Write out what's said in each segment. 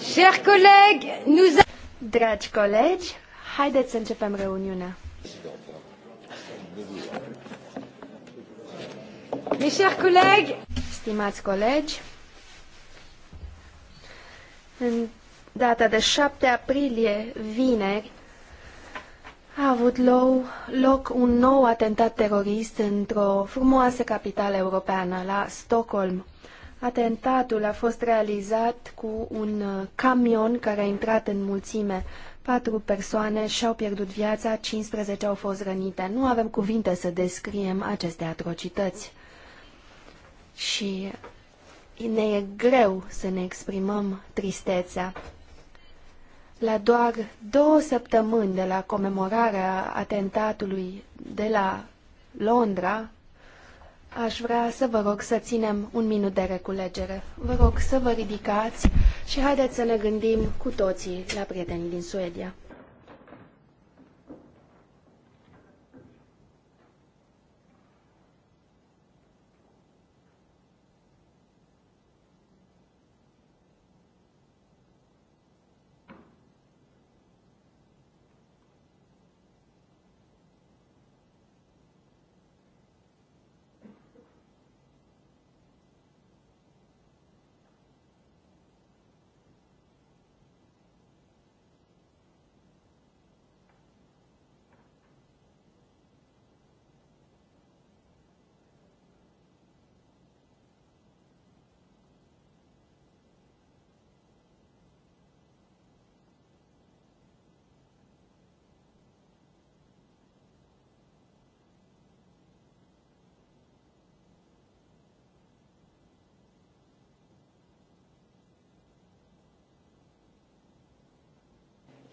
Chers collègues, nous a... Dragi colegi, haideți să începem reuniunea. Mes chers collègues, stimați colegi, în data de 7 aprilie, vineri, a avut loc un nou atentat terorist într-o frumoasă capitală europeană, la Stockholm. Atentatul a fost realizat cu un uh, camion care a intrat în mulțime. Patru persoane și-au pierdut viața, 15 au fost rănite. Nu avem cuvinte să descriem aceste atrocități. Și ne e greu să ne exprimăm tristețea la doar două săptămâni de la comemorarea atentatului de la Londra, aș vrea să vă rog să ținem un minut de reculegere. Vă rog să vă ridicați și haideți să ne gândim cu toții la prietenii din Suedia.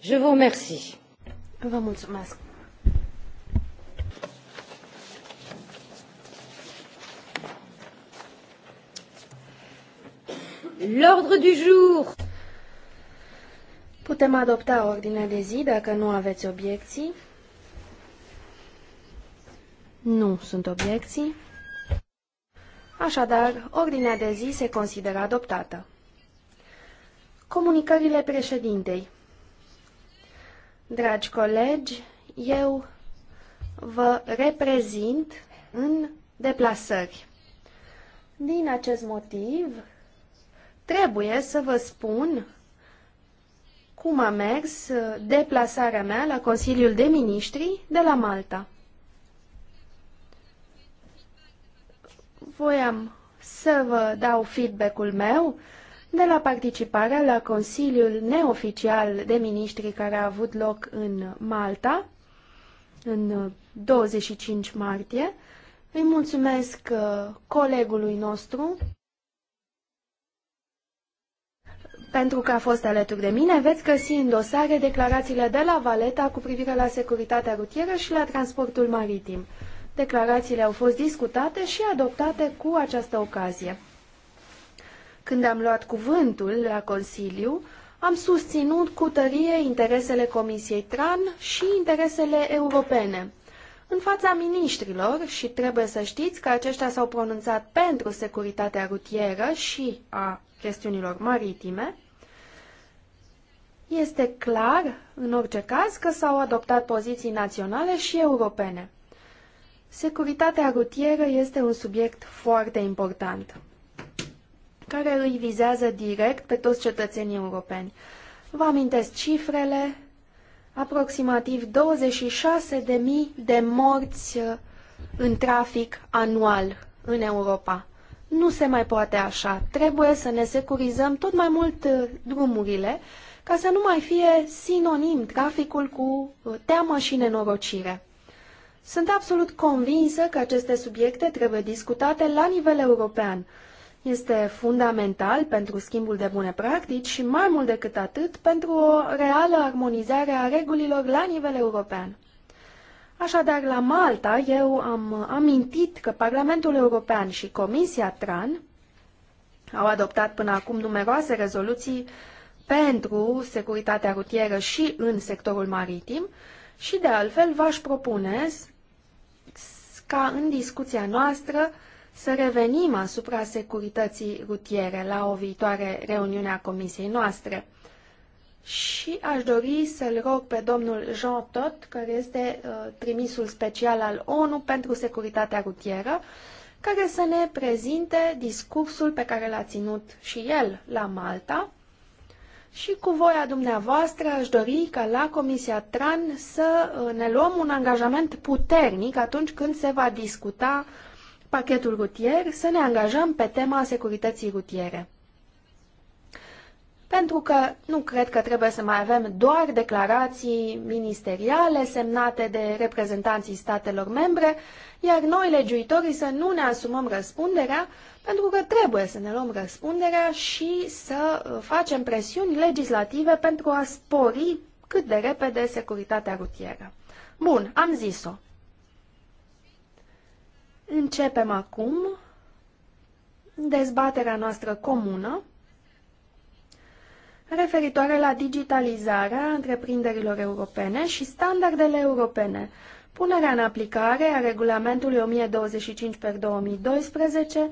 Je vous remercie. Vă mulțumesc. L'ordre du jour. Putem adopta ordinea de zi dacă nu aveți obiecții. Nu sunt obiecții. Așadar, ordinea de zi se consideră adoptată. Comunicările președintei. Dragi colegi, eu vă reprezint în deplasări. Din acest motiv, trebuie să vă spun cum a mers deplasarea mea la Consiliul de Ministri de la Malta. Voiam să vă dau feedback-ul meu de la participarea la Consiliul neoficial de ministri care a avut loc în Malta, în 25 uh, martie. Îi mulțumesc uh, colegului nostru pentru că a fost alături de mine. Veți găsi în dosare declarațiile de la Valeta cu privire la securitatea rutieră și la transportul maritim. Declarațiile au fost discutate și adoptate cu această ocazie. Când am luat cuvântul la Consiliu, am susținut cu tărie interesele Comisiei TRAN și interesele europene. În fața miniștrilor, și trebuie să știți că aceștia s-au pronunțat pentru securitatea rutieră și a chestiunilor maritime, este clar, în orice caz, că s-au adoptat poziții naționale și europene. Securitatea rutieră este un subiect foarte important care îi vizează direct pe toți cetățenii europeni. Vă amintesc cifrele, aproximativ 26.000 de morți uh, în trafic anual în Europa. Nu se mai poate așa. Trebuie să ne securizăm tot mai mult uh, drumurile ca să nu mai fie sinonim traficul cu uh, teamă și nenorocire. Sunt absolut convinsă că aceste subiecte trebuie discutate la nivel european este fundamental pentru schimbul de bune practici și mai mult decât atât pentru o reală armonizare a regulilor la nivel european. Așadar, la Malta, eu am amintit că Parlamentul European și Comisia TRAN au adoptat până acum numeroase rezoluții pentru securitatea rutieră și în sectorul maritim și, de altfel, v-aș propune ca în discuția noastră să revenim asupra securității rutiere la o viitoare reuniune a comisiei noastre. Și aș dori să-l rog pe domnul Jean Tot, care este uh, trimisul special al ONU pentru securitatea rutieră, care să ne prezinte discursul pe care l-a ținut și el la Malta. Și cu voia dumneavoastră aș dori ca la Comisia TRAN să uh, ne luăm un angajament puternic atunci când se va discuta uh, pachetul rutier să ne angajăm pe tema securității rutiere. Pentru că nu cred că trebuie să mai avem doar declarații ministeriale semnate de reprezentanții statelor membre, iar noi, legiuitorii, să nu ne asumăm răspunderea, pentru că trebuie să ne luăm răspunderea și să uh, facem presiuni legislative pentru a spori cât de repede securitatea rutieră. Bun, am zis-o. Începem acum dezbaterea noastră comună referitoare la digitalizarea întreprinderilor europene și standardele europene, punerea în aplicare a regulamentului 1025 per 2012, un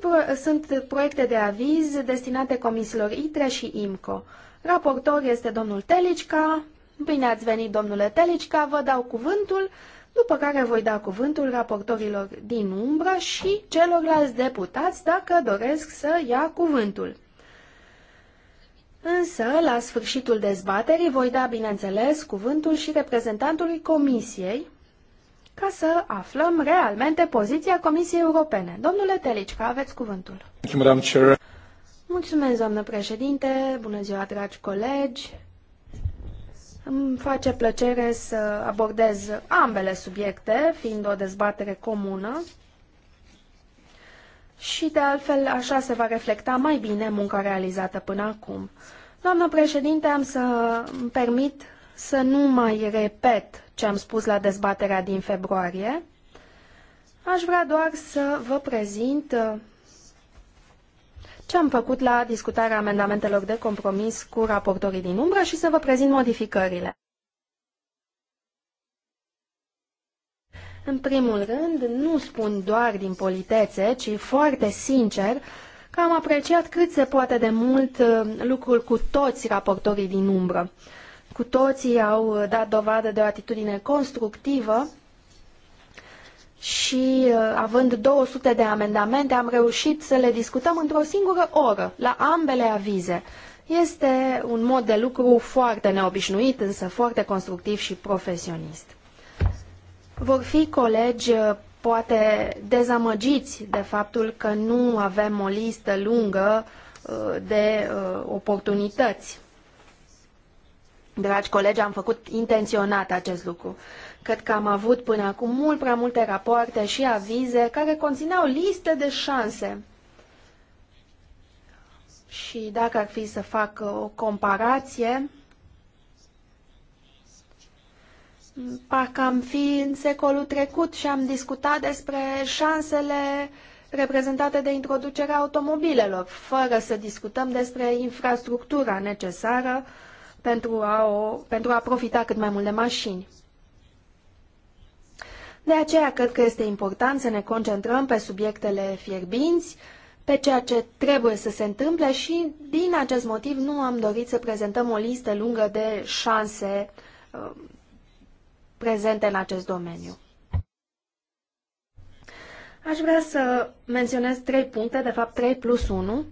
pro- sunt proiecte de aviz destinate comisilor ITRE și IMCO. Raportor este domnul Telicca. Bine ați venit, domnule Telicca, vă dau cuvântul după care voi da cuvântul raportorilor din umbră și celorlalți deputați dacă doresc să ia cuvântul. Însă, la sfârșitul dezbaterii, voi da, bineînțeles, cuvântul și reprezentantului Comisiei ca să aflăm realmente poziția Comisiei Europene. Domnule Telicca, aveți cuvântul. Mulțumesc, doamnă președinte, bună ziua, dragi colegi. Îmi face plăcere să abordez ambele subiecte, fiind o dezbatere comună. Și de altfel așa se va reflecta mai bine munca realizată până acum. Doamnă președinte, am să îmi permit să nu mai repet ce am spus la dezbaterea din februarie. Aș vrea doar să vă prezint ce am făcut la discutarea amendamentelor de compromis cu raportorii din umbră și să vă prezint modificările. În primul rând, nu spun doar din politețe, ci foarte sincer, că am apreciat cât se poate de mult uh, lucrul cu toți raportorii din umbră. Cu toții au uh, dat dovadă de o atitudine constructivă și uh, având 200 de amendamente am reușit să le discutăm într-o singură oră, la ambele avize. Este un mod de lucru foarte neobișnuit, însă foarte constructiv și profesionist. Vor fi colegi uh, poate dezamăgiți de faptul că nu avem o listă lungă uh, de oportunități. Dragi colegi, am făcut intenționat acest lucru. Cred că am avut până acum mult prea multe rapoarte și avize care conțineau liste de șanse. Și dacă ar fi să fac uh, o comparație, parcă am fi în secolul trecut și am discutat despre șansele reprezentate de introducerea automobilelor, fără să discutăm despre infrastructura necesară pentru a, o, pentru a profita cât mai mult de mașini. De aceea cred că este important să ne concentrăm pe subiectele fierbinți, pe ceea ce trebuie să se întâmple și din acest motiv nu am dorit să prezentăm o listă lungă de șanse uh, prezente în acest domeniu. Aș vrea să menționez trei puncte, de fapt 3 plus 1,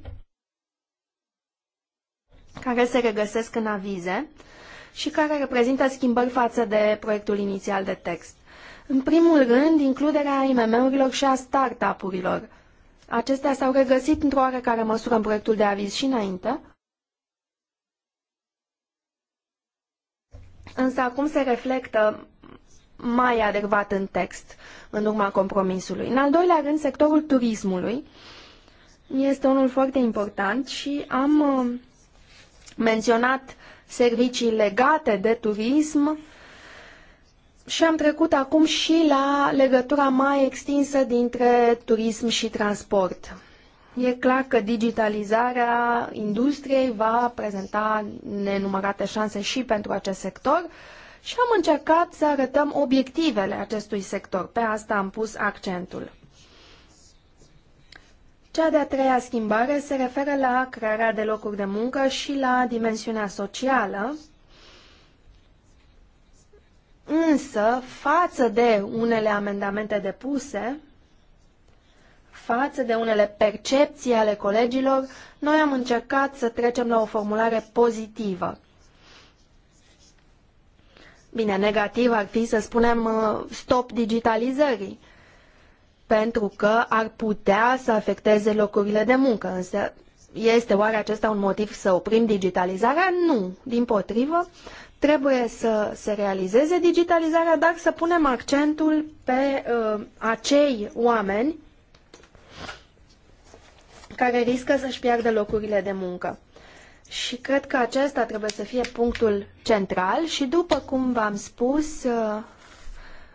care se regăsesc în avize și care reprezintă schimbări față de proiectul inițial de text. În primul rând, includerea IMM-urilor și a startup urilor Acestea s-au regăsit într-o oarecare măsură în proiectul de aviz și înainte, însă acum se reflectă mai adecvat în text, în urma compromisului. În al doilea rând, sectorul turismului este unul foarte important și am uh, menționat servicii legate de turism, și am trecut acum și la legătura mai extinsă dintre turism și transport. E clar că digitalizarea industriei va prezenta nenumărate șanse și pentru acest sector și am încercat să arătăm obiectivele acestui sector. Pe asta am pus accentul. Cea de-a treia schimbare se referă la crearea de locuri de muncă și la dimensiunea socială Însă, față de unele amendamente depuse, față de unele percepții ale colegilor, noi am încercat să trecem la o formulare pozitivă. Bine, negativ ar fi să spunem uh, stop digitalizării, pentru că ar putea să afecteze locurile de muncă, însă este oare acesta un motiv să oprim digitalizarea? Nu, din potrivă, Trebuie să se realizeze digitalizarea, dar să punem accentul pe uh, acei oameni care riscă să-și piardă locurile de muncă. Și cred că acesta trebuie să fie punctul central și după cum v-am spus, uh,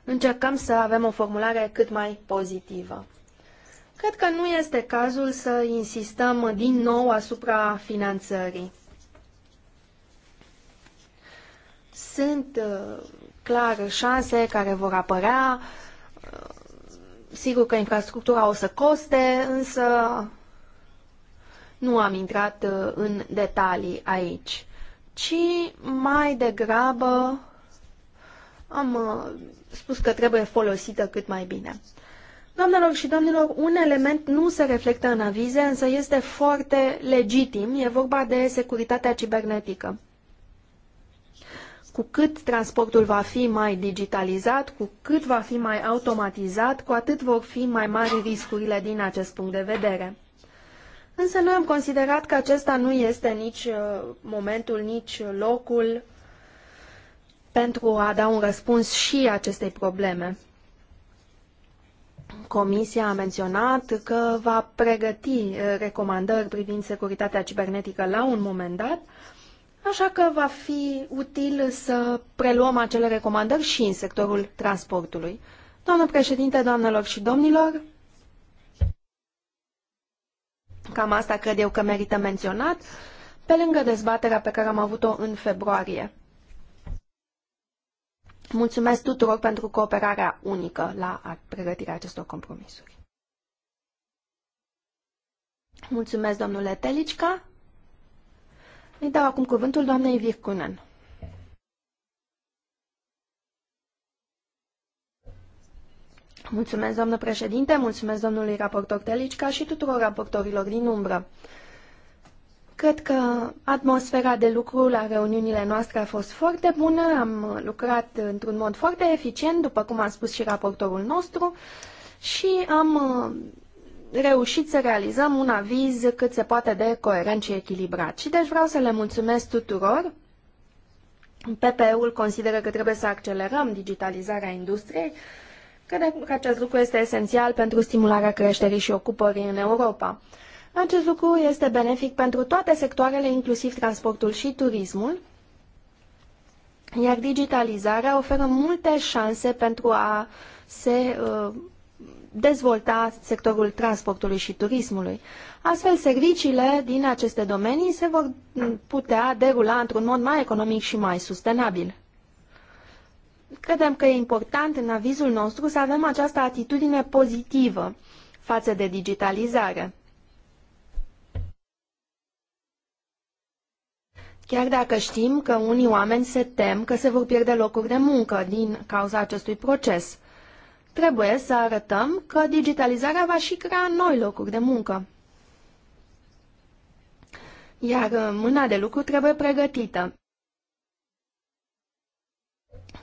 încercăm să avem o formulare cât mai pozitivă. Cred că nu este cazul să insistăm din nou asupra finanțării. Sunt uh, clar șanse care vor apărea. Uh, sigur că infrastructura o să coste, însă nu am intrat uh, în detalii aici, ci mai degrabă am spus că trebuie folosită cât mai bine. Doamnelor și domnilor, un element nu se reflectă în avize, însă este foarte legitim. E vorba de securitatea cibernetică. Cu cât transportul va fi mai digitalizat, cu cât va fi mai automatizat, cu atât vor fi mai mari riscurile din acest punct de vedere. Însă noi am considerat că acesta nu este nici uh, momentul, nici locul pentru a da un răspuns și acestei probleme. Comisia a menționat că va pregăti uh, recomandări privind securitatea cibernetică la un moment dat Așa că va fi util să preluăm acele recomandări și în sectorul transportului. Doamnă președinte, doamnelor și domnilor, cam asta cred eu că merită menționat, pe lângă dezbaterea pe care am avut-o în februarie. Mulțumesc tuturor pentru cooperarea unică la pregătirea acestor compromisuri. Mulțumesc, domnule Telicica. Îi dau acum cuvântul doamnei Virkunen. Mulțumesc, doamnă președinte, mulțumesc domnului raportor Telicca și tuturor raportorilor din umbră. Cred că atmosfera de lucru la reuniunile noastre a fost foarte bună, am lucrat într-un mod foarte eficient, după cum a spus și raportorul nostru, și am reușit să realizăm un aviz cât se poate de coerent și echilibrat. Și deci vreau să le mulțumesc tuturor. PPE-ul consideră că trebuie să accelerăm digitalizarea industriei. Credem că acest lucru este esențial pentru stimularea creșterii și ocupării în Europa. Acest lucru este benefic pentru toate sectoarele, inclusiv transportul și turismul, iar digitalizarea oferă multe șanse pentru a se uh, dezvolta sectorul transportului și turismului. Astfel, serviciile din aceste domenii se vor putea derula într-un mod mai economic și mai sustenabil. Credem că e important în avizul nostru să avem această atitudine pozitivă față de digitalizare. Chiar dacă știm că unii oameni se tem că se vor pierde locuri de muncă din cauza acestui proces – Trebuie să arătăm că digitalizarea va și crea noi locuri de muncă. Iar uh, mâna de lucru trebuie pregătită.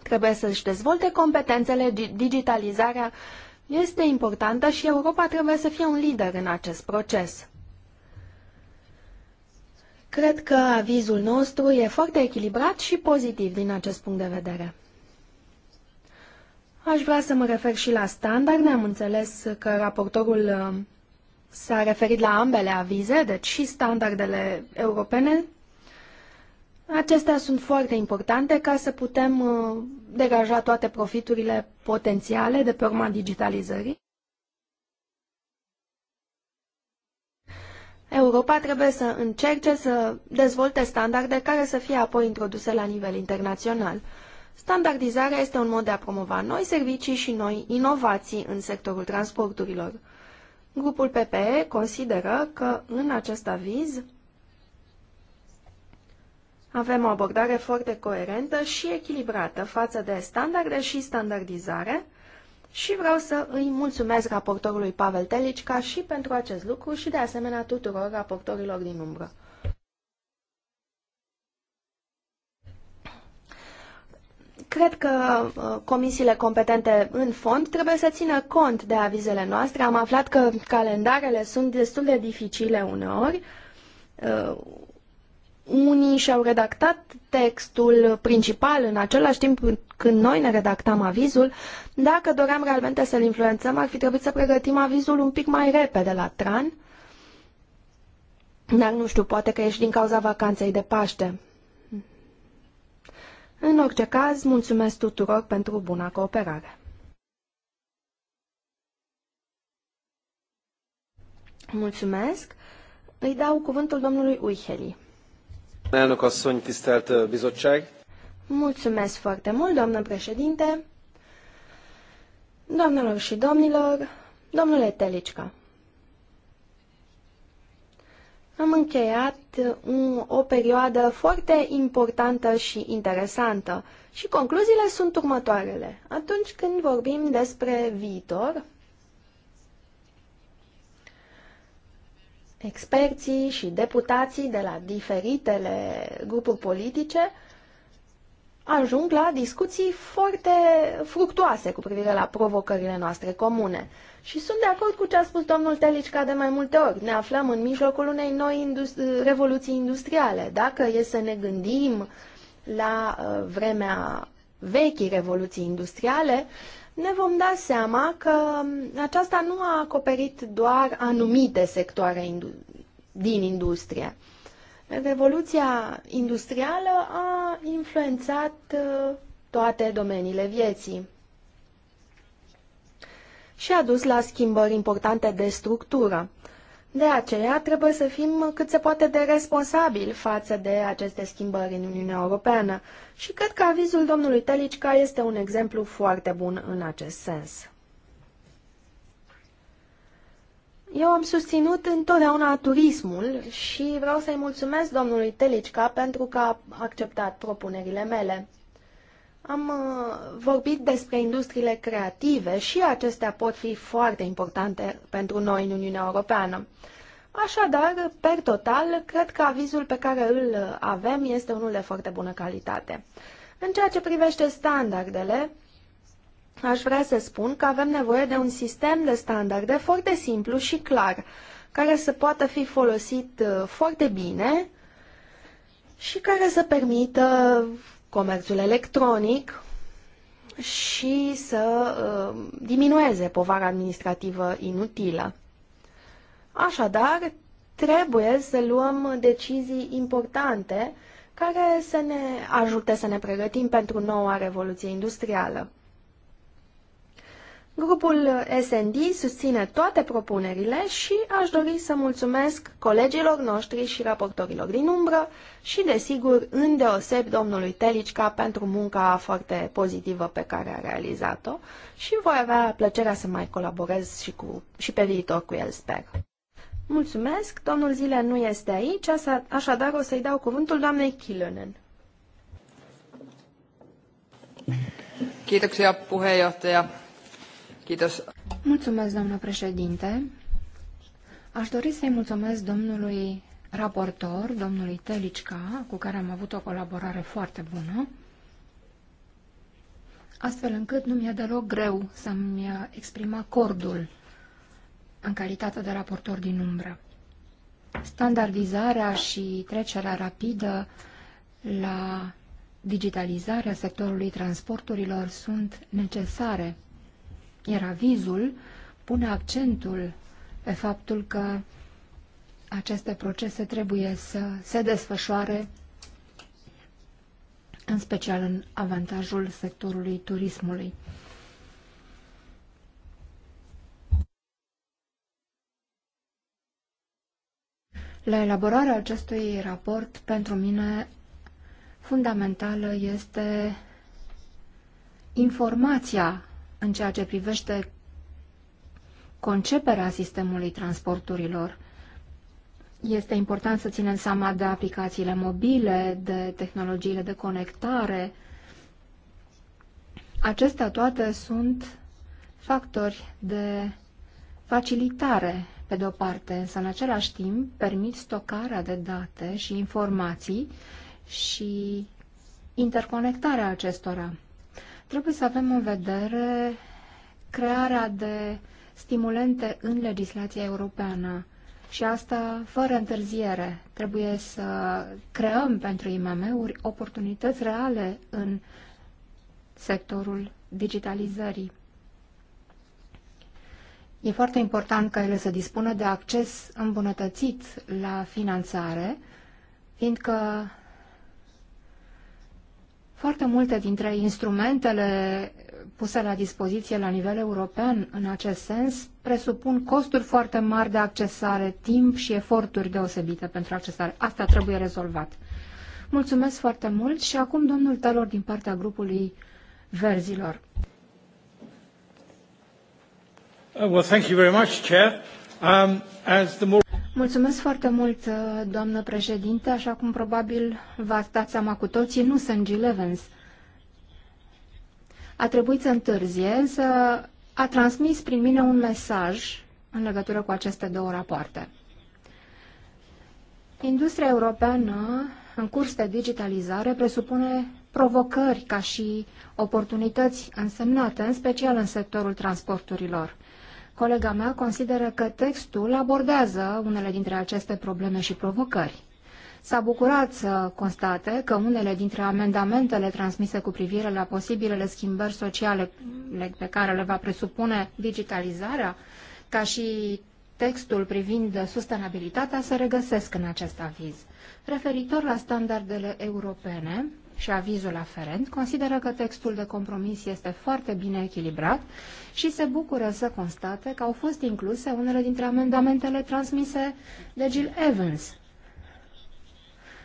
Trebuie să-și dezvolte competențele, digitalizarea este importantă și Europa trebuie să fie un lider în acest proces. Cred că avizul nostru e foarte echilibrat și pozitiv din acest punct de vedere. Aș vrea să mă refer și la standarde. Am înțeles că raportorul uh, s-a referit la ambele avize, deci și standardele europene. Acestea sunt foarte importante ca să putem uh, degaja toate profiturile potențiale de pe urma digitalizării. Europa trebuie să încerce să dezvolte standarde care să fie apoi introduse la nivel internațional. Standardizarea este un mod de a promova noi servicii și noi inovații în sectorul transporturilor. Grupul PPE consideră că în acest aviz avem o abordare foarte coerentă și echilibrată față de standarde și standardizare și vreau să îi mulțumesc raportorului Pavel Telici și pentru acest lucru și de asemenea tuturor raportorilor din umbră. Cred că uh, comisiile competente în fond trebuie să țină cont de avizele noastre. Am aflat că calendarele sunt destul de dificile uneori. Uh, unii și-au redactat textul principal în același timp când noi ne redactam avizul. Dacă doream realmente să-l influențăm, ar fi trebuit să pregătim avizul un pic mai repede la TRAN. Dar nu știu, poate că ești din cauza vacanței de Paște. În orice caz, mulțumesc tuturor pentru buna cooperare. Mulțumesc. Îi dau cuvântul domnului Uiheli. Mulțumesc foarte mult, doamnă președinte! Doamnelor și domnilor, domnule Telicca, am încheiat uh, un, o perioadă foarte importantă și interesantă și concluziile sunt următoarele. Atunci când vorbim despre viitor, experții și deputații de la diferitele grupuri politice ajung la discuții foarte fructuoase cu privire la provocările noastre comune. Și sunt de acord cu ce a spus domnul Telicca de mai multe ori. Ne aflăm în mijlocul unei noi indust- revoluții industriale. Dacă e să ne gândim la uh, vremea vechii revoluții industriale, ne vom da seama că um, aceasta nu a acoperit doar anumite sectoare din industrie. Revoluția industrială a influențat uh, toate domeniile vieții și a dus la schimbări importante de structură. De aceea trebuie să fim cât se poate de responsabili față de aceste schimbări în Uniunea Europeană și cred că avizul domnului Telicca este un exemplu foarte bun în acest sens. Eu am susținut întotdeauna turismul și vreau să-i mulțumesc domnului Telicca pentru că a acceptat propunerile mele. Am uh, vorbit despre industriile creative și acestea pot fi foarte importante pentru noi în Uniunea Europeană. Așadar, per total, cred că avizul pe care îl avem este unul de foarte bună calitate. În ceea ce privește standardele, aș vrea să spun că avem nevoie de un sistem de standarde foarte simplu și clar, care să poată fi folosit uh, foarte bine și care să permită comerțul electronic și să uh, diminueze povara administrativă inutilă. Așadar, trebuie să luăm decizii importante care să ne ajute să ne pregătim pentru noua revoluție industrială. Grupul SND susține toate propunerile și aș dori să mulțumesc colegilor noștri și raportorilor din umbră și, desigur, îndeoseb domnului Telicca pentru munca foarte pozitivă pe care a realizat-o și voi avea plăcerea să mai colaborez și, cu, și pe viitor cu el, sper. Mulțumesc, domnul Zile nu este aici, așadar o să-i dau cuvântul doamnei Kilönen. Kiitoksia puheenjohtaja. Kiitos. Mulțumesc, doamnă președinte. Aș dori să-i mulțumesc domnului raportor, domnului Telicca, cu care am avut o colaborare foarte bună, astfel încât nu mi-e deloc greu să-mi exprim acordul în calitate de raportor din umbră. Standardizarea și trecerea rapidă la digitalizarea sectorului transporturilor sunt necesare iar avizul pune accentul pe faptul că aceste procese trebuie să se desfășoare în special în avantajul sectorului turismului. La elaborarea acestui raport, pentru mine, fundamentală este informația în ceea ce privește conceperea sistemului transporturilor, este important să ținem seama de aplicațiile mobile, de tehnologiile de conectare. Acestea toate sunt factori de facilitare, pe de-o parte, însă în același timp permit stocarea de date și informații și interconectarea acestora. Trebuie să avem în vedere crearea de stimulente în legislația europeană și asta fără întârziere. Trebuie să creăm pentru IMM-uri oportunități reale în sectorul digitalizării. E foarte important ca ele să dispună de acces îmbunătățit la finanțare, fiindcă foarte multe dintre instrumentele puse la dispoziție la nivel european în acest sens presupun costuri foarte mari de accesare, timp și eforturi deosebite pentru accesare. Asta trebuie rezolvat. Mulțumesc foarte mult și acum domnul talor din partea grupului Verzilor. Uh, well, thank you very much, Chair. Um, as the more Mulțumesc foarte mult, uh, doamnă președinte. Așa cum probabil v-ați dat seama cu toții, nu sunt Jill Evans. A trebuit să întârzie, însă a transmis prin mine un mesaj în legătură cu aceste două rapoarte. Industria europeană în curs de digitalizare presupune provocări ca și oportunități însemnate, în special în sectorul transporturilor. Colega mea consideră că textul abordează unele dintre aceste probleme și provocări. S-a bucurat să constate că unele dintre amendamentele transmise cu privire la posibilele schimbări sociale pe care le va presupune digitalizarea, ca și textul privind sustenabilitatea, se regăsesc în acest aviz. Referitor la standardele europene, și avizul aferent consideră că textul de compromis este foarte bine echilibrat și se bucură să constate că au fost incluse unele dintre amendamentele transmise de Jill Evans,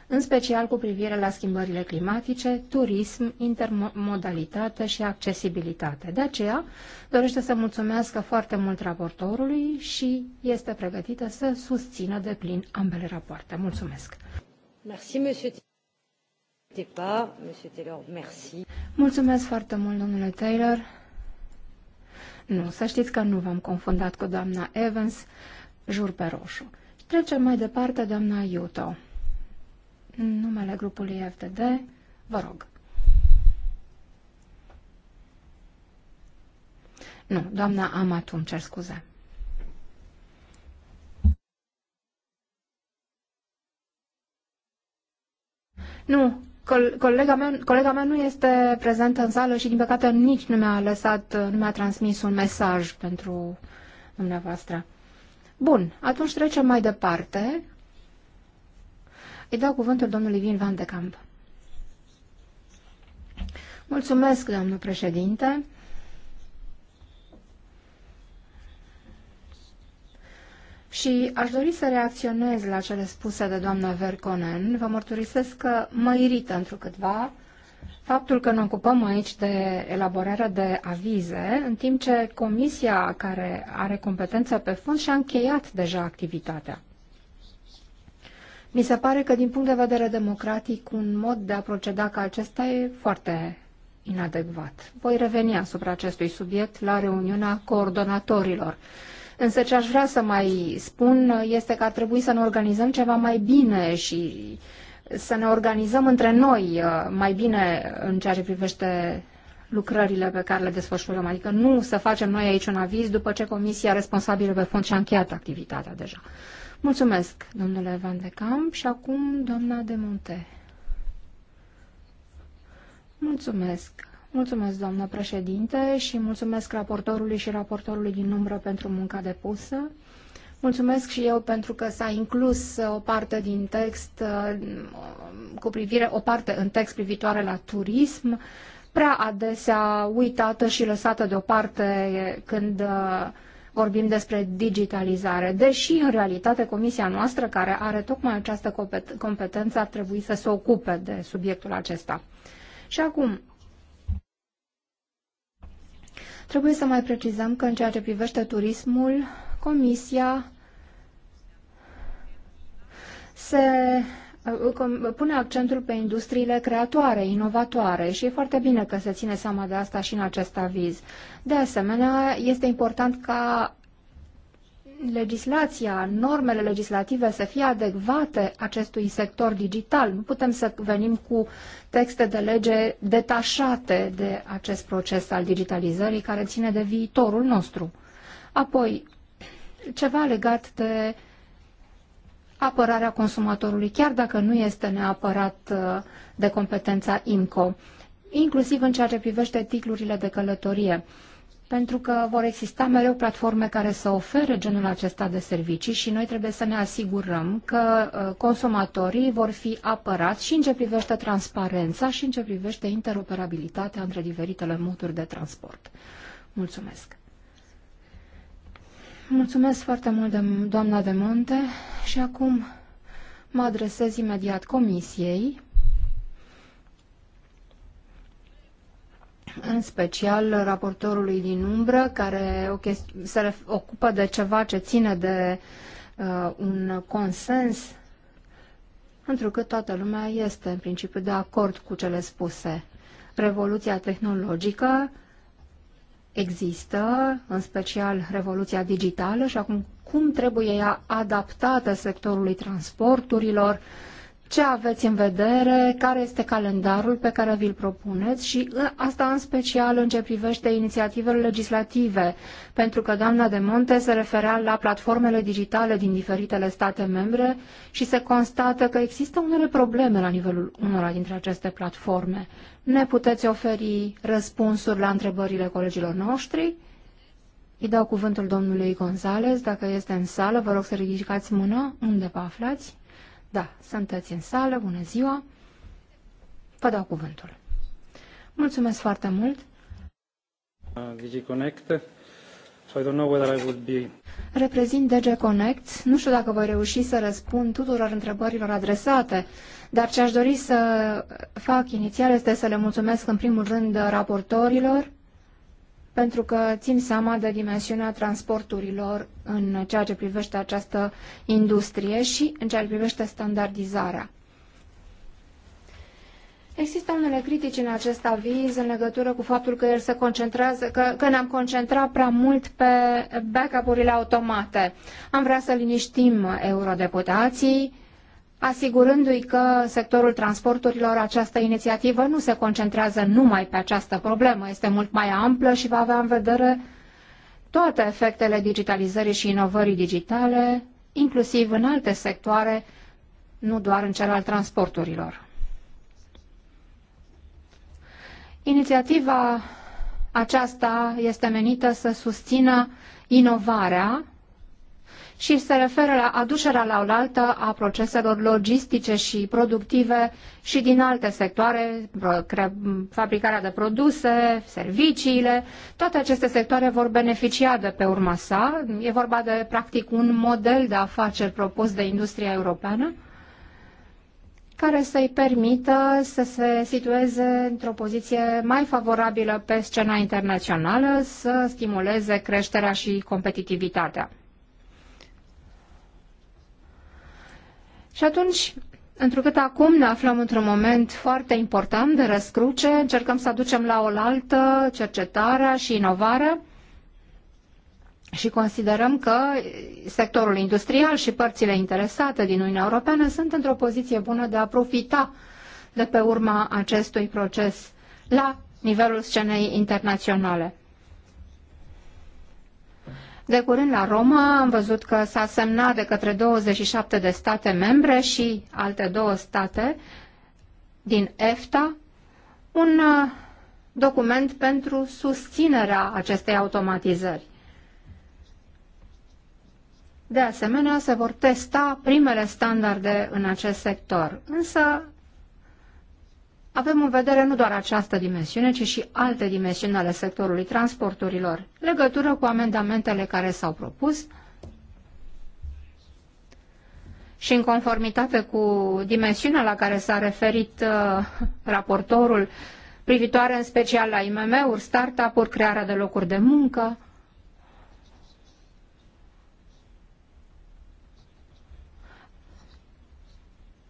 în special cu privire la schimbările climatice, turism, intermodalitate și accesibilitate. De aceea, dorește să mulțumească foarte mult raportorului și este pregătită să susțină de plin ambele rapoarte. Mulțumesc! Merci, Mulțumesc foarte mult, domnule Taylor. Nu, să știți că nu v-am confundat cu doamna Evans, jur pe roșu. Trecem mai departe, doamna Iuto. Numele grupului FDD, vă rog. Nu, doamna Amatu, îmi cer scuze. Nu, colega mea, colega mea nu este prezentă în sală și, din păcate, nici nu mi-a lăsat, nu mi-a transmis un mesaj pentru dumneavoastră. Bun, atunci trecem mai departe. Îi dau cuvântul domnului Vin Van de Camp. Mulțumesc, doamnă președinte. Și aș dori să reacționez la cele spuse de doamna Verconen. Vă mărturisesc că mă irită întrucâtva faptul că ne ocupăm aici de elaborarea de avize, în timp ce comisia care are competența pe fond și-a încheiat deja activitatea. Mi se pare că, din punct de vedere democratic, un mod de a proceda ca acesta e foarte inadecvat. Voi reveni asupra acestui subiect la reuniunea coordonatorilor. Însă ce aș vrea să mai spun este că ar trebui să ne organizăm ceva mai bine și să ne organizăm între noi uh, mai bine în ceea ce privește lucrările pe care le desfășurăm. Adică nu să facem noi aici un aviz după ce comisia responsabilă pe fond și-a încheiat activitatea deja. Mulțumesc, domnule Van de Camp, și acum doamna de Monte. Mulțumesc. Mulțumesc, doamnă președinte, și mulțumesc raportorului și raportorului din umbră pentru munca depusă. Mulțumesc și eu pentru că s-a inclus uh, o parte din text uh, cu privire, o parte în text privitoare la turism, prea adesea uitată și lăsată deoparte când uh, vorbim despre digitalizare, deși în realitate comisia noastră care are tocmai această competență ar trebui să se ocupe de subiectul acesta. Și acum, Trebuie să mai precizăm că în ceea ce privește turismul, Comisia se uh, pune accentul pe industriile creatoare, inovatoare și e foarte bine că se ține seama de asta și în acest aviz. De asemenea, este important ca legislația, normele legislative să fie adecvate acestui sector digital. Nu putem să venim cu texte de lege detașate de acest proces al digitalizării care ține de viitorul nostru. Apoi, ceva legat de apărarea consumatorului, chiar dacă nu este neapărat uh, de competența IMCO, inclusiv în ceea ce privește titlurile de călătorie pentru că vor exista mereu platforme care să ofere genul acesta de servicii și noi trebuie să ne asigurăm că ă, consumatorii vor fi apărați și în ce privește transparența și în ce privește interoperabilitatea între diferitele moduri de transport. Mulțumesc! Mulțumesc foarte mult, de, doamna de Monte, și acum mă adresez imediat comisiei în special raportorului din umbră, care se ocupă de ceva ce ține de uh, un consens, întrucât toată lumea este în principiu de acord cu cele spuse. Revoluția tehnologică există, în special revoluția digitală și acum cum trebuie ea adaptată sectorului transporturilor, uh, ce aveți în vedere, care este calendarul pe care vi-l propuneți și ă, asta în special în ce privește inițiativele legislative, pentru că doamna de Monte se referea la platformele digitale din diferitele state membre și se constată că există unele probleme la nivelul unora dintre aceste platforme. Ne puteți oferi răspunsuri la întrebările colegilor noștri? Îi dau cuvântul domnului Gonzales, dacă este în sală, vă rog să ridicați mâna, unde vă aflați? Da, sunteți în sală, bună ziua. Vă dau cuvântul. Mulțumesc foarte mult. Uh, Connect. So I păi, don't know whether I would be... Reprezint DG Connect. Nu știu dacă voi reuși să răspund tuturor întrebărilor adresate, dar ce aș dori să fac inițial este să le mulțumesc în primul rând raportorilor, pentru că țin seama de dimensiunea transporturilor în ceea ce privește această industrie și în ceea ce privește standardizarea. Există unele critici în acest aviz în legătură cu faptul că el se concentrează, că, că ne-am concentrat prea mult pe backup-urile automate. Am vrea să liniștim eurodeputații, asigurându-i că sectorul transporturilor această inițiativă nu se concentrează numai pe această problemă, este mult mai amplă și va avea în vedere toate efectele digitalizării și inovării digitale, inclusiv în alte sectoare, nu doar în cel al transporturilor. Inițiativa aceasta este menită să susțină inovarea și se referă la aducerea la oaltă a proceselor logistice și productive și din alte sectoare, fabricarea de produse, serviciile, toate aceste sectoare vor beneficia de pe urma sa. E vorba de, practic, un model de afaceri propus de industria europeană care să-i permită să se situeze într-o poziție mai favorabilă pe scena internațională, să stimuleze creșterea și competitivitatea. Și atunci, întrucât acum ne aflăm într-un moment foarte important de răscruce, încercăm să aducem la oaltă cercetarea și inovarea și considerăm că sectorul industrial și părțile interesate din Uniunea Europeană sunt într-o poziție bună de a profita de pe urma acestui proces la nivelul scenei internaționale. De curând la Roma am văzut că s-a semnat de către 27 de state membre și alte două state din EFTA un uh, document pentru susținerea acestei automatizări. De asemenea, se vor testa primele standarde în acest sector, însă avem în vedere nu doar această dimensiune, ci și alte dimensiuni ale sectorului transporturilor, legătură cu amendamentele care s-au propus și în conformitate cu dimensiunea la care s-a referit uh, raportorul, privitoare în special la IMM-uri, startup-uri, crearea de locuri de muncă,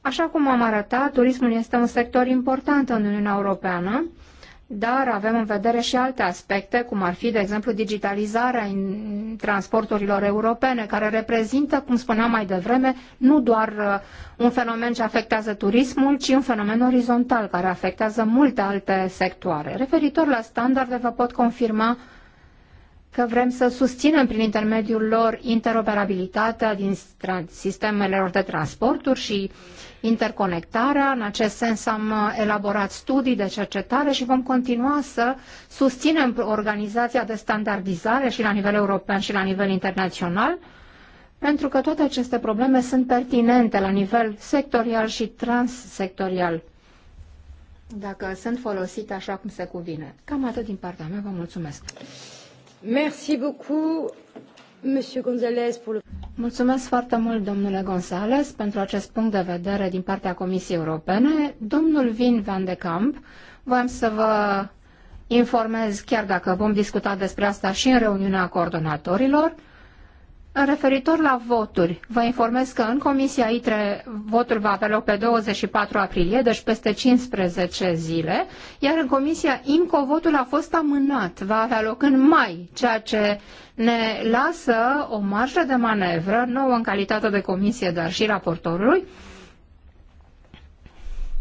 Așa cum am arătat, turismul este un sector important în Uniunea Europeană, dar avem în vedere și alte aspecte, cum ar fi, de exemplu, digitalizarea în transporturilor europene, care reprezintă, cum spuneam mai devreme, nu doar uh, un fenomen ce afectează turismul, ci un fenomen orizontal care afectează multe alte sectoare. Referitor la standarde, vă pot confirma că vrem să susținem prin intermediul lor interoperabilitatea din sistemelor de transporturi și interconectarea. În acest sens am uh, elaborat studii de cercetare și vom continua să susținem organizația de standardizare și la nivel european și la nivel internațional, pentru că toate aceste probleme sunt pertinente la nivel sectorial și transsectorial dacă sunt folosite așa cum se cuvine. Cam atât din partea mea, vă mulțumesc. Mulțumesc foarte mult, domnule Gonzales, pentru acest punct de vedere din partea Comisiei Europene. Domnul Vin van de Camp, voiam să vă informez, chiar dacă vom discuta despre asta și în reuniunea coordonatorilor, Referitor la voturi, vă informez că în Comisia ITRE votul va avea loc pe 24 aprilie, deci peste 15 zile, iar în Comisia INCO votul a fost amânat, va avea loc în mai, ceea ce ne lasă o marjă de manevră nouă în calitate de comisie, dar și raportorului.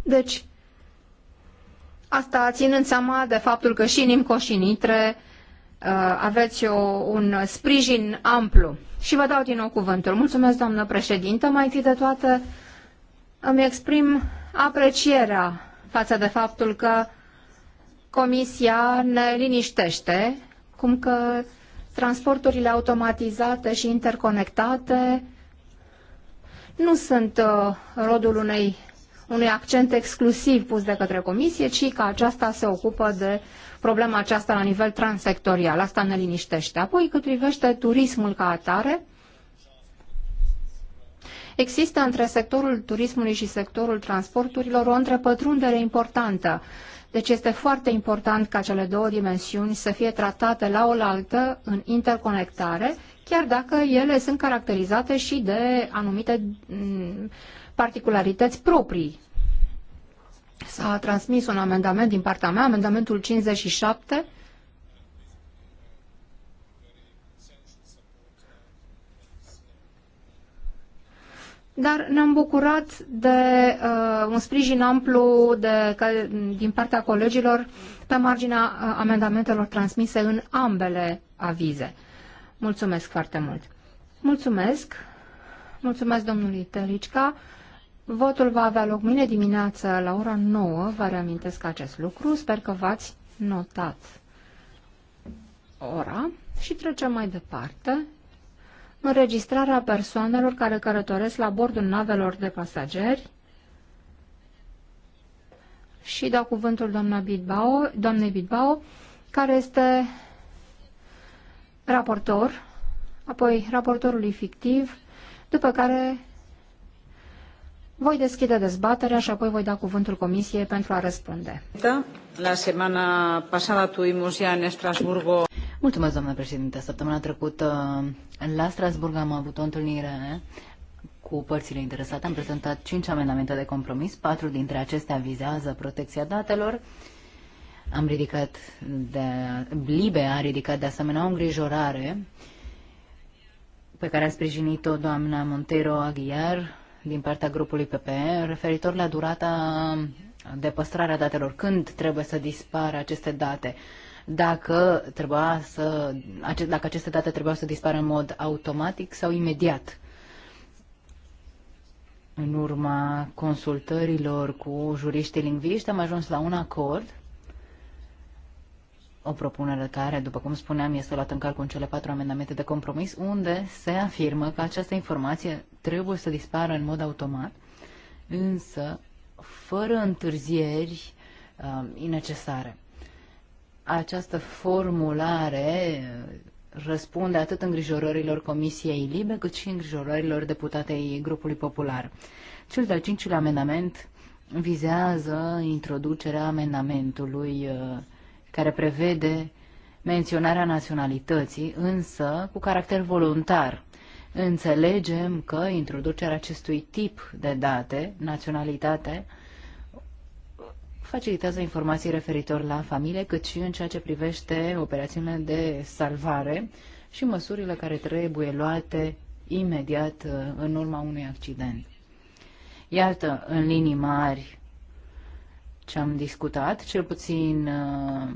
Deci, asta ținând seama de faptul că și în și în ITRE uh, aveți o, un sprijin amplu și vă dau din nou cuvântul. Mulțumesc, doamnă președintă. Mai întâi de toate îmi exprim aprecierea față de faptul că Comisia ne liniștește, cum că transporturile automatizate și interconectate nu sunt uh, rodul unei, unui accent exclusiv pus de către Comisie, ci că aceasta se ocupă de problema aceasta la nivel transsectorial. Asta ne liniștește. Apoi, cât privește turismul ca atare, există între sectorul turismului și sectorul transporturilor o întrepătrundere importantă. Deci este foarte important ca cele două dimensiuni să fie tratate la oaltă în interconectare, chiar dacă ele sunt caracterizate și de anumite mm, particularități proprii S-a transmis un amendament din partea mea, amendamentul 57, dar ne-am bucurat de uh, un sprijin amplu de, că, din partea colegilor pe marginea uh, amendamentelor transmise în ambele avize. Mulțumesc foarte mult! Mulțumesc! Mulțumesc domnului Telicca! Votul va avea loc mâine dimineață la ora 9, vă reamintesc acest lucru, sper că v-ați notat ora și trecem mai departe. Înregistrarea persoanelor care călătoresc la bordul navelor de pasageri și dau cuvântul doamna Bilbao, doamnei Bilbao, care este raportor, apoi raportorului fictiv, după care voi deschide dezbaterea și apoi voi da cuvântul Comisiei pentru a răspunde. Da, la semana pasada tuvimos ya en Estrasburgo. Mulțumesc, doamnă președinte. Săptămâna trecută la Strasburg am avut o întâlnire cu părțile interesate. Am prezentat cinci amendamente de compromis, patru dintre acestea vizează protecția datelor. Am ridicat de, Libe a ridicat de asemenea o îngrijorare pe care a sprijinit-o doamna Montero Aguiar, din partea grupului PP. referitor la durata de păstrare a datelor. Când trebuie să dispară aceste date? Dacă, trebuia să, dacă aceste date trebuiau să dispară în mod automatic sau imediat? În urma consultărilor cu juriștii lingviști am ajuns la un acord o propunere care, după cum spuneam, este luată în calcul în cele patru amendamente de compromis, unde se afirmă că această informație trebuie să dispară în mod automat, însă fără întârzieri uh, um, inecesare. Această formulare uh, răspunde atât îngrijorărilor Comisiei Libe, cât și îngrijorărilor deputatei grupului popular. Cel de-al cincilea amendament vizează introducerea amendamentului uh, care prevede menționarea naționalității, însă cu caracter voluntar. Înțelegem că introducerea acestui tip de date, naționalitate, facilitează informații referitor la familie, cât și în ceea ce privește operațiunile de salvare și măsurile care trebuie luate imediat uh, în urma unui accident. Iată, în linii mari, ce am discutat, cel puțin uh,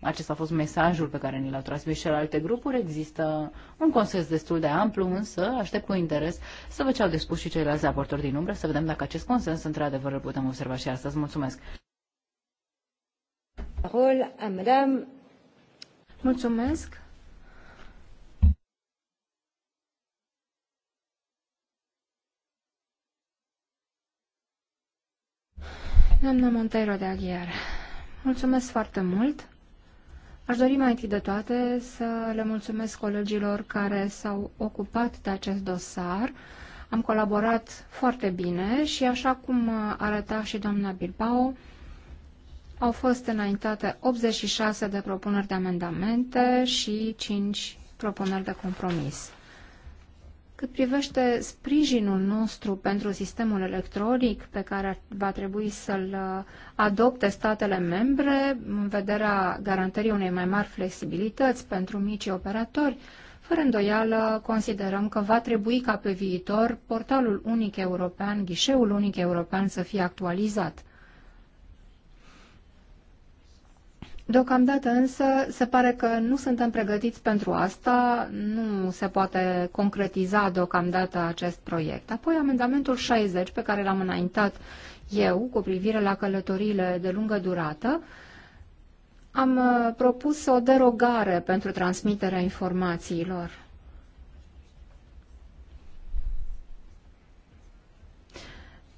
acesta a fost mesajul pe care ni l-au transmis alte grupuri. Există un consens destul de amplu, însă aștept cu interes să vă ce au de și ceilalți raportori din umbră, să vedem dacă acest consens într-adevăr îl putem observa și astăzi. Mulțumesc! Mulțumesc! Doamna Monteiro de Aguiar, mulțumesc foarte mult. Aș dori mai întâi de toate să le mulțumesc colegilor care s-au ocupat de acest dosar. Am colaborat foarte bine și, așa cum arăta și doamna Bilbao, au fost înaintate 86 de propuneri de amendamente și 5 propuneri de compromis. Cât privește sprijinul nostru pentru sistemul electronic pe care va trebui să-l uh, adopte statele membre în vederea garantării unei mai mari flexibilități pentru micii operatori, fără îndoială considerăm că va trebui ca pe viitor portalul unic european, ghișeul unic european să fie actualizat. Deocamdată însă se pare că nu suntem pregătiți pentru asta, nu se poate concretiza deocamdată acest proiect. Apoi amendamentul 60 pe care l-am înaintat eu cu privire la călătorile de lungă durată, am uh, propus o derogare pentru transmiterea informațiilor.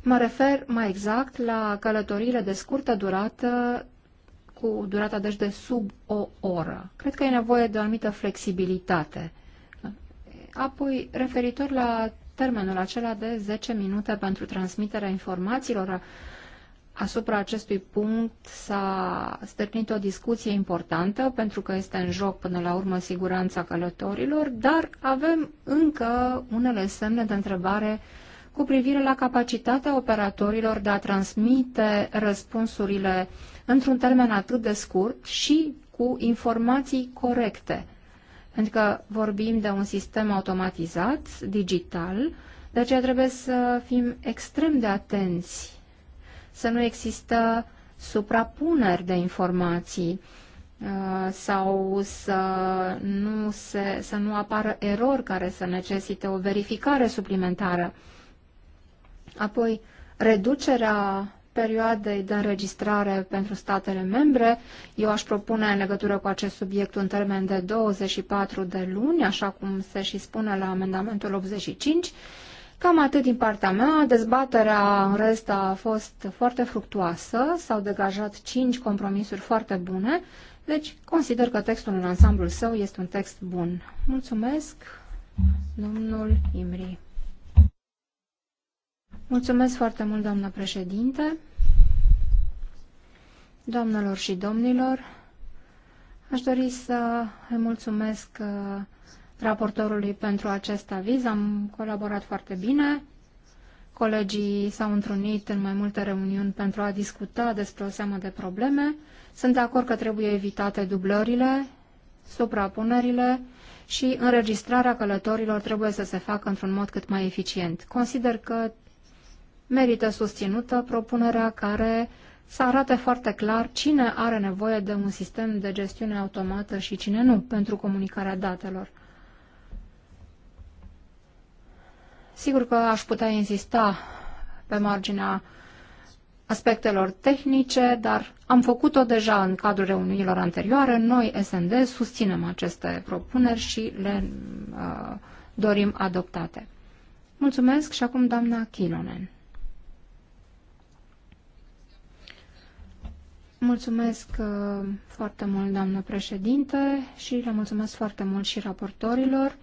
Mă refer mai exact la călătorile de scurtă durată cu durata deci de sub o oră. Cred că e nevoie de o anumită flexibilitate. Apoi, referitor la termenul acela de 10 minute pentru transmiterea informațiilor, asupra acestui punct s-a stârnit o discuție importantă, pentru că este în joc până la urmă siguranța călătorilor, dar avem încă unele semne de întrebare cu privire la capacitatea operatorilor de a transmite răspunsurile uh, într-un termen atât de scurt și cu informații corecte. Pentru că vorbim de un sistem automatizat, digital, de aceea trebuie să fim extrem de atenți, să nu există suprapuneri de informații uh, sau să nu, se, să nu apară erori care să necesite o verificare suplimentară. Apoi, reducerea perioadei de înregistrare pentru statele membre. Eu aș propune în legătură cu acest subiect un termen de 24 de luni, așa cum se și spune la amendamentul 85. Cam atât din partea mea. Dezbaterea în rest a fost foarte fructuoasă, s-au degajat 5 compromisuri foarte bune, deci consider că textul în ansamblul său este un text bun. Mulțumesc, domnul Imri. Mulțumesc foarte mult, doamnă președinte. Doamnelor și domnilor, aș dori să îi mulțumesc uh, raportorului pentru acest aviz. Am colaborat foarte bine. Colegii s-au întrunit în mai multe reuniuni pentru a discuta despre o seamă de probleme. Sunt de acord că trebuie evitate dublările, suprapunerile și înregistrarea călătorilor trebuie să se facă într-un mod cât mai eficient. Consider că merită susținută propunerea care să arate foarte clar cine are nevoie de un sistem de gestiune automată și cine nu pentru comunicarea datelor. Sigur că aș putea insista pe marginea aspectelor tehnice, dar am făcut-o deja în cadrul reuniunilor anterioare. Noi, SND, susținem aceste propuneri și le uh, dorim adoptate. Mulțumesc și acum doamna Kilonen. Mulțumesc uh, foarte mult, doamnă președinte, și le mulțumesc foarte mult și raportorilor,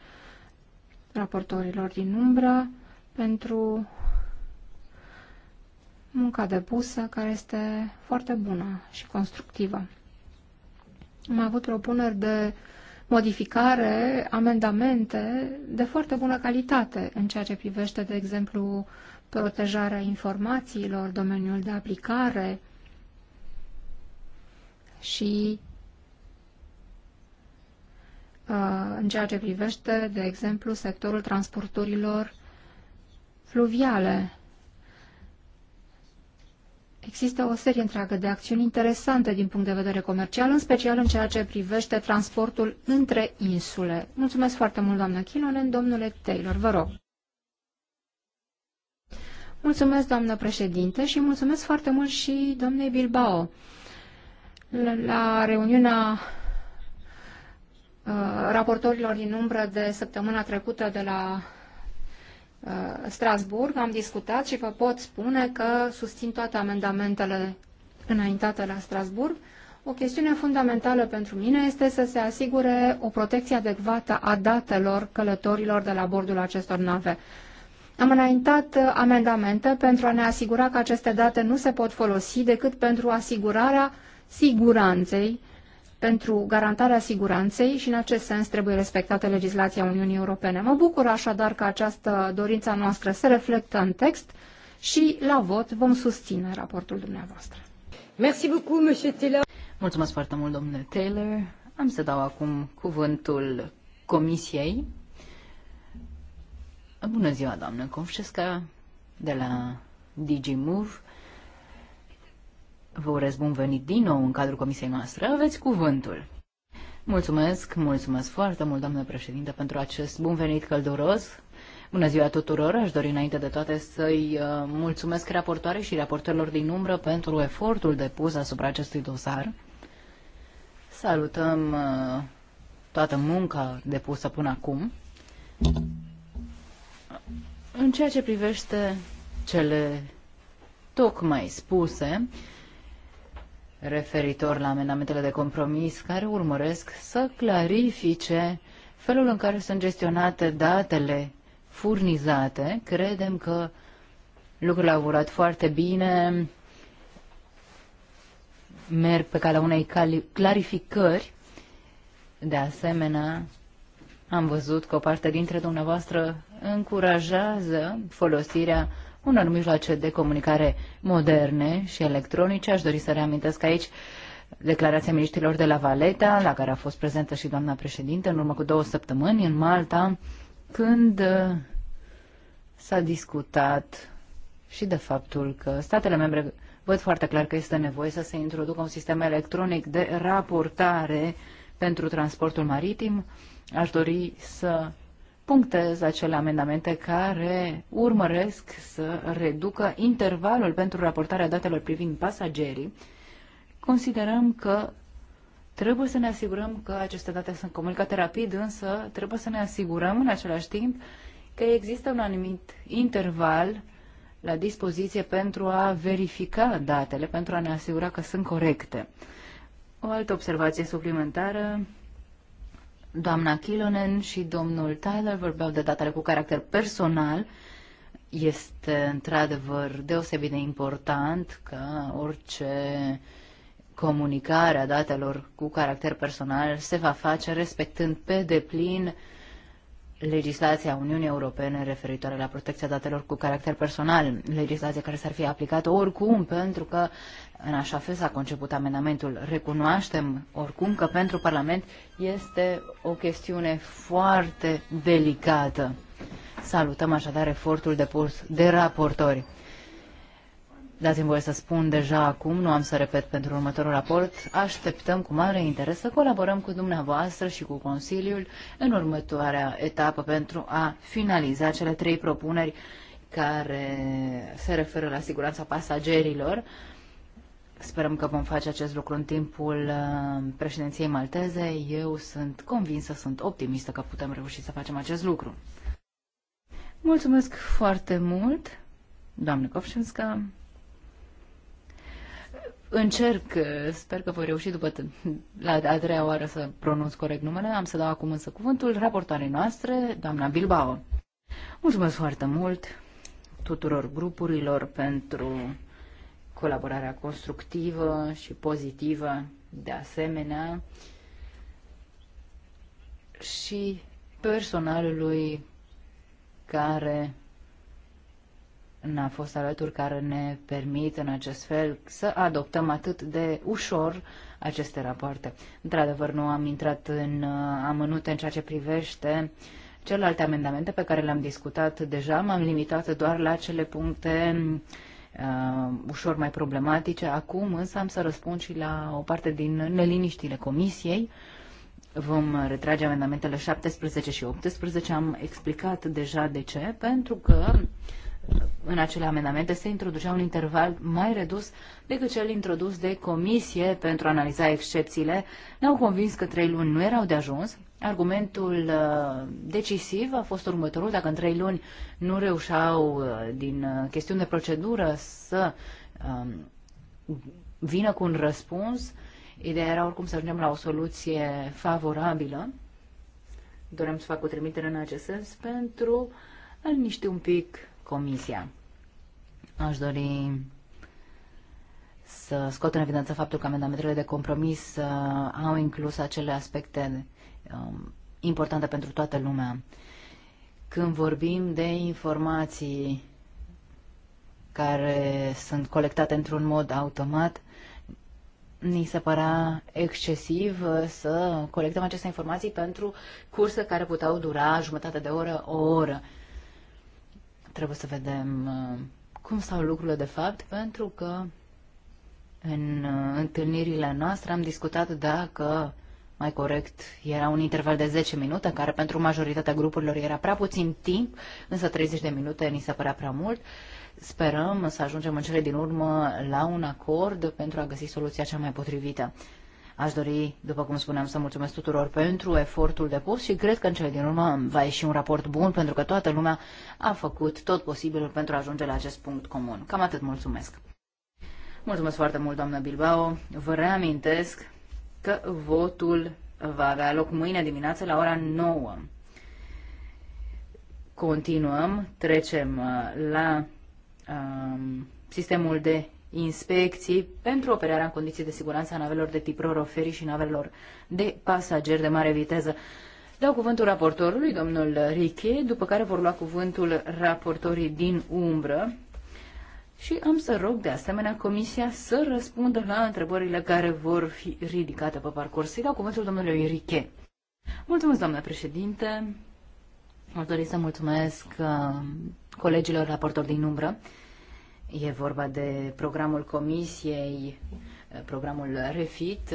raportorilor din umbră, pentru munca depusă, care este foarte bună și constructivă. Am avut propuneri de modificare, amendamente de foarte bună calitate în ceea ce privește, de exemplu, protejarea informațiilor, domeniul de aplicare, și uh, în ceea ce privește, de exemplu, sectorul transporturilor fluviale. Există o serie întreagă de acțiuni interesante din punct de vedere comercial, în special în ceea ce privește transportul între insule. Mulțumesc foarte mult, doamnă Chilonen, domnule Taylor, vă rog. Mulțumesc, doamnă președinte, și mulțumesc foarte mult și domnei Bilbao la reuniunea uh, raportorilor din umbră de săptămâna trecută de la uh, Strasburg am discutat și vă pot spune că susțin toate amendamentele înaintate la Strasburg. O chestiune fundamentală pentru mine este să se asigure o protecție adecvată a datelor călătorilor de la bordul acestor nave. Am înaintat uh, amendamente pentru a ne asigura că aceste date nu se pot folosi decât pentru asigurarea siguranței, pentru garantarea siguranței și în acest sens trebuie respectată legislația Uniunii Europene. Mă bucur așadar că această dorință noastră se reflectă în text și la vot vom susține raportul dumneavoastră. Merci beaucoup, monsieur Taylor. Mulțumesc foarte mult, domnule Taylor. Am să dau acum cuvântul comisiei. Bună ziua, doamnă Confșesca, de la DG Move. Vă urez bun venit din nou în cadrul comisiei noastre. Aveți cuvântul. Mulțumesc, mulțumesc foarte mult, doamnă președinte, pentru acest bun venit călduros. Bună ziua tuturor! Aș dori înainte de toate să-i uh, mulțumesc raportoare și raportorilor din umbră pentru efortul depus asupra acestui dosar. Salutăm uh, toată munca depusă până acum. În ceea ce privește cele tocmai spuse, referitor la amendamentele de compromis care urmăresc să clarifice felul în care sunt gestionate datele furnizate. Credem că lucrurile au urat foarte bine, merg pe calea unei clarificări. De asemenea, am văzut că o parte dintre dumneavoastră încurajează folosirea unor mijloace de comunicare moderne și electronice. Aș dori să reamintesc aici declarația miniștrilor de la Valeta, la care a fost prezentă și doamna președinte în urmă cu două săptămâni în Malta, când uh, s-a discutat și de faptul că statele membre văd foarte clar că este nevoie să se introducă un sistem electronic de raportare pentru transportul maritim. Aș dori să punctez acele amendamente care urmăresc să reducă intervalul pentru raportarea datelor privind pasagerii, considerăm că trebuie să ne asigurăm că aceste date sunt comunicate rapid, însă trebuie să ne asigurăm în același timp că există un anumit interval la dispoziție pentru a verifica datele, pentru a ne asigura că sunt corecte. O altă observație suplimentară Doamna Kilonen și domnul Tyler vorbeau de datele cu caracter personal. Este într-adevăr deosebit de important că orice comunicare a datelor cu caracter personal se va face respectând pe deplin legislația Uniunii Europene referitoare la protecția datelor cu caracter personal, legislație care s-ar fi aplicată oricum, pentru că în așa fel s-a conceput amendamentul. Recunoaștem oricum că pentru Parlament este o chestiune foarte delicată. Salutăm așadar efortul depus de raportori. Dați-mi voie să spun deja acum, nu am să repet pentru următorul raport, așteptăm cu mare interes să colaborăm cu dumneavoastră și cu Consiliul în următoarea etapă pentru a finaliza cele trei propuneri care se referă la siguranța pasagerilor, Sperăm că vom face acest lucru în timpul uh, președinției malteze. Eu sunt convinsă, sunt optimistă că putem reuși să facem acest lucru. Mulțumesc foarte mult, doamne Kovșinska. Încerc, uh, sper că voi reuși după la a treia oară să pronunț corect numele. Am să dau acum însă cuvântul raportoarei noastre, doamna Bilbao. Mulțumesc foarte mult tuturor grupurilor pentru colaborarea constructivă și pozitivă de asemenea și personalului care ne-a fost alături, care ne permit în acest fel să adoptăm atât de ușor aceste rapoarte. Într-adevăr, nu am intrat în uh, amănunte în ceea ce privește celelalte amendamente pe care le-am discutat deja, m-am limitat doar la cele puncte uh, uh, ușor mai problematice. Acum însă am să răspund și la o parte din neliniștile comisiei. Vom retrage amendamentele 17 și 18. Am explicat deja de ce, pentru că în acele amendamente se introducea un interval mai redus decât cel introdus de comisie pentru a analiza excepțiile. Ne-au convins că trei luni nu erau de ajuns Argumentul uh, decisiv a fost următorul, dacă în trei luni nu reușeau uh, din uh, chestiuni de procedură să um, vină cu un răspuns, ideea era oricum să ajungem la o soluție favorabilă. Dorem să fac o trimitere în acest sens pentru a liniști un pic comisia. Aș dori să scot în evidență faptul că amendamentele de compromis au inclus acele aspecte um, importantă pentru toată lumea. Când vorbim de informații care sunt colectate într-un mod automat, ni se părea excesiv uh, să colectăm aceste informații pentru curse care puteau dura jumătate de oră, o oră. Trebuie să vedem uh, cum stau lucrurile de fapt, pentru că în uh, întâlnirile noastre am discutat dacă mai corect, era un interval de 10 minute, care pentru majoritatea grupurilor era prea puțin timp, însă 30 de minute ni se părea prea mult. Sperăm să ajungem în cele din urmă la un acord pentru a găsi soluția cea mai potrivită. Aș dori, după cum spuneam, să mulțumesc tuturor pentru efortul depus și cred că în cele din urmă va ieși un raport bun pentru că toată lumea a făcut tot posibilul pentru a ajunge la acest punct comun. Cam atât mulțumesc. Mulțumesc foarte mult, doamnă Bilbao. Vă reamintesc că votul va avea loc mâine dimineață la ora 9. Continuăm, trecem uh, la um, sistemul de inspecții pentru operarea în condiții de siguranță a navelor de tip roro ferry și navelor de pasageri de mare viteză. Dau cuvântul raportorului, domnul Riche, după care vor lua cuvântul raportorii din umbră, și am să rog de asemenea Comisia să răspundă la întrebările care vor fi ridicate pe parcurs. Îi dau cuvântul domnului Riche. Mulțumesc, doamnă președinte. Aș dori să mulțumesc uh, colegilor raportori din umbră. E vorba de programul Comisiei, uh, programul REFIT.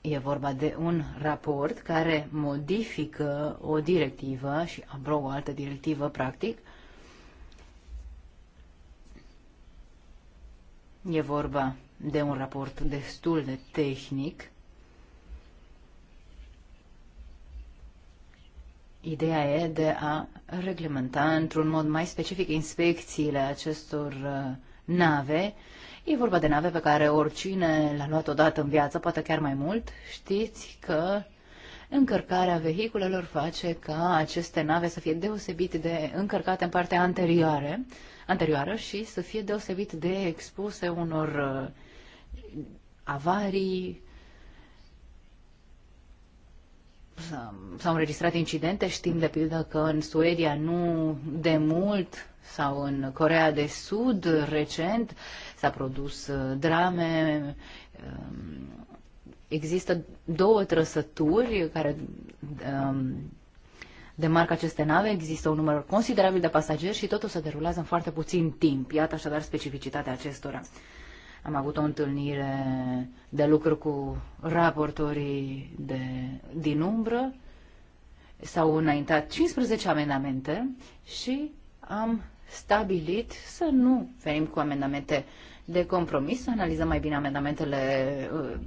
E vorba de un raport care modifică o directivă și abrogă o altă directivă, practic, E vorba de un raport destul de tehnic. Ideea e de a reglementa într-un mod mai specific inspecțiile acestor uh, nave. E vorba de nave pe care oricine l-a luat odată în viață, poate chiar mai mult. Știți că încărcarea vehiculelor face ca aceste nave să fie deosebit de încărcate în partea anterioară, anterioară și să fie deosebit de expuse unor uh, avarii, s-au înregistrat incidente, știm de pildă că în Suedia nu de mult sau în Corea de Sud recent s-a produs uh, drame um, există două trăsături care um, demarcă aceste nave, există un număr considerabil de pasageri și totul se derulează în foarte puțin timp. Iată așadar specificitatea acestora. Am avut o întâlnire de lucru cu raportorii de, din umbră, s-au înaintat 15 amendamente și am stabilit să nu venim cu amendamente de compromis, să analizăm mai bine amendamentele uh,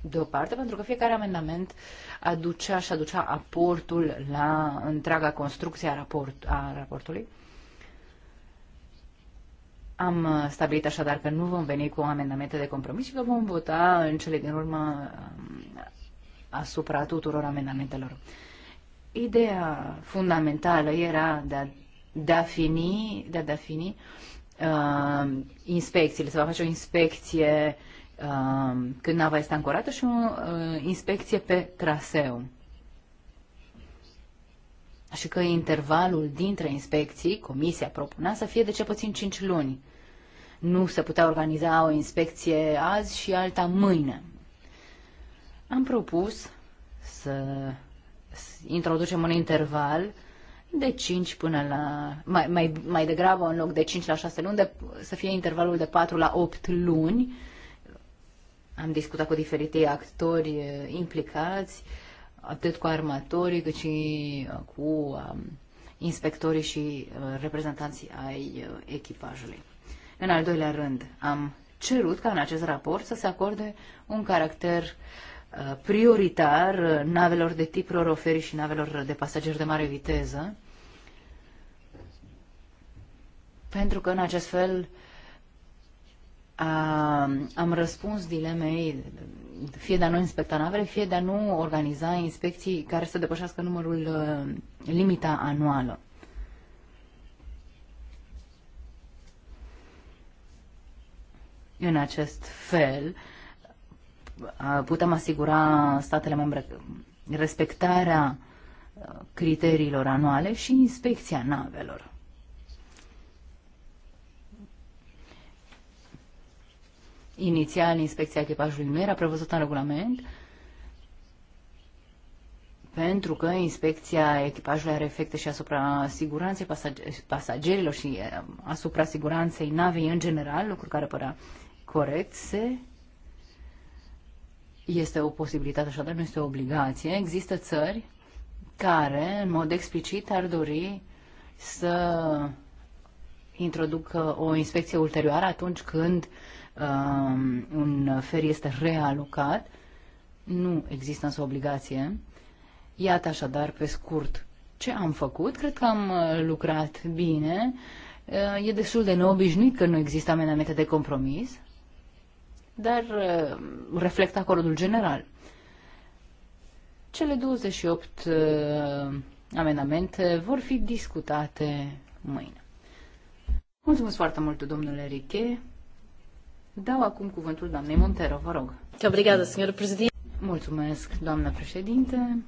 deoparte, pentru că fiecare amendament aducea și aducea aportul la întreaga construcție a, raport, a raportului. Am stabilit așadar că nu vom veni cu amendamente de compromis și că vom vota în cele din urmă um, asupra tuturor amendamentelor. Ideea fundamentală era de a defini, de a defini uh, inspecțiile, să va face o inspecție uh, Um, când nava este ancorată și o uh, inspecție pe traseu. Și că intervalul dintre inspecții, comisia propunea să fie de ce puțin 5 luni. Nu se putea organiza o inspecție azi și alta mâine. Am propus să introducem un interval de 5 până la, mai, mai, mai degrabă în loc de 5 la 6 luni, de, să fie intervalul de 4 la 8 luni, uh, am discutat cu diferite actori eh, implicați, atât cu armatorii, cât și eh, cu um, inspectorii și uh, reprezentanții ai uh, echipajului. În al doilea rând, am cerut ca în acest raport să se acorde un caracter uh, prioritar navelor de tip roroferi și navelor de pasageri de mare viteză, pentru că în acest fel a, am răspuns dilemei fie de a nu inspecta navele, fie de a nu organiza inspecții care să depășească numărul uh, limita anuală. În acest fel, uh, putem asigura statele membre respectarea uh, criteriilor anuale și inspecția navelor. Inițial, inspecția echipajului nu era prevăzută în regulament, pentru că inspecția echipajului are efecte și asupra siguranței pasagerilor și eh, asupra siguranței navei în general, lucru care părea corect, se este o posibilitate, așadar nu este o obligație. Există țări care, în mod explicit, ar dori să introducă o inspecție ulterioară atunci când Um, un fer este realocat. Nu există însă obligație. Iată așadar, pe scurt, ce am făcut. Cred că am uh, lucrat bine. Uh, e destul de neobișnuit că nu există amendamente de compromis, dar uh, reflectă acordul general. Cele 28 amendamente vor fi discutate mâine. Mulțumesc foarte mult, domnule Riche. Dau acum cuvântul doamnei Montero, vă rog. Obrigada, senhora președinte. Mulțumesc, doamna președinte.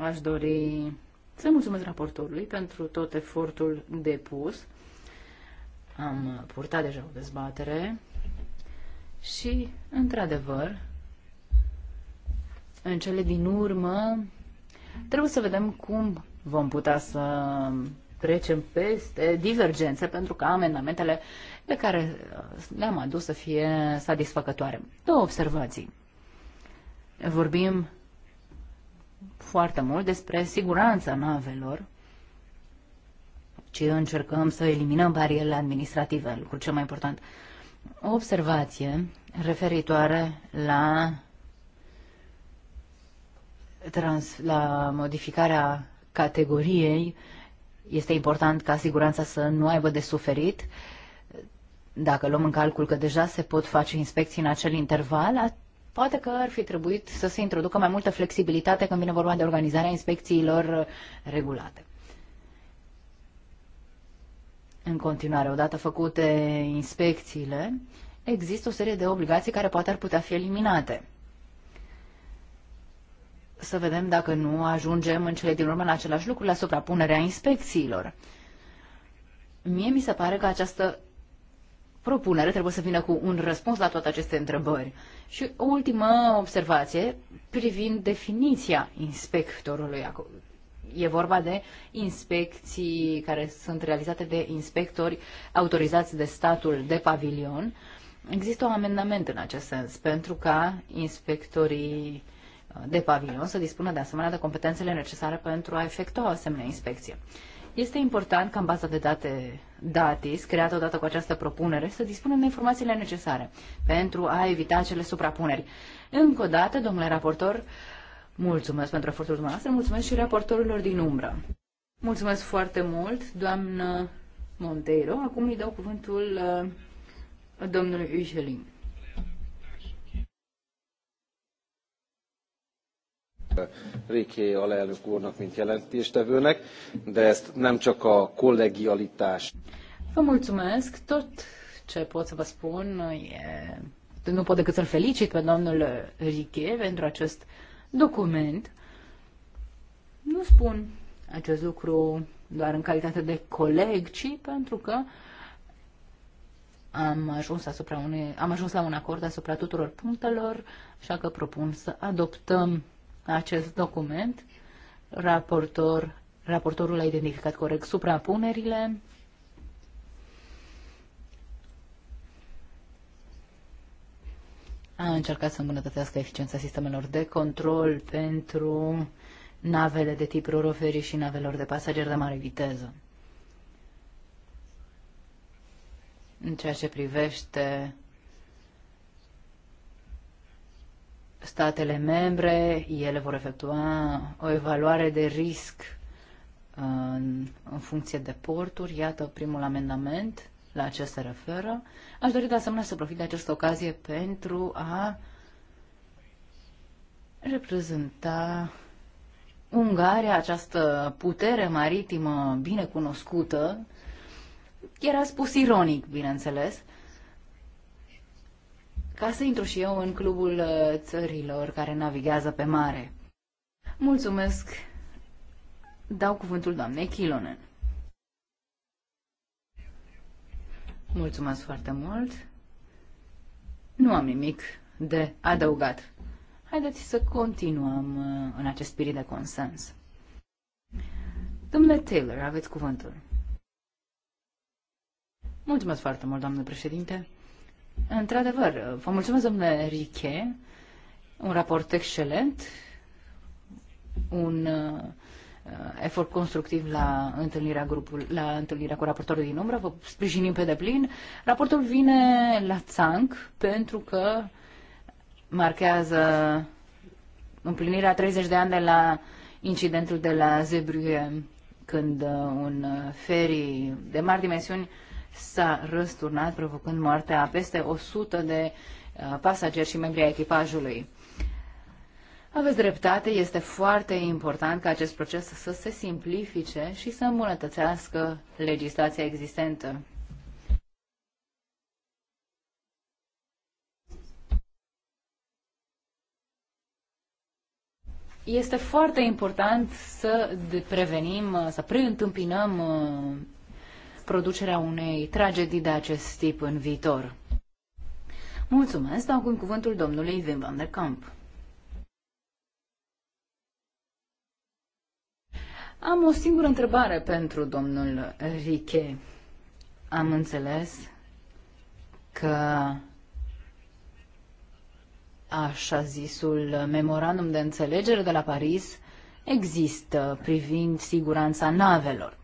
Aș dori să mulțumesc raportorului pentru tot efortul depus. Am purtat deja o dezbatere și, într-adevăr, în cele din urmă, trebuie să vedem cum vom putea să trecem peste divergențe pentru ca amendamentele pe care uh, le-am adus să fie satisfăcătoare. Două observații. Vorbim foarte mult despre siguranța navelor, ci încercăm să eliminăm barierele administrative, lucru cel mai important. O observație referitoare la, trans, la modificarea categoriei uh, este important ca siguranța să nu aibă de suferit. Dacă luăm în calcul că deja se pot face inspecții în acel interval, poate că ar fi trebuit să se introducă mai multă flexibilitate când vine vorba de organizarea inspecțiilor uh, regulate. În continuare, odată făcute inspecțiile, există o serie de obligații care poate ar putea fi eliminate să vedem dacă nu ajungem în cele din urmă la același lucru, la suprapunerea inspecțiilor. Mie mi se pare că această propunere trebuie să vină cu un răspuns la toate aceste întrebări. Și o ultimă observație privind definiția inspectorului. E vorba de inspecții care sunt realizate de inspectori autorizați de statul de pavilion. Există un amendament în acest sens pentru ca inspectorii de pavilion să dispună de asemenea de competențele necesare pentru a efectua o asemenea inspecție. Este important ca în baza de date DATIS, creată odată cu această propunere, să dispunem de informațiile necesare pentru a evita acele suprapuneri. Încă o dată, domnule raportor, mulțumesc pentru efortul dumneavoastră, mulțumesc și raportorilor din umbră. Mulțumesc foarte mult, doamnă Monteiro. Acum îi dau cuvântul uh, domnului Ușelin. Riké alelnök úrnak, mint jelentéstevőnek, de ezt nem csak a kollegialitás. Vă mulțumesc, tot ce pot să vă spun e... Nu pot decât să-l felicit pe domnul Riche pentru acest document. Nu spun acest lucru doar în calitate de coleg, ci pentru că am ajuns, asupra unei, am ajuns la un acord asupra tuturor punctelor, așa că propun să adoptăm acest document. Raportor, raportorul a identificat corect suprapunerile. A încercat să îmbunătățească eficiența sistemelor de control pentru navele de tip roroferii și navelor de pasageri de mare viteză. În ceea ce privește statele membre, ele vor efectua o evaluare de risc în, în funcție de porturi. Iată primul amendament la ce se referă. Aș dori de asemenea să profit de această ocazie pentru a reprezenta Ungaria, această putere maritimă bine cunoscută, era spus ironic, bineînțeles, ca să intru și eu în clubul uh, țărilor care navighează pe mare. Mulțumesc. Dau cuvântul doamnei Kilonen. Mulțumesc foarte mult. Nu am nimic de adăugat. Haideți să continuăm uh, în acest spirit de consens. Domnule Taylor, aveți cuvântul. Mulțumesc foarte mult, doamnă președinte. Într-adevăr, vă mulțumesc, domnule Riche, un raport excelent, un uh, efort constructiv la întâlnirea, grupul, la întâlnirea cu raportorul din umbră, vă sprijinim pe deplin. Raportul vine la țanc pentru că marchează împlinirea 30 de ani de la incidentul de la Zebrue, când uh, un uh, ferry de mari dimensiuni s-a răsturnat, provocând moartea a peste 100 de uh, pasageri și membri ai echipajului. Aveți dreptate, este foarte important ca acest proces să se simplifice și să îmbunătățească legislația existentă. Este foarte important să prevenim, să preîntâmpinăm uh, producerea unei tragedii de acest tip în viitor. Mulțumesc, dau acum cuvântul domnului Wim van der Kamp. Am o singură întrebare pentru domnul Riche. Am înțeles că așa zisul memorandum de înțelegere de la Paris există privind siguranța navelor.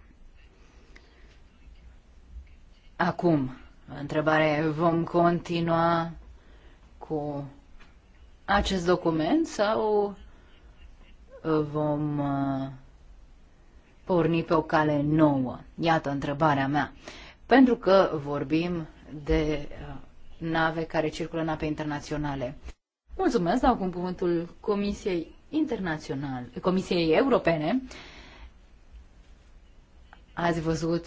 Acum, întrebarea e, vom continua cu acest document sau uh, vom uh, porni pe o cale nouă? Iată întrebarea mea. Pentru că vorbim de uh, nave care circulă în ape internaționale. Mulțumesc, dau cu cuvântul Comisiei Internaționale, Comisiei Europene. Ați văzut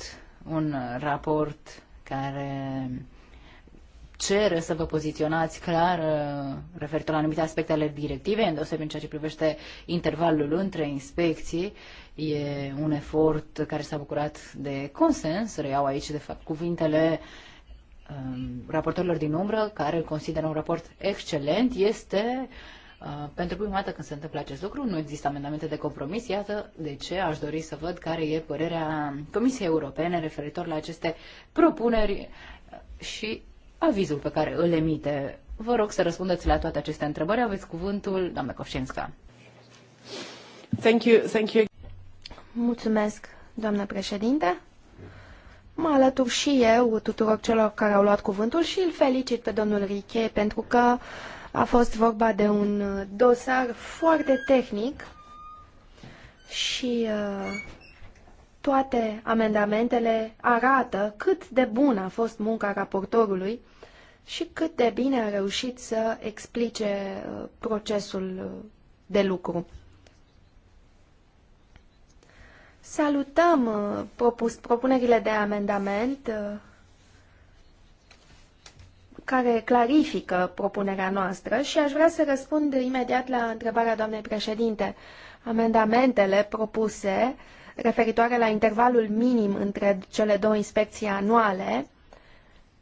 un raport care cere să vă poziționați clar uh, referitor la anumite aspecte ale directivei, deosebire în ceea ce privește intervalul între inspecții. E un efort care s-a bucurat de consens, reiau aici de fapt cuvintele um, raportorilor din umbră, care îl consideră un raport excelent, este uh, Uh, pentru prima dată când se întâmplă acest lucru, nu există amendamente de compromis. Iată de ce aș dori să văd care e părerea Comisiei Europene referitor la aceste propuneri și avizul pe care îl emite. Vă rog să răspundeți la toate aceste întrebări. Aveți cuvântul, doamna Kovșinska. Thank you, thank you. Mulțumesc, doamnă președinte. Mă alătur și eu tuturor celor care au luat cuvântul și îl felicit pe domnul Riche pentru că uh, a fost vorba de un uh, dosar foarte tehnic și uh, toate amendamentele arată cât de bună a fost munca raportorului și cât de bine a reușit să explice uh, procesul de lucru. Salutăm propus, propunerile de amendament care clarifică propunerea noastră și aș vrea să răspund imediat la întrebarea doamnei președinte. Amendamentele propuse referitoare la intervalul minim între cele două inspecții anuale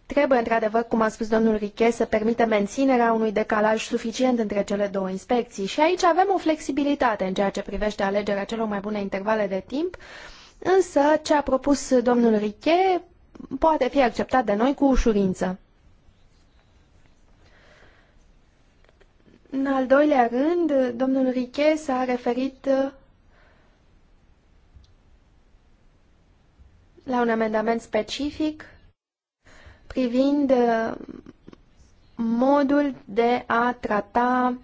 trebuie, într-adevăr, cum a spus domnul Riche, să permită menținerea unui decalaj suficient între cele două inspecții. Și aici avem o flexibilitate în ceea ce privește alegerea celor mai bune intervale de timp, însă ce a propus domnul Riche poate fi acceptat de noi cu ușurință. În al doilea rând, domnul Riche s-a referit uh, la un amendament specific privind uh, modul de a trata,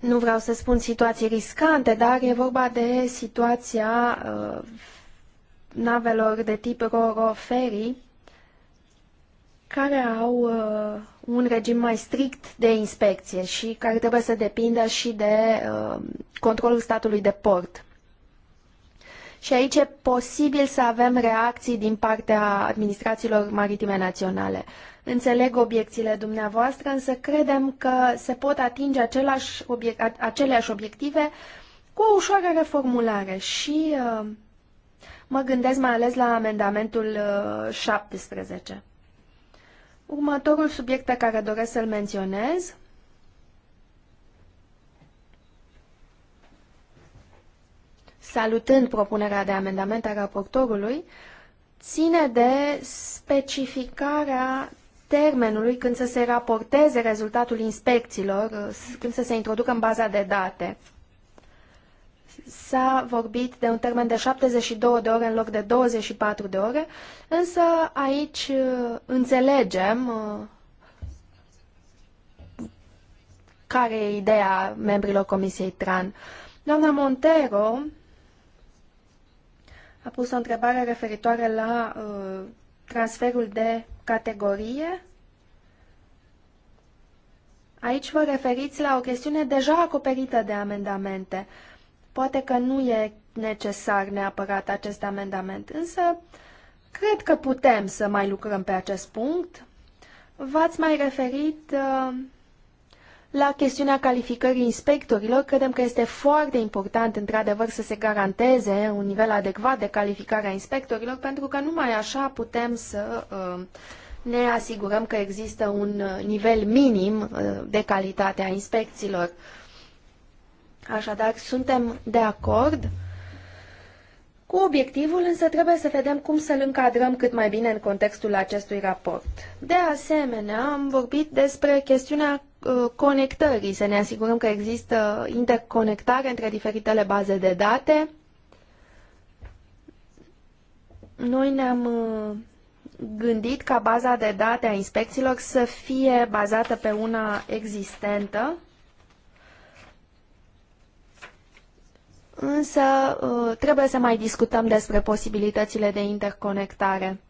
nu vreau să spun situații riscante, dar e vorba de situația uh, navelor de tip Roro ferry care au uh, un regim mai strict de inspecție și care trebuie să depindă și de uh, controlul statului de port. Și aici e posibil să avem reacții din partea administrațiilor maritime naționale. Înțeleg obiecțiile dumneavoastră, însă credem că se pot atinge același obiect, aceleași obiective cu o ușoară reformulare și uh, mă gândesc mai ales la amendamentul uh, 17. Următorul subiect pe care doresc să-l menționez salutând propunerea de amendament a raportorului, ține de specificarea termenului când să se raporteze rezultatul inspecțiilor, când să se introducă în baza de date. S-a vorbit de un termen de 72 de ore în loc de 24 de ore, însă aici uh, înțelegem uh, care e ideea membrilor Comisiei TRAN. Doamna Montero a pus o întrebare referitoare la uh, transferul de categorie. Aici vă referiți la o chestiune deja acoperită de amendamente. Uh, Poate că nu e necesar neapărat acest amendament, însă cred că putem să mai lucrăm pe acest punct. V-ați mai referit uh, la chestiunea calificării inspectorilor, credem că este foarte important, într-adevăr, să se garanteze un nivel adecvat de calificare a inspectorilor, pentru că numai așa putem să uh, ne asigurăm că există un uh, nivel minim uh, de calitate a inspecțiilor. Așadar, suntem de acord cu obiectivul, însă trebuie să vedem cum să-l încadrăm cât mai bine în contextul acestui raport. De asemenea, am vorbit despre chestiunea uh, conectării, să ne asigurăm că există interconectare între diferitele baze de date. Noi ne-am uh, gândit ca baza de date a inspecțiilor să fie bazată pe una existentă însă uh, trebuie să mai discutăm despre posibilitățile de interconectare.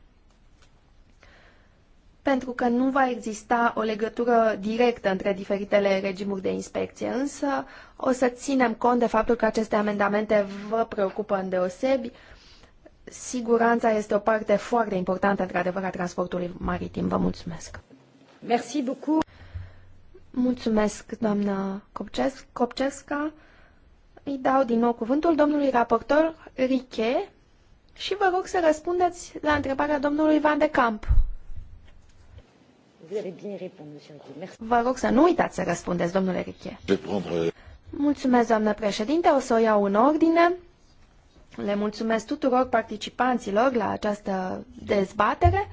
Pentru că nu va exista o legătură directă între diferitele regimuri de inspecție, însă o să ținem cont de faptul că aceste amendamente vă preocupă îndeosebi. Siguranța este o parte foarte importantă, într-adevăr, a transportului maritim. Vă mulțumesc! Merci beaucoup. Mulțumesc, doamna Copcesca. Îi dau din nou cuvântul domnului raportor Riche și vă rog să răspundeți la întrebarea domnului Van de Camp. Vă rog să nu uitați să răspundeți, domnule Riche. Euh, mulțumesc, doamnă președinte, o să o iau în ordine. Le mulțumesc tuturor participanților la această dezbatere.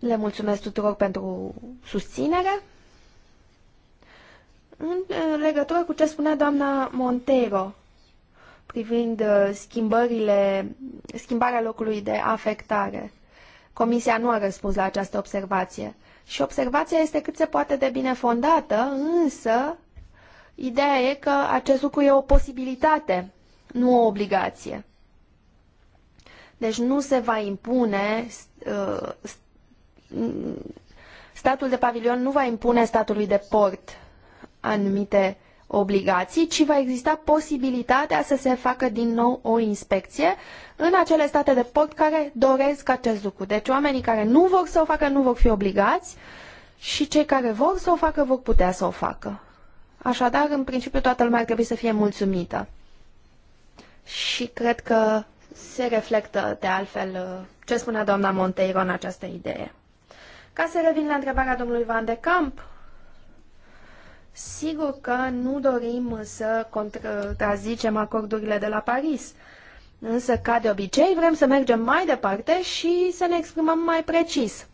Le mulțumesc tuturor pentru susținere. În legătură cu ce spunea doamna Montero privind uh, schimbările, schimbarea locului de afectare, Comisia nu a răspuns la această observație. Și observația este cât se poate de bine fondată, însă ideea e că acest lucru e o posibilitate, nu o obligație. Deci nu se va impune uh, statul de pavilion nu va impune statului de port anumite obligații, ci va exista posibilitatea să se facă din nou o inspecție în acele state de port care doresc acest lucru. Deci oamenii care nu vor să o facă nu vor fi obligați și cei care vor să o facă vor putea să o facă. Așadar, în principiu, toată lumea ar trebui să fie mulțumită. Și cred că se reflectă, de altfel, ce spunea doamna Monteiro în această idee. Ca să revin la întrebarea domnului Van de Camp, Sigur că nu dorim să contrazicem acordurile de la Paris, însă, ca de obicei, vrem să mergem mai departe și să ne exprimăm mai precis.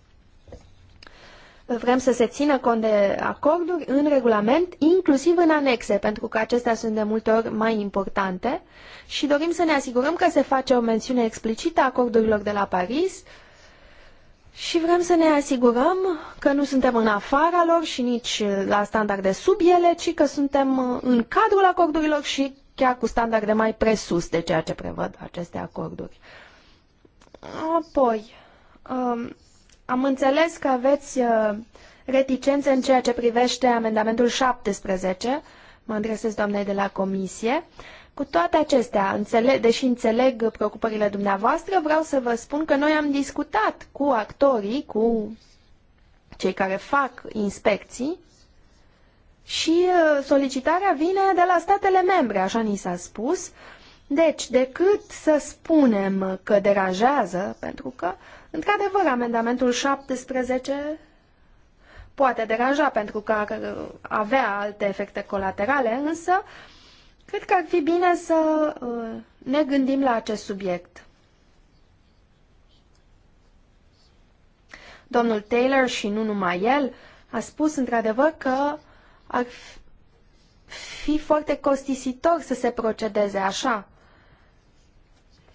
Vrem să se țină cont de acorduri în regulament, inclusiv în anexe, pentru că acestea sunt de multe ori mai importante și dorim să ne asigurăm că se face o mențiune explicită a acordurilor de la Paris, uh, și vrem să ne asigurăm că nu suntem în afara lor și nici la standarde sub ele, ci că suntem în cadrul acordurilor și chiar cu standarde mai presus de ceea ce prevăd aceste acorduri. Apoi, um, am înțeles că aveți uh, reticențe în ceea ce privește amendamentul 17, mă adresez doamnei de la Comisie, uh, cu toate acestea, înțeleg, deși înțeleg preocupările dumneavoastră, vreau să vă spun că noi am discutat cu actorii, cu cei care fac inspecții și uh, solicitarea vine de la statele membre, așa ni s-a spus. Deci, decât să spunem că deranjează, pentru că, într-adevăr, amendamentul 17 poate deranja pentru că avea alte efecte colaterale, însă uh, Cred că ar fi bine să uh, ne gândim la acest subiect. Domnul Taylor și nu numai el a spus într-adevăr că ar fi foarte costisitor să se procedeze așa.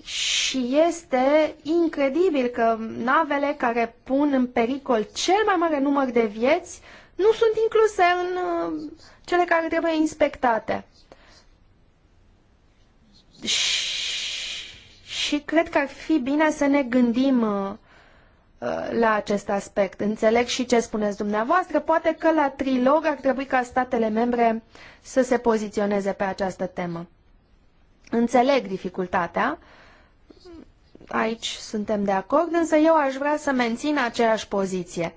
Și este incredibil că navele care pun în pericol cel mai mare număr de vieți nu sunt incluse în uh, cele care trebuie inspectate și cred că ar fi bine să ne gândim uh, uh, la acest aspect. Înțeleg și ce spuneți dumneavoastră. Poate că la trilog ar trebui ca statele membre să se poziționeze pe această temă. Înțeleg dificultatea, aici suntem de acord, însă eu aș vrea să mențin aceeași poziție.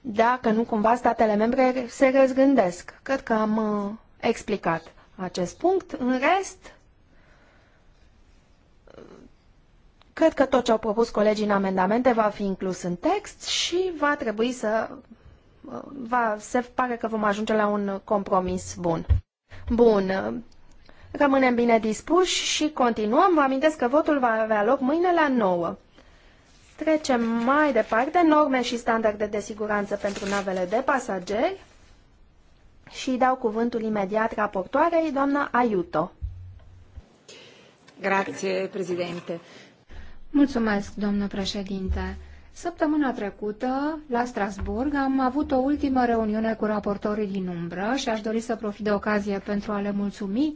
Dacă nu cumva statele membre se răzgândesc. Cred că am uh, explicat acest punct. În rest, Cred că tot ce au propus colegii în amendamente va fi inclus în text și va trebui să... Va, se pare că vom ajunge la un compromis bun. Bun. Rămânem bine dispuși și continuăm. Vă amintesc că votul va avea loc mâine la 9. Trecem mai departe. Norme și standarde de siguranță pentru navele de pasageri. Și dau cuvântul imediat raportoarei, doamna Aiuto. Grazie, Presidente. Mulțumesc, domnă președinte. Săptămâna trecută, la Strasburg, am avut o ultimă reuniune cu raportorii din umbră și aș dori să profit de ocazie pentru a le mulțumi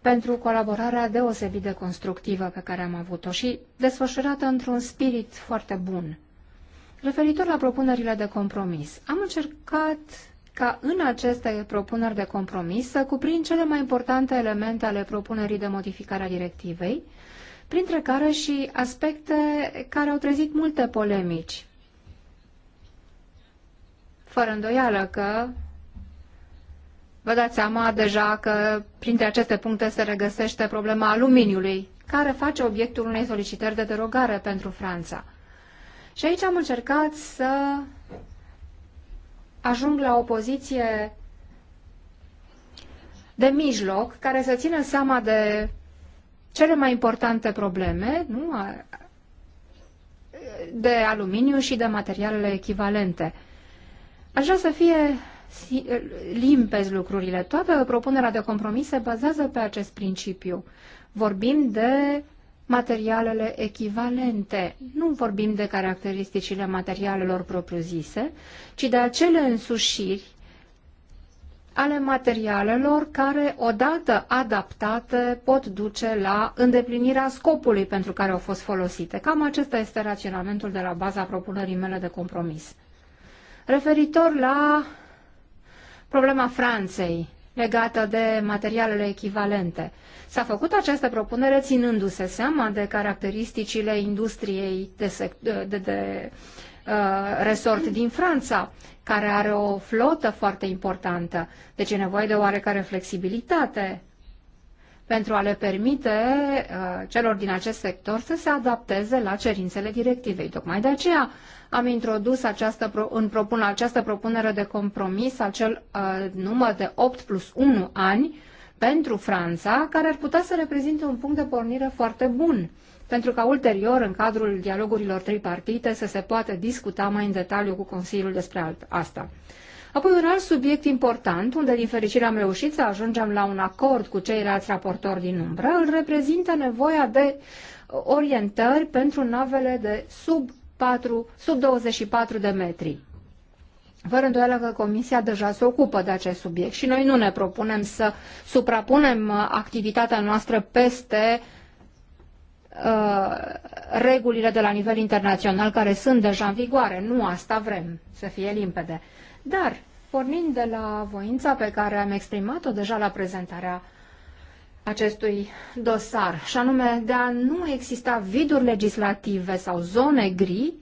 pentru colaborarea deosebit de constructivă pe care am avut-o și desfășurată într-un spirit foarte bun. Referitor la propunerile de compromis, am încercat ca în aceste propuneri de compromis să cuprind cele mai importante elemente ale propunerii de modificare a directivei, printre care și aspecte care au trezit multe polemici. Fără îndoială că vă dați seama deja că printre aceste puncte se regăsește problema aluminiului, care face obiectul unei solicitări de derogare pentru Franța. Și aici am încercat să ajung la o poziție de mijloc care să țină seama de cele mai importante probleme nu, de aluminiu și de materialele echivalente. Aș vrea să fie limpezi lucrurile. Toată propunerea de compromis se bazează pe acest principiu. Vorbim de materialele echivalente. Nu vorbim de caracteristicile materialelor propriu-zise, ci de acele însușiri ale materialelor care, odată adaptate, pot duce la îndeplinirea scopului pentru care au fost folosite. Cam acesta este raționamentul de la baza propunerii mele de compromis. Referitor la problema Franței legată de materialele echivalente. S-a făcut această propunere ținându-se seama de caracteristicile industriei de, de, de Uh, resort din Franța, care are o flotă foarte importantă. Deci e nevoie de oarecare flexibilitate pentru a le permite uh, celor din acest sector să se adapteze la cerințele directivei. Tocmai de aceea am introdus această, în propun, această propunere de compromis acel uh, număr de 8 plus 1 ani pentru Franța, care ar putea să reprezinte un punct de pornire foarte bun. Uh, pentru ca ulterior, în cadrul dialogurilor tripartite, să se poată discuta mai în detaliu cu Consiliul despre asta. Apoi un alt subiect important, unde din fericire am reușit să ajungem la un acord cu ceilalți raportori din umbră, îl reprezintă nevoia de orientări pentru navele de sub, 4, sub 24 de metri. Fără îndoială că Comisia deja se ocupă de acest subiect și noi nu ne propunem să suprapunem uh, activitatea noastră peste uh, Uh, regulile de la nivel internațional care sunt deja în vigoare. Nu asta vrem, să fie limpede. Dar, pornind de la voința pe care am exprimat-o deja la prezentarea acestui dosar, și anume de a nu exista viduri legislative sau zone gri,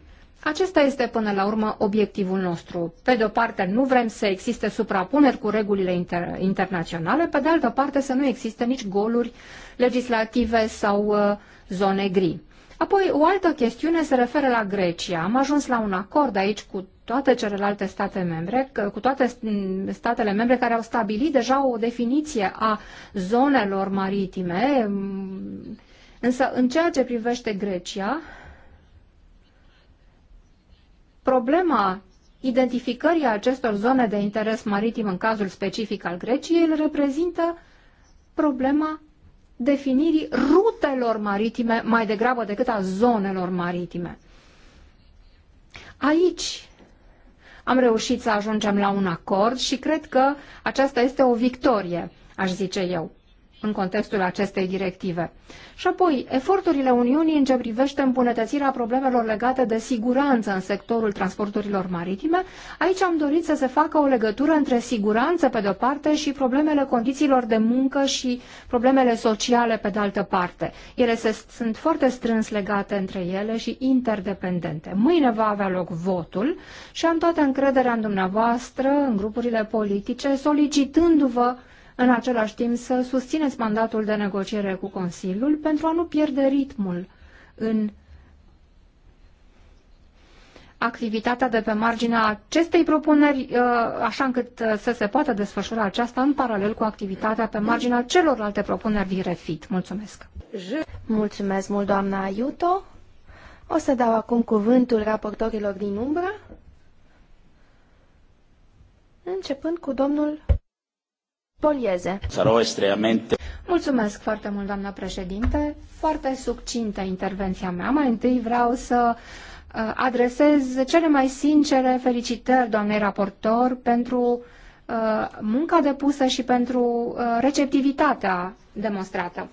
acesta este până la urmă obiectivul nostru. Pe de o parte, nu vrem să existe suprapuneri cu regulile inter- internaționale, pe de altă parte, să nu existe nici goluri legislative sau uh, zone gri. Apoi, o altă chestiune se referă la Grecia. Am ajuns la un acord aici cu toate celelalte state membre, cu toate statele membre care au stabilit deja o definiție a zonelor maritime, însă în ceea ce privește Grecia, problema identificării acestor zone de interes maritim în cazul specific al Greciei îl reprezintă problema definirii rutelor maritime mai degrabă decât a zonelor maritime. Aici am reușit să ajungem la un acord și cred că aceasta este o victorie, aș zice eu în contextul acestei directive. Și apoi, eforturile Uniunii în ce privește îmbunătățirea problemelor legate de siguranță în sectorul transporturilor maritime, aici am dorit să se facă o legătură între siguranță pe de-o parte și problemele condițiilor de muncă și problemele sociale pe de altă parte. Ele se, sunt foarte strâns legate între ele și interdependente. Mâine va avea loc votul și am toată încrederea în dumneavoastră, în grupurile politice, solicitându-vă în același timp să susțineți mandatul de negociere cu Consiliul pentru a nu pierde ritmul în activitatea de pe marginea acestei propuneri, uh, așa încât uh, să se poată desfășura aceasta în paralel cu activitatea pe marginea celorlalte propuneri din refit. Mulțumesc! Mulțumesc mult, doamna Iuto! O să dau acum cuvântul raportorilor din umbră, începând cu domnul Polieze. Mulțumesc foarte mult, doamna președinte. Foarte succintă intervenția mea. Mai întâi vreau să uh, adresez cele mai sincere felicitări doamnei raportor pentru uh, munca depusă și pentru uh, receptivitatea demonstrată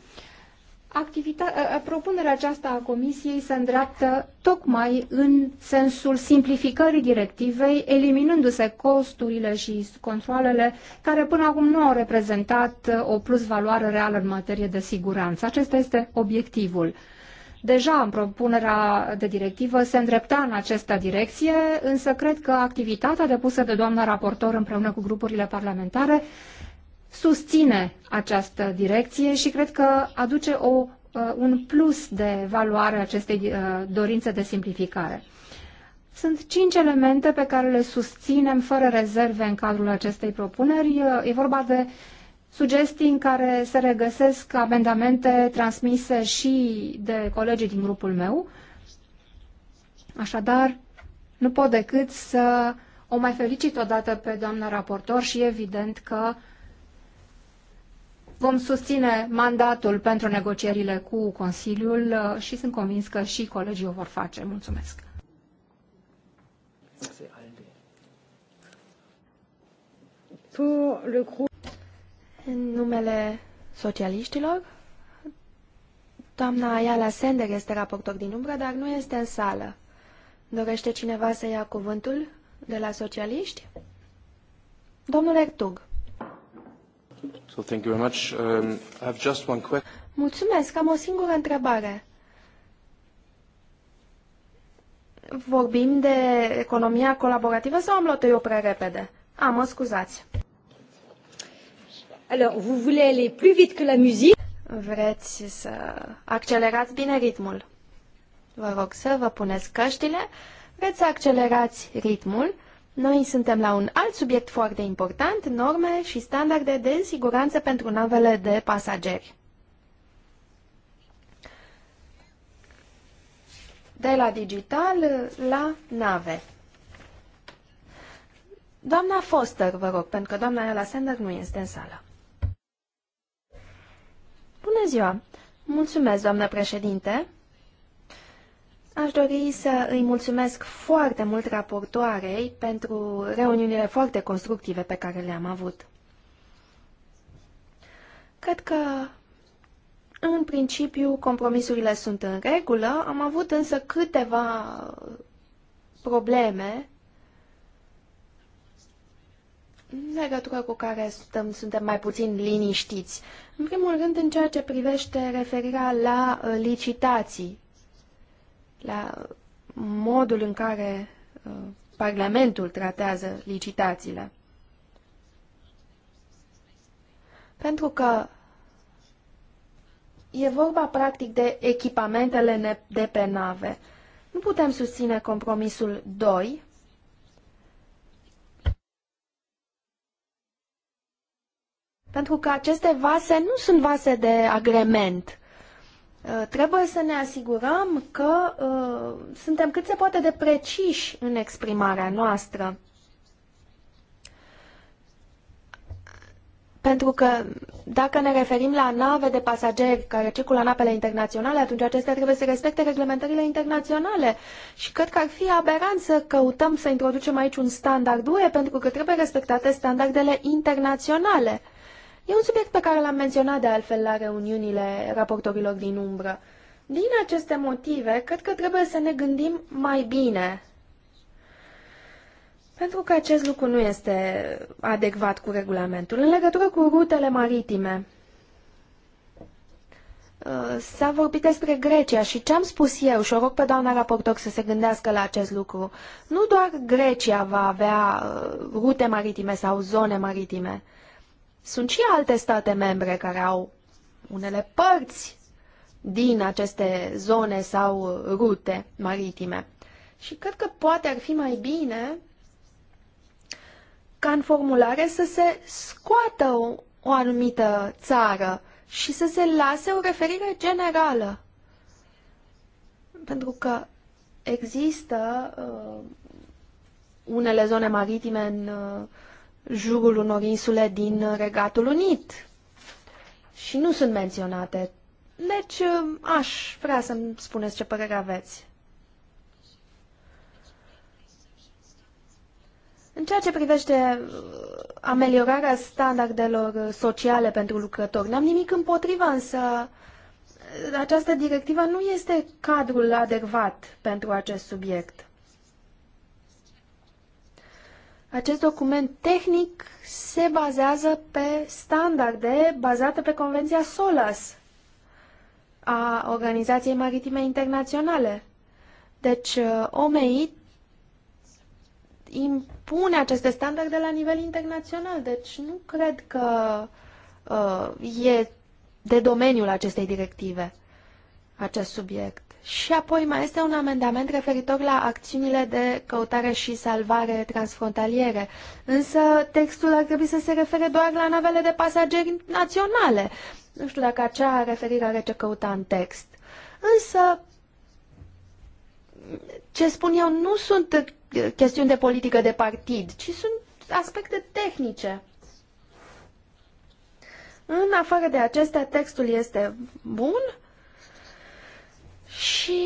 propunerea aceasta a Comisiei se îndreaptă tocmai în sensul simplificării directivei, eliminându-se costurile și controlele care până acum nu au reprezentat uh, o plusvaloare reală în materie de siguranță. Acesta este obiectivul. Deja în propunerea de directivă se îndrepta în această direcție, însă cred că activitatea depusă de doamna raportor împreună cu grupurile parlamentare susține această direcție și cred că aduce o, uh, un plus de valoare acestei uh, dorințe de simplificare. Sunt cinci elemente pe care le susținem fără rezerve în cadrul acestei propuneri. Uh, e vorba de sugestii în care se regăsesc amendamente transmise și de colegii din grupul meu. Așadar, nu pot decât să o mai felicit odată pe doamna raportor și evident că uh, Vom susține mandatul pentru negocierile cu Consiliul uh, și sunt convins că și colegii o vor face. Mulțumesc! În numele socialiștilor, doamna Ayala Sender este raportor din umbră, dar nu este în sală. Dorește cineva să ia cuvântul de la socialiști? Domnul Ertug. So thank you very much. Um, I have just one question. Mulțumesc, am o singură întrebare. Vorbim de economia colaborativă sau am luat eu prea repede? Am, mă scuzați. Alors, vous voulez aller plus vite que la musique? Vreți să accelerați bine ritmul. Vă rog să vă puneți căștile, vreți să accelerați ritmul noi suntem la un alt subiect foarte important, norme și standarde de siguranță pentru navele de pasageri. De la digital la nave. Doamna Foster, vă rog, pentru că doamna Ela Sender nu este în sală. Bună ziua! Mulțumesc, doamnă președinte! Aș dori să îi mulțumesc foarte mult raportoarei pentru reuniunile foarte constructive pe care le-am avut. Cred că, în principiu, compromisurile sunt în regulă. Am avut însă câteva probleme în legătură cu care suntem, suntem mai puțin liniștiți. În primul rând, în ceea ce privește referirea la ă, licitații la modul în care uh, Parlamentul tratează licitațiile. Pentru că e vorba practic de echipamentele de pe nave. Nu putem susține compromisul 2, pentru că aceste vase nu sunt vase de agrement. Uh, trebuie să ne asigurăm că uh, suntem cât se poate de preciși în exprimarea noastră. Pentru că dacă ne referim la nave de pasageri care circulă în apele internaționale, atunci acestea trebuie să respecte reglementările internaționale. Și cred că ar fi aberant să căutăm să introducem aici un standard UE, pentru că trebuie respectate standardele internaționale. Uh, E un subiect pe care l-am menționat de altfel la reuniunile raportorilor din umbră. Din aceste motive, cred că trebuie să ne gândim mai bine. Pentru că acest lucru nu este adecvat cu regulamentul. În legătură cu rutele maritime, uh, S-a vorbit despre Grecia și ce am spus eu și o rog pe doamna raportor să se gândească la acest lucru. Nu doar Grecia va avea uh, rute maritime sau zone maritime. Sunt și alte state membre care au unele părți din aceste zone sau rute maritime. Și cred că poate ar fi mai bine ca în formulare să se scoată o, o anumită țară și să se lase o referire generală. Pentru că există uh, unele zone maritime în uh, jurul unor insule din Regatul Unit și nu sunt menționate. Deci uh, aș vrea să-mi spuneți ce părere aveți. În ceea ce privește uh, ameliorarea standardelor uh, sociale pentru lucrători, n-am nimic împotriva, însă această directivă nu este cadrul adecvat pentru acest subiect. Acest document tehnic se bazează pe standarde bazate pe Convenția SOLAS a Organizației Maritime Internaționale. Deci, uh, OMI impune aceste standarde la nivel internațional, deci nu cred că uh, e de domeniul acestei directive acest subiect. Și apoi mai este un amendament referitor la acțiunile de căutare și salvare transfrontaliere. Însă textul ar trebui să se refere doar la navele de pasageri naționale. Nu știu dacă acea referire are ce căuta în text. Însă, ce spun eu, nu sunt chestiuni de politică de partid, ci sunt aspecte tehnice. În afară de acestea, textul este bun și,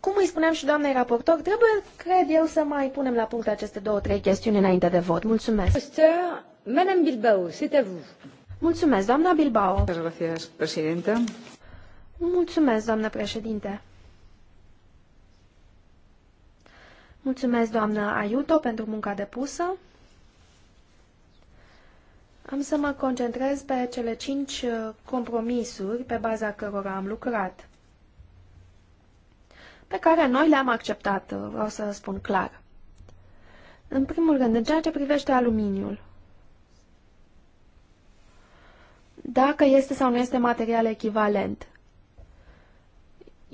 cum îi spuneam și doamnei raportor, trebuie, cred eu, să mai punem la punct aceste două, trei chestiuni înainte de vot. Mulțumesc. Madame Bilbao, c'est à vous. Mulțumesc, doamna Bilbao. Gracias, președinte. Mulțumesc, doamna președinte. Mulțumesc, doamna Ayuto, pentru munca depusă. Am să mă concentrez pe cele cinci uh, compromisuri pe baza cărora am lucrat pe care noi le-am acceptat, uh, vreau să spun clar. În primul rând, în ceea ce privește aluminiul, dacă este sau nu este material echivalent,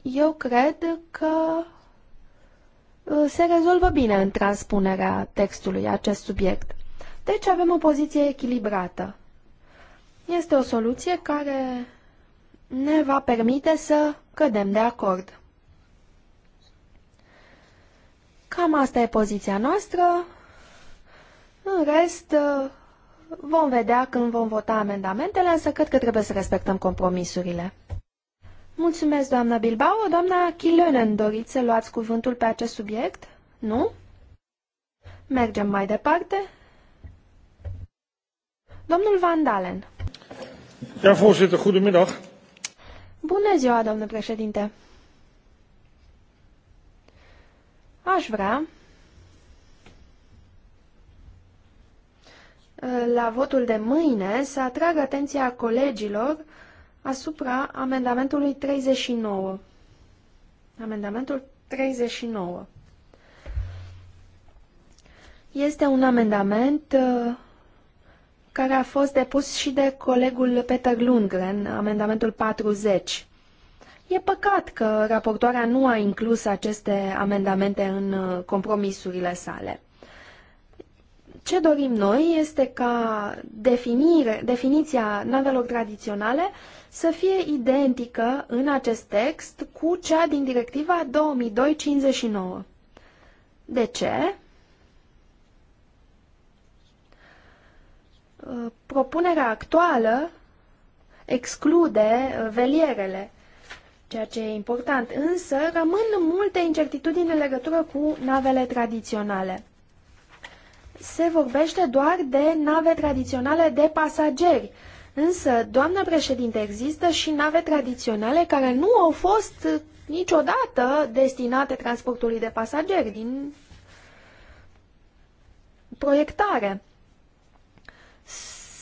eu cred că uh, se rezolvă bine în transpunerea textului acest subiect. Deci avem o poziție echilibrată. Este o soluție care ne va permite să cădem de acord. Cam asta e poziția noastră. În rest, vom vedea când vom vota amendamentele, însă cred că trebuie să respectăm compromisurile. Mulțumesc, doamna Bilbao. Doamna Chilönen, doriți să luați cuvântul pe acest subiect? Nu? Mergem mai departe. Domnul Van Dalen. Ja, voorzitter, goedemiddag. Bună ziua, domnule președinte. Aș vrea uh, la votul de mâine să atrag atenția colegilor asupra amendamentului 39. Amendamentul 39. Este un amendament uh, care a fost depus și de colegul Peter Lundgren, amendamentul 40. E păcat că raportoarea nu a inclus aceste amendamente în uh, compromisurile sale. Ce dorim noi este ca definire, definiția navelor tradiționale să fie identică în acest text cu cea din directiva 2259. De ce? Uh, propunerea actuală exclude uh, velierele ceea ce e important. Însă rămân multe incertitudini în legătură cu navele tradiționale. Se vorbește doar de nave tradiționale de pasageri, însă, doamnă președinte, există și nave tradiționale care nu au fost niciodată destinate transportului de pasageri din proiectare.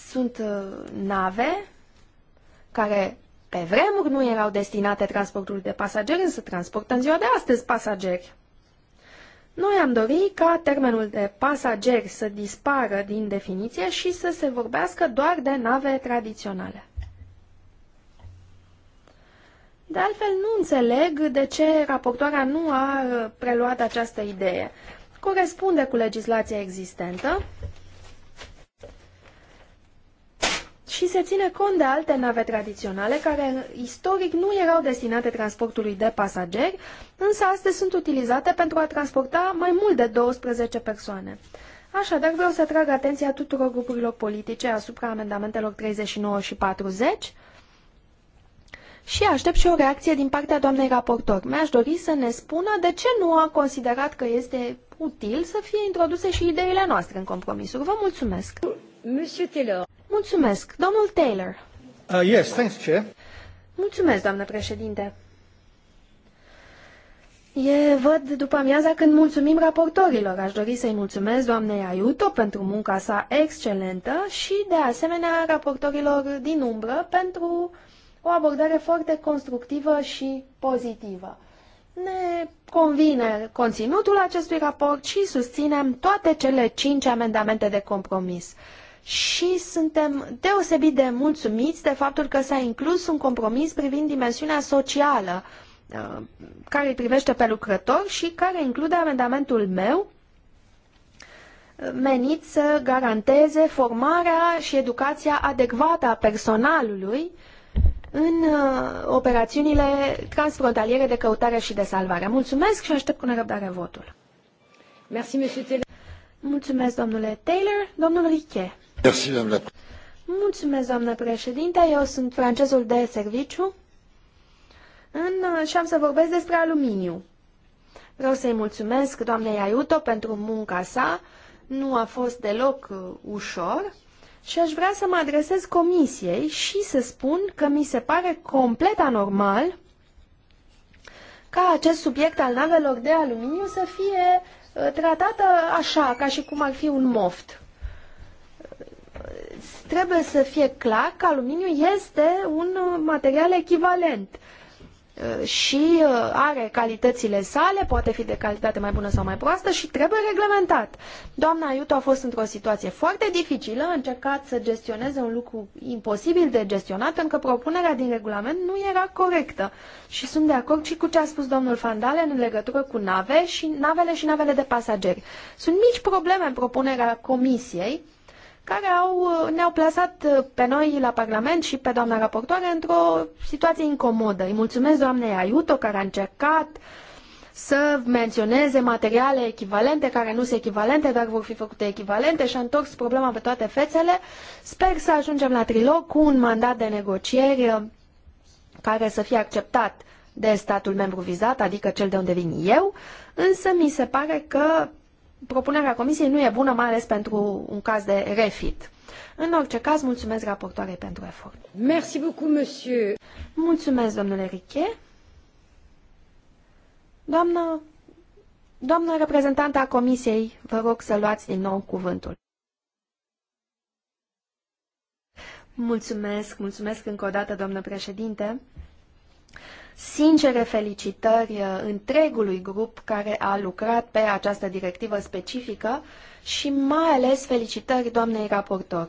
Sunt uh, nave care pe vremuri nu erau destinate transporturile de pasageri, însă transportă în ziua de astăzi pasageri. Noi am dorit ca termenul de pasageri să dispară din definiție și să se vorbească doar de nave tradiționale. De altfel, nu înțeleg de ce raportoarea nu a preluat această idee. Corespunde cu legislația existentă și se ține cont de alte nave tradiționale care istoric nu erau destinate transportului de pasageri, însă astăzi sunt utilizate pentru a transporta mai mult de 12 persoane. Așadar, vreau să atrag atenția tuturor grupurilor politice asupra amendamentelor 39 și 40 și aștept și o reacție din partea doamnei raportor. Mi-aș dori să ne spună de ce nu a considerat că este util să fie introduse și ideile noastre în compromisuri. Vă mulțumesc! Monsieur Taylor. Mulțumesc. Domnul Taylor. Uh, yes, thanks, Chair. Mulțumesc, doamnă președinte. E, văd după amiaza când mulțumim raportorilor. Aș dori să-i mulțumesc doamnei Aiuto pentru munca sa excelentă și, de asemenea, raportorilor din umbră pentru o abordare foarte constructivă și pozitivă. Ne convine conținutul acestui raport și susținem toate cele cinci amendamente de compromis și suntem deosebit de mulțumiți de faptul că s-a inclus un compromis privind dimensiunea socială uh, care îi privește pe lucrător și care include amendamentul meu menit să garanteze formarea și educația adecvată a personalului în uh, operațiunile transfrontaliere de căutare și de salvare. Mulțumesc și aștept cu nerăbdare votul. Mulțumesc, domnule Taylor. Domnul Riche. Mulțumesc, doamnă președinte. Eu sunt francezul de serviciu în, și am să vorbesc despre aluminiu. Vreau să-i mulțumesc doamnei Aiuto pentru munca sa. Nu a fost deloc uh, ușor și aș vrea să mă adresez comisiei și să spun că mi se pare complet anormal ca acest subiect al navelor de aluminiu să fie uh, tratată așa, ca și cum ar fi un moft trebuie să fie clar că aluminiu este un material echivalent uh, și uh, are calitățile sale, poate fi de calitate mai bună sau mai proastă și trebuie reglementat. Doamna Iuto a fost într-o situație foarte dificilă, a încercat să gestioneze un lucru imposibil de gestionat, pentru că propunerea din regulament nu era corectă. Și sunt de acord și cu ce a spus domnul Fandale în legătură cu nave și navele și navele de pasageri. Sunt mici probleme în propunerea comisiei, care au, uh, ne-au plasat uh, pe noi la Parlament și pe doamna raportoare într-o situație incomodă. Îi mulțumesc doamnei Aiuto care a încercat să menționeze materiale echivalente care nu sunt echivalente, dar vor fi făcute echivalente și a întors problema pe toate fețele. Sper să ajungem la trilog cu un mandat de negocieri uh, care să fie acceptat de statul membru vizat, adică cel de unde vin eu, însă mi se pare că propunerea comisiei nu e bună, mai ales pentru un caz de refit. În orice caz, mulțumesc raportoarei pentru efort. Merci beaucoup, monsieur. Mulțumesc, domnule Riche. Doamnă, doamnă reprezentantă a comisiei, vă rog să luați din nou cuvântul. Mulțumesc, mulțumesc încă o dată, doamnă președinte. Sincere felicitări uh, întregului grup care a lucrat pe această directivă specifică și mai ales felicitări doamnei raportor.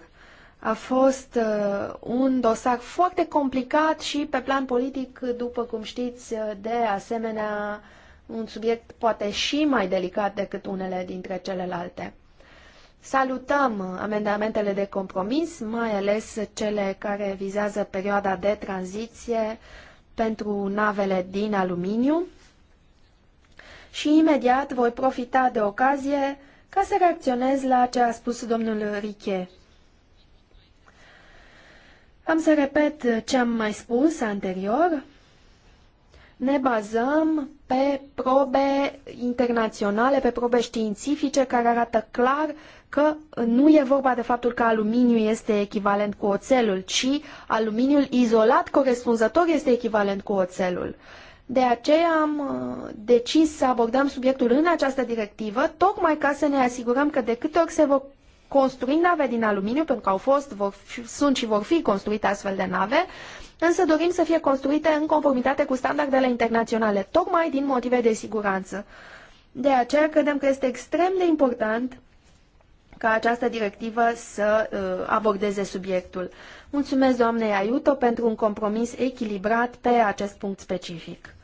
A fost uh, un dosar foarte complicat și pe plan politic, după cum știți, uh, de asemenea un subiect poate și mai delicat decât unele dintre celelalte. Salutăm amendamentele de compromis, mai ales cele care vizează perioada de tranziție, pentru navele din aluminiu și imediat voi profita de ocazie ca să reacționez la ce a spus domnul Riche. Am să repet ce am mai spus anterior. Ne bazăm pe probe internaționale, pe probe științifice care arată clar că nu e vorba de faptul că aluminiu este echivalent cu oțelul, ci aluminiul izolat corespunzător este echivalent cu oțelul. De aceea am uh, decis să abordăm subiectul în această directivă, tocmai ca să ne asigurăm că de câte ori se vor construi nave din aluminiu, pentru că au fost, vor, sunt și vor fi construite astfel de nave, însă dorim să fie construite în conformitate cu standardele internaționale, tocmai din motive de siguranță. De aceea credem că este extrem de important ca această directivă să uh, abordeze subiectul. Mulțumesc doamnei Aiuto pentru un compromis echilibrat pe acest punct specific.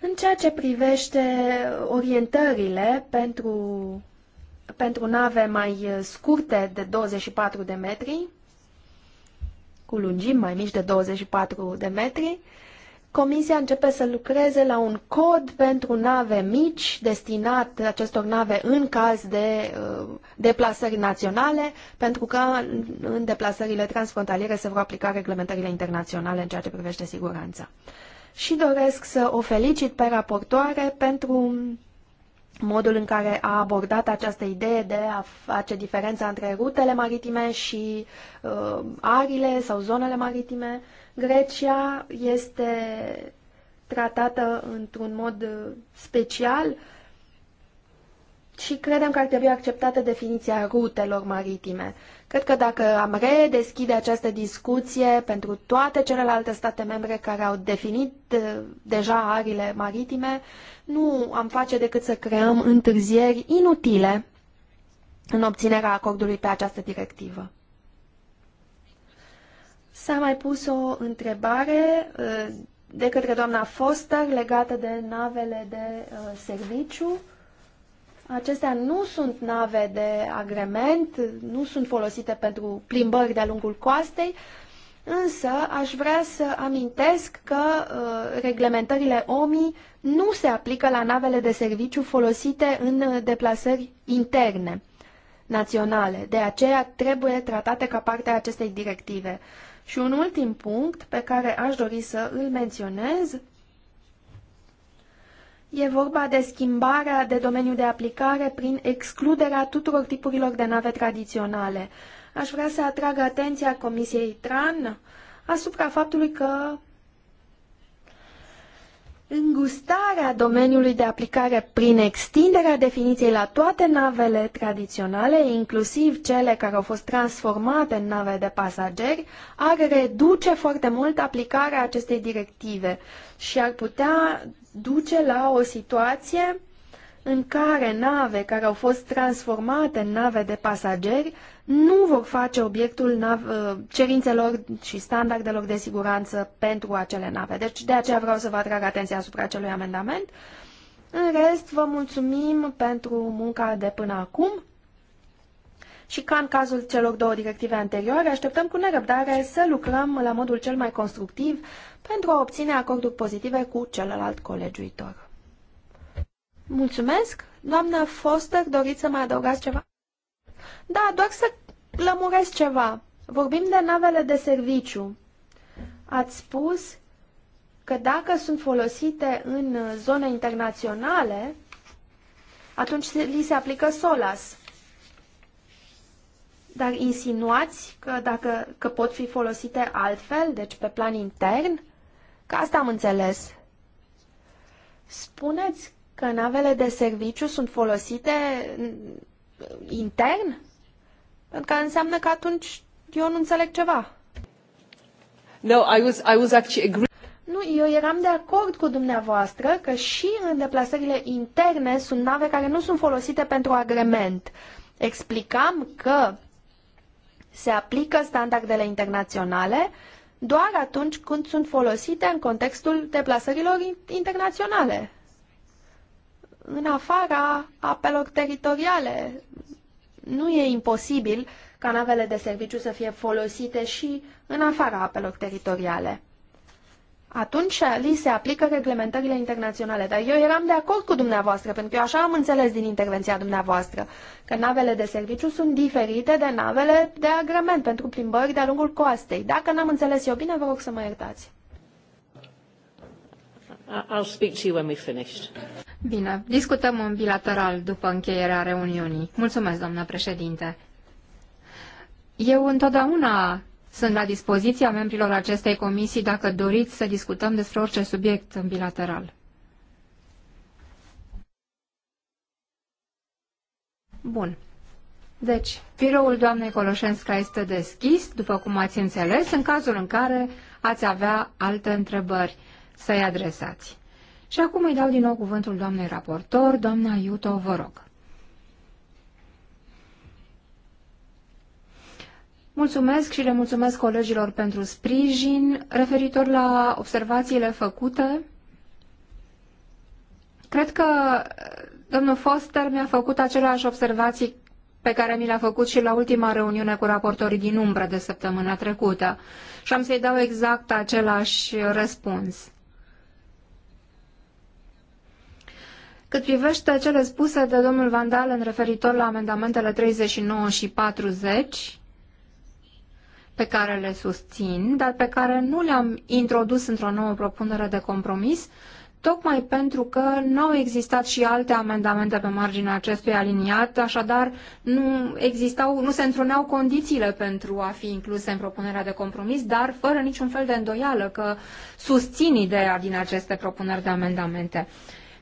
În ceea ce privește orientările pentru, pentru nave mai scurte de 24 de metri, cu lungimi mai mici de 24 de metri, Comisia începe să lucreze la un cod pentru nave mici destinat acestor nave în caz de uh, deplasări naționale, pentru că în deplasările transfrontaliere se vor aplica reglementările internaționale în ceea ce privește siguranța. Și doresc să o felicit pe raportoare pentru modul în care a abordat această idee de a face diferența între rutele maritime și uh, arile sau zonele maritime. Uh, Grecia este tratată într-un mod special și credem că ar trebui acceptată definiția rutelor maritime. Cred că dacă am redeschide această discuție pentru toate celelalte state membre care au definit uh, deja arile maritime, nu am face decât să creăm întârzieri inutile în obținerea acordului pe această directivă. S-a mai pus o întrebare uh, de către doamna Foster legată de navele de uh, serviciu. Acestea nu sunt nave de agrement, nu sunt folosite pentru plimbări de-a lungul coastei, însă aș vrea să amintesc că uh, reglementările OMI nu se aplică la navele de serviciu folosite în deplasări interne naționale. De aceea trebuie tratate ca parte a acestei directive. Și un ultim punct pe care aș dori să îl menționez e vorba de schimbarea de domeniu de aplicare prin excluderea tuturor tipurilor de nave tradiționale. Aș vrea să atrag atenția Comisiei TRAN asupra faptului că îngustarea domeniului de aplicare prin extinderea definiției la toate navele tradiționale, inclusiv cele care au fost transformate în nave de pasageri, ar reduce foarte mult aplicarea acestei directive și ar putea duce la o situație în care nave care au fost transformate în nave de pasageri nu vor face obiectul uh, cerințelor și standardelor de siguranță pentru acele nave. Deci de aceea vreau să vă atrag atenția asupra acelui amendament. În rest, vă mulțumim pentru munca de până acum și ca în cazul celor două directive anterioare, așteptăm cu nerăbdare să lucrăm la modul cel mai constructiv pentru a obține acorduri pozitive cu celălalt colegiuitor. Mulțumesc! Doamna Foster, doriți să mai adăugați ceva? Da, doar să lămuresc ceva. Vorbim de navele de serviciu. Ați spus că dacă sunt folosite în zone internaționale, atunci li se aplică SOLAS. Dar insinuați că, dacă, că pot fi folosite altfel, deci pe plan intern? Că asta am înțeles. Spuneți că navele de serviciu sunt folosite intern? Pentru că înseamnă că atunci eu nu înțeleg ceva. No, I was, I was actually agree- nu, eu eram de acord cu dumneavoastră că și în deplasările interne sunt nave care nu sunt folosite pentru agrement. Explicam că se aplică standardele internaționale doar atunci când sunt folosite în contextul deplasărilor internaționale, în afara apelor teritoriale nu e imposibil ca navele de serviciu să fie folosite și în afara apelor teritoriale. Atunci li se aplică reglementările internaționale, dar eu eram de acord cu dumneavoastră, pentru că eu așa am înțeles din intervenția dumneavoastră, că navele de serviciu sunt diferite de navele de agrement pentru plimbări de-a lungul coastei. Dacă n-am înțeles eu bine, vă rog să mă iertați. I'll speak to you when we've finished. Bine, discutăm în bilateral după încheierea reuniunii. Mulțumesc, doamnă președinte. Eu întotdeauna sunt la dispoziția membrilor acestei comisii dacă doriți să discutăm despre orice subiect în bilateral. Bun. Deci, biroul doamnei Coloșenska este deschis, după cum ați înțeles, în cazul în care ați avea alte întrebări să-i adresați. Și acum îi dau din nou cuvântul doamnei raportor, doamna Iuto, vă rog. Mulțumesc și le mulțumesc colegilor pentru sprijin referitor la observațiile făcute. Cred că uh, domnul Foster mi-a făcut aceleași observații pe care mi le-a făcut și la ultima reuniune cu raportorii din umbră de săptămâna trecută. Și am să-i dau exact același răspuns. Cât privește cele spuse de domnul Vandal în referitor la amendamentele 39 și 40, pe care le susțin, dar pe care nu le-am introdus într-o nouă propunere de compromis, tocmai pentru că nu au existat și alte amendamente pe marginea acestui aliniat, așadar nu, existau, nu se întruneau condițiile pentru a fi incluse în propunerea de compromis, dar fără niciun fel de îndoială că susțin ideea din aceste propuneri de amendamente.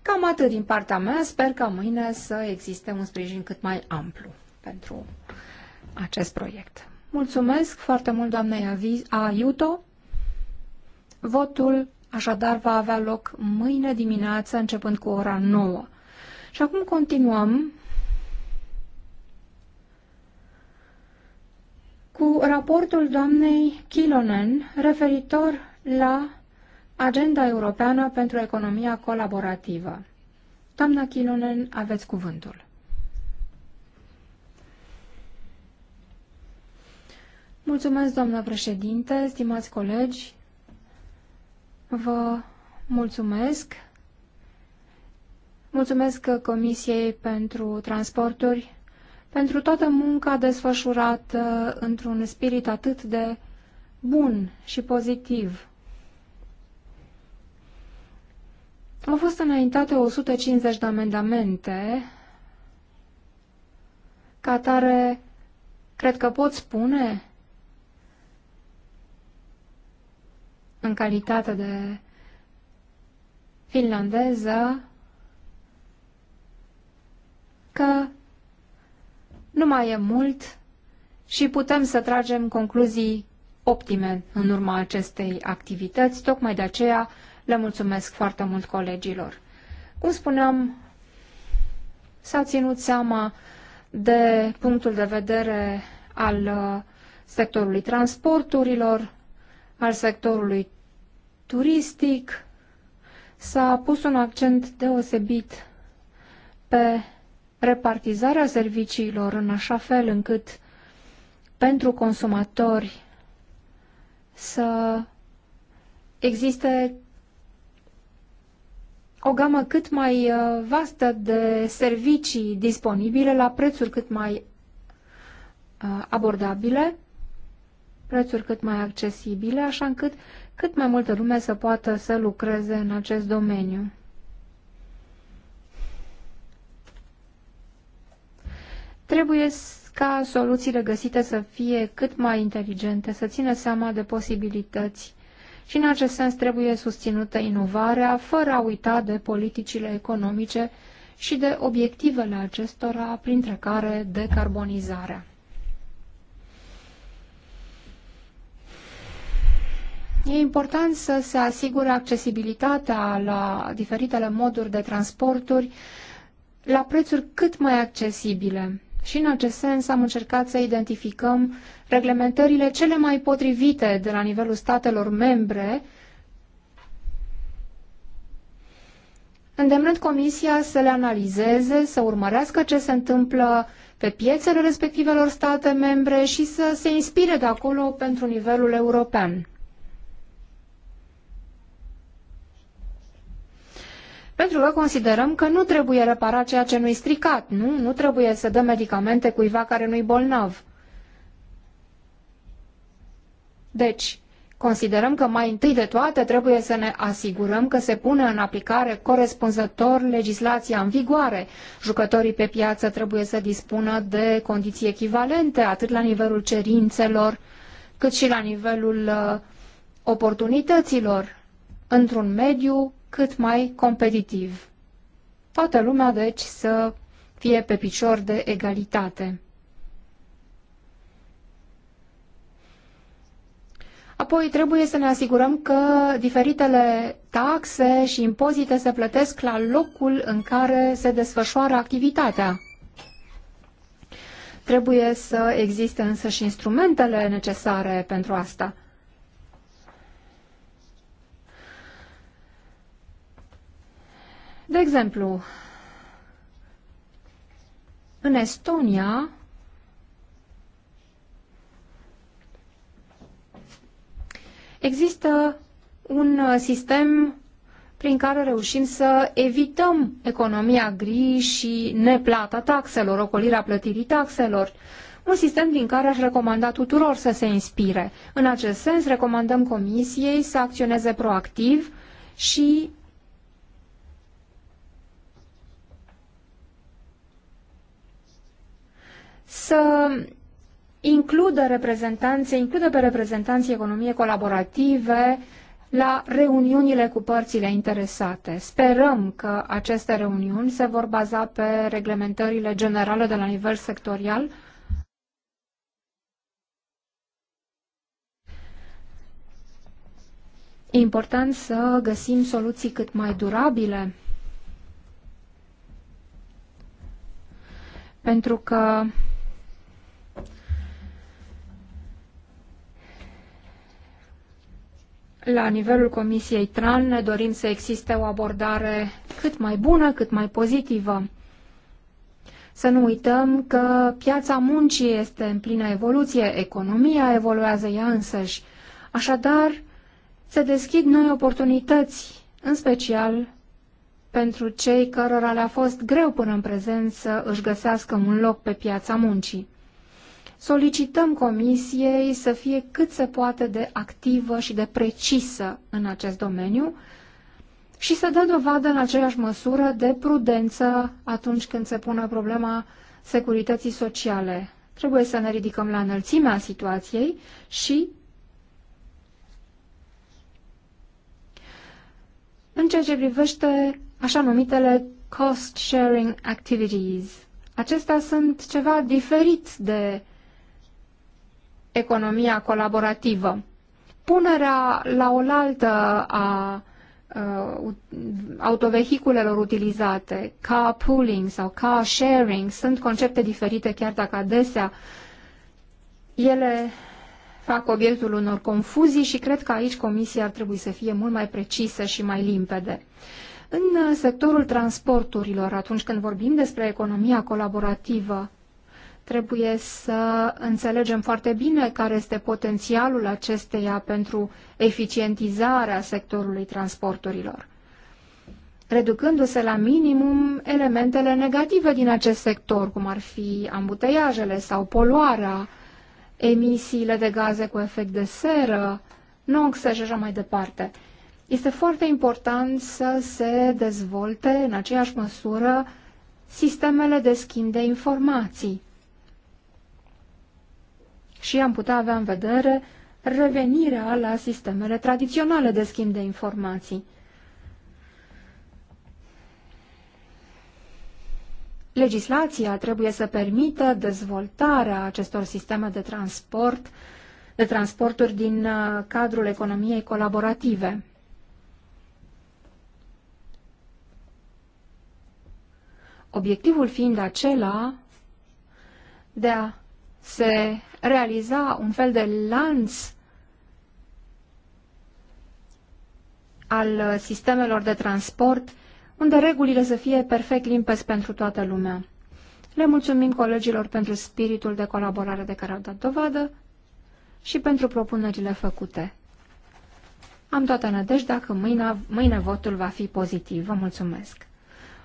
Cam atât din partea mea. Sper ca mâine să existe un sprijin cât mai amplu pentru acest proiect. Mulțumesc foarte mult, doamnei Aiuto. Votul așadar va avea loc mâine dimineață, începând cu ora 9. Și acum continuăm cu raportul doamnei Kilonen referitor la Agenda Europeană pentru Economia Colaborativă. Doamna Chilonen, aveți cuvântul. Mulțumesc, doamnă președinte, stimați colegi. Vă mulțumesc. Mulțumesc Comisiei pentru Transporturi, pentru toată munca desfășurată într-un spirit atât de bun și pozitiv. Au fost înaintate 150 de amendamente, ca tare, cred că pot spune, în calitate de finlandeză, că nu mai e mult și putem să tragem concluzii optime în urma acestei activități. Tocmai de aceea le mulțumesc foarte mult colegilor. Cum spuneam, s-a ținut seama de punctul de vedere al uh, sectorului transporturilor, al sectorului turistic, s-a pus un accent deosebit pe repartizarea serviciilor în așa fel încât pentru consumatori să existe o gamă cât mai uh, vastă de servicii disponibile la prețuri cât mai uh, abordabile, prețuri cât mai accesibile, așa încât cât mai multă lume să poată să lucreze în acest domeniu. Trebuie ca soluțiile găsite să fie cât mai inteligente, să țină seama de posibilități și în acest sens trebuie susținută inovarea fără a uita de politicile economice și de obiectivele acestora, printre care decarbonizarea. E important să se asigure accesibilitatea la diferitele moduri de transporturi la prețuri cât mai accesibile. Și în acest sens am încercat să identificăm reglementările cele mai potrivite de la nivelul statelor membre, îndemnând Comisia să le analizeze, să urmărească ce se întâmplă pe piețele respectivelor state membre și să se inspire de acolo pentru nivelul european. Pentru că considerăm că nu trebuie reparat ceea ce nu-i stricat, nu? Nu trebuie să dăm medicamente cuiva care nu-i bolnav. Deci, considerăm că mai întâi de toate trebuie să ne asigurăm că se pune în aplicare corespunzător legislația în vigoare. Jucătorii pe piață trebuie să dispună de condiții echivalente, atât la nivelul cerințelor, cât și la nivelul uh, oportunităților, într-un mediu cât mai competitiv. Toată lumea, deci, să fie pe picior de egalitate. Apoi trebuie să ne asigurăm că diferitele taxe și impozite se plătesc la locul în care se desfășoară activitatea. Trebuie să existe însă și instrumentele necesare pentru asta. De exemplu, în Estonia, Există un uh, sistem prin care reușim să evităm economia gri și neplata taxelor, ocolirea plătirii taxelor, un sistem din care aș recomanda tuturor să se inspire. În acest sens, recomandăm Comisiei să acționeze proactiv și să includă reprezentanțe, includă pe reprezentanții economie colaborative la reuniunile cu părțile interesate. Sperăm că aceste reuniuni se vor baza pe reglementările generale de la nivel sectorial, E important să găsim soluții cât mai durabile, pentru că La nivelul Comisiei TRAN ne dorim să existe o abordare cât mai bună, cât mai pozitivă. Să nu uităm că piața muncii este în plină evoluție, economia evoluează ea însăși. Așadar, se deschid noi oportunități, în special pentru cei cărora le-a fost greu până în prezent să își găsească un loc pe piața muncii solicităm Comisiei să fie cât se poate de activă și de precisă în acest domeniu și să dea dovadă în aceeași măsură de prudență atunci când se pune problema securității sociale. Trebuie să ne ridicăm la înălțimea situației și în ceea ce privește așa numitele cost-sharing activities. Acestea sunt ceva diferit de economia colaborativă. Punerea la oaltă a autovehiculelor utilizate, car pooling sau car sharing, sunt concepte diferite chiar dacă adesea ele fac obiectul unor confuzii și cred că aici comisia ar trebui să fie mult mai precisă și mai limpede. În sectorul transporturilor, atunci când vorbim despre economia colaborativă, Trebuie să înțelegem foarte bine care este potențialul acesteia pentru eficientizarea sectorului transporturilor, reducându-se la minimum elementele negative din acest sector, cum ar fi ambuteiajele sau poluarea, emisiile de gaze cu efect de seră, NOx și așa mai departe. Este foarte important să se dezvolte în aceeași măsură sistemele de schimb de informații și am putea avea în vedere revenirea la sistemele tradiționale de schimb de informații. Legislația trebuie să permită dezvoltarea acestor sisteme de transport, de transporturi din uh, cadrul economiei colaborative. Obiectivul fiind acela de a se realiza un fel de lanț al sistemelor de transport, unde regulile să fie perfect limpezi pentru toată lumea. Le mulțumim colegilor pentru spiritul de colaborare de care au dat dovadă și pentru propunerile făcute. Am toată nădejdea că mâine, mâine votul va fi pozitiv. Vă mulțumesc!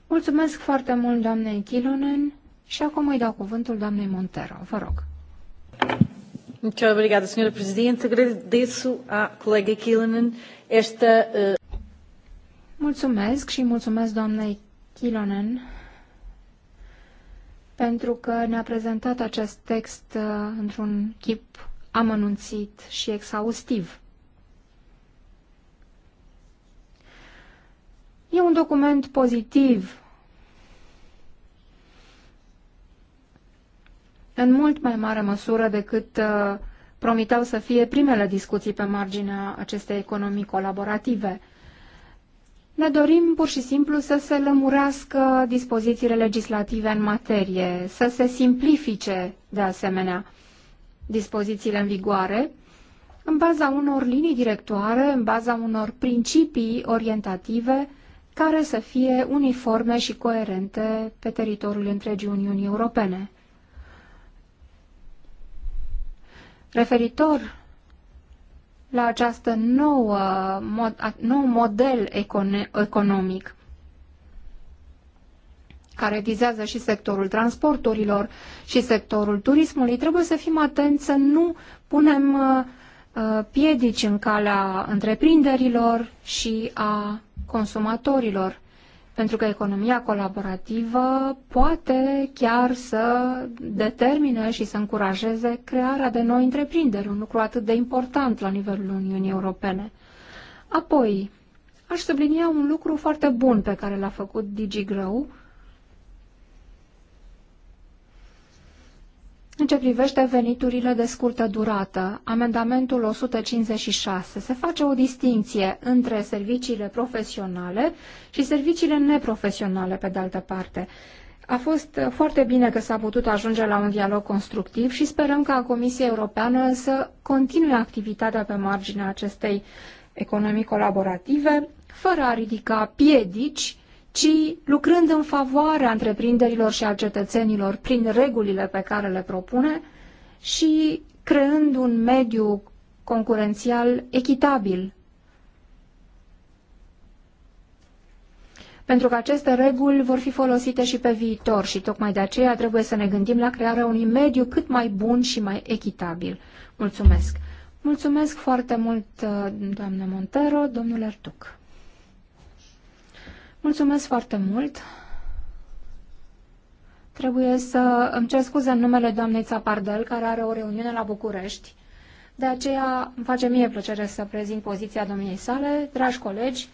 Mulțumesc foarte mult doamnei Chilonen și acum îi dau cuvântul doamnei Montero. Vă rog! Muito obrigada, Sra. Presidente. Agradeço à colega Kilonen esta... Eh, mulțumesc și mulțumesc doamnei Kilonen pentru că ne-a prezentat acest text eh, într-un chip amănunțit și exhaustiv. E un document pozitiv în mult mai mare măsură decât uh, promiteau să fie primele discuții pe marginea acestei economii colaborative. Ne dorim pur și simplu să se lămurească dispozițiile legislative în materie, să se simplifice, de asemenea, dispozițiile în vigoare, în baza unor linii directoare, în baza unor principii orientative care să fie uniforme și coerente pe teritoriul întregii Uniunii Europene. Referitor la acest mod, nou model econe, economic care vizează și sectorul transporturilor și sectorul turismului, trebuie să fim atenți să nu punem uh, uh piedici în calea întreprinderilor și a consumatorilor. Pentru că economia colaborativă poate chiar să determine și să încurajeze crearea de noi întreprinderi, un lucru atât de important la nivelul Uniunii Europene. Apoi, aș sublinia un lucru foarte bun pe care l-a făcut DigiGrow, În ce privește veniturile de scurtă durată, amendamentul 156 se face o distinție între serviciile profesionale și serviciile neprofesionale, pe de altă parte. A fost foarte bine că s-a putut ajunge la un dialog constructiv și sperăm ca Comisia Europeană să continue activitatea pe marginea acestei economii colaborative, fără a ridica piedici ci lucrând în favoarea întreprinderilor și a cetățenilor prin regulile pe care le propune și creând un mediu concurențial echitabil. Pentru că aceste reguli vor fi folosite și pe viitor și tocmai de aceea trebuie să ne gândim la crearea unui mediu cât mai bun și mai echitabil. Mulțumesc! Mulțumesc foarte mult, doamnă Montero, domnule Artuc. Mulțumesc foarte mult! Trebuie să îmi cer scuze în numele doamnei Țapardel, care are o reuniune la București. De aceea îmi face mie plăcere să prezint poziția domniei sale. Dragi colegi,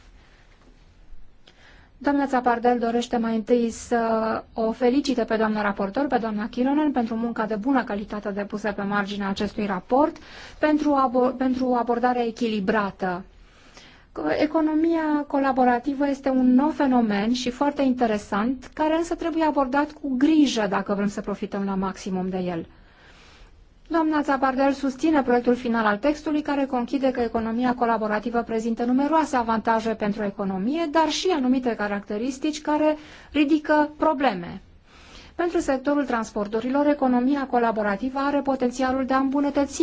doamna Țapardel dorește mai întâi să o felicite pe doamna raportor, pe doamna Chironen, pentru munca de bună calitate depusă pe marginea acestui raport, pentru, abo- pentru abordarea echilibrată Economia colaborativă este un nou fenomen și foarte interesant, care însă trebuie abordat cu grijă dacă vrem să profităm la maximum de el. Doamna Zabardel susține proiectul final al textului, care conchide că economia colaborativă prezintă numeroase avantaje pentru economie, dar și anumite caracteristici care ridică probleme. Pentru sectorul transporturilor, economia colaborativă are potențialul de a îmbunătăți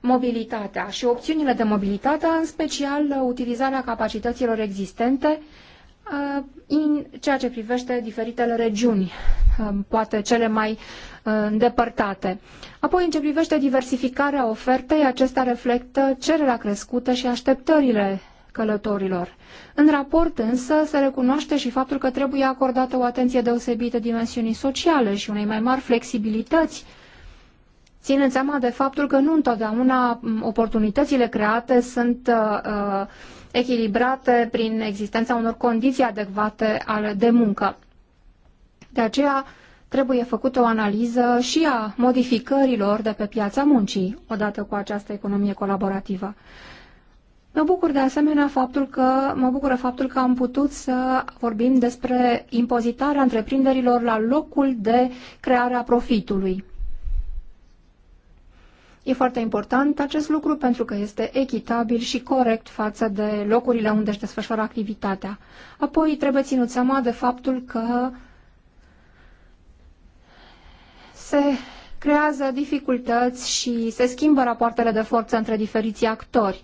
mobilitatea și opțiunile de mobilitate, în special utilizarea capacităților existente uh, în ceea ce privește diferitele regiuni, um, poate cele mai uh, îndepărtate. Apoi, în ce privește diversificarea ofertei, acesta reflectă cererea crescută și așteptările călătorilor. În raport însă se recunoaște și faptul că trebuie acordată o atenție deosebită dimensiunii sociale și unei mai mari flexibilități ținând seama de faptul că nu întotdeauna oportunitățile create sunt uh, uh, echilibrate prin existența unor condiții adecvate ale de muncă. De aceea trebuie făcută o analiză și a modificărilor de pe piața muncii odată cu această economie colaborativă. Mă bucur de asemenea faptul că, mă bucură faptul că am putut să vorbim despre impozitarea întreprinderilor la locul de creare a profitului. E foarte important acest lucru pentru că este echitabil și corect față de locurile unde își desfășoară activitatea. Apoi trebuie ținut seama de faptul că se creează dificultăți și se schimbă rapoartele de forță între diferiții actori.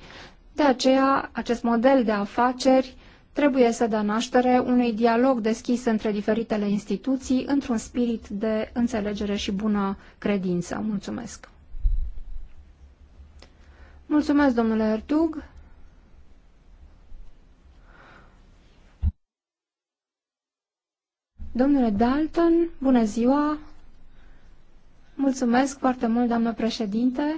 De aceea, acest model de afaceri trebuie să dea naștere unui dialog deschis între diferitele instituții într-un spirit de înțelegere și bună credință. Mulțumesc! Mulțumesc, domnule Ertug! Domnule Dalton, bună ziua! Mulțumesc foarte mult, doamnă președinte!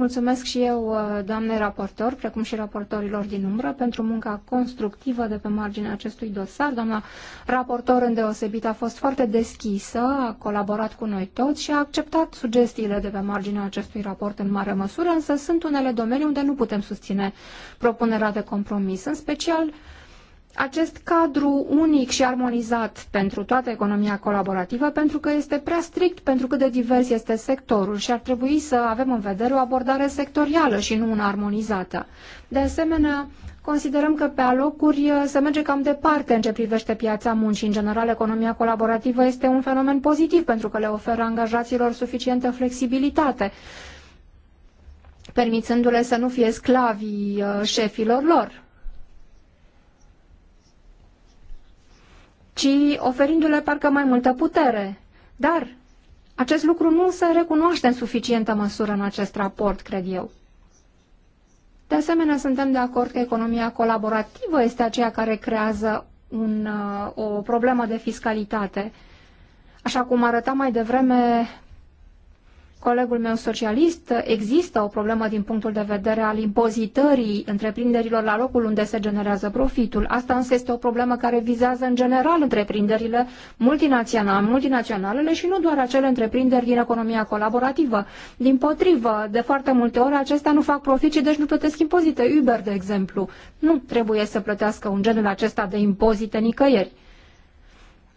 Mulțumesc și eu, uh, doamnei raportor, precum și raportorilor din umbră, pentru munca constructivă de pe marginea acestui dosar. Doamna raportor îndeosebit a fost foarte deschisă, a colaborat cu noi toți și a acceptat sugestiile de pe marginea acestui raport în mare măsură, însă sunt unele domenii unde nu putem susține propunerea de compromis, în special acest cadru unic și armonizat pentru toată economia colaborativă, pentru că este prea strict pentru cât de divers este sectorul și ar trebui să avem în vedere o abordare sectorială și nu una armonizată. De asemenea, considerăm că pe alocuri uh, se merge cam departe în ce privește piața muncii. În general, economia colaborativă este un fenomen pozitiv pentru că le oferă angajaților suficientă flexibilitate, permițându-le să nu fie sclavii uh, șefilor lor. ci oferindu-le parcă mai multă putere. Dar acest lucru nu se recunoaște în suficientă măsură în acest raport, cred eu. De asemenea, suntem de acord că economia colaborativă este aceea care creează un, uh, o problemă de fiscalitate. Așa cum arăta mai devreme colegul meu socialist, există o problemă din punctul de vedere al impozitării întreprinderilor la locul unde se generează profitul. Asta însă este o problemă care vizează în general întreprinderile multinaționale, multinaționalele și nu doar acele întreprinderi din economia colaborativă. Din potrivă, de foarte multe ori acestea nu fac profit și deci nu plătesc impozite. Uber, de exemplu, nu trebuie să plătească un genul acesta de impozite nicăieri.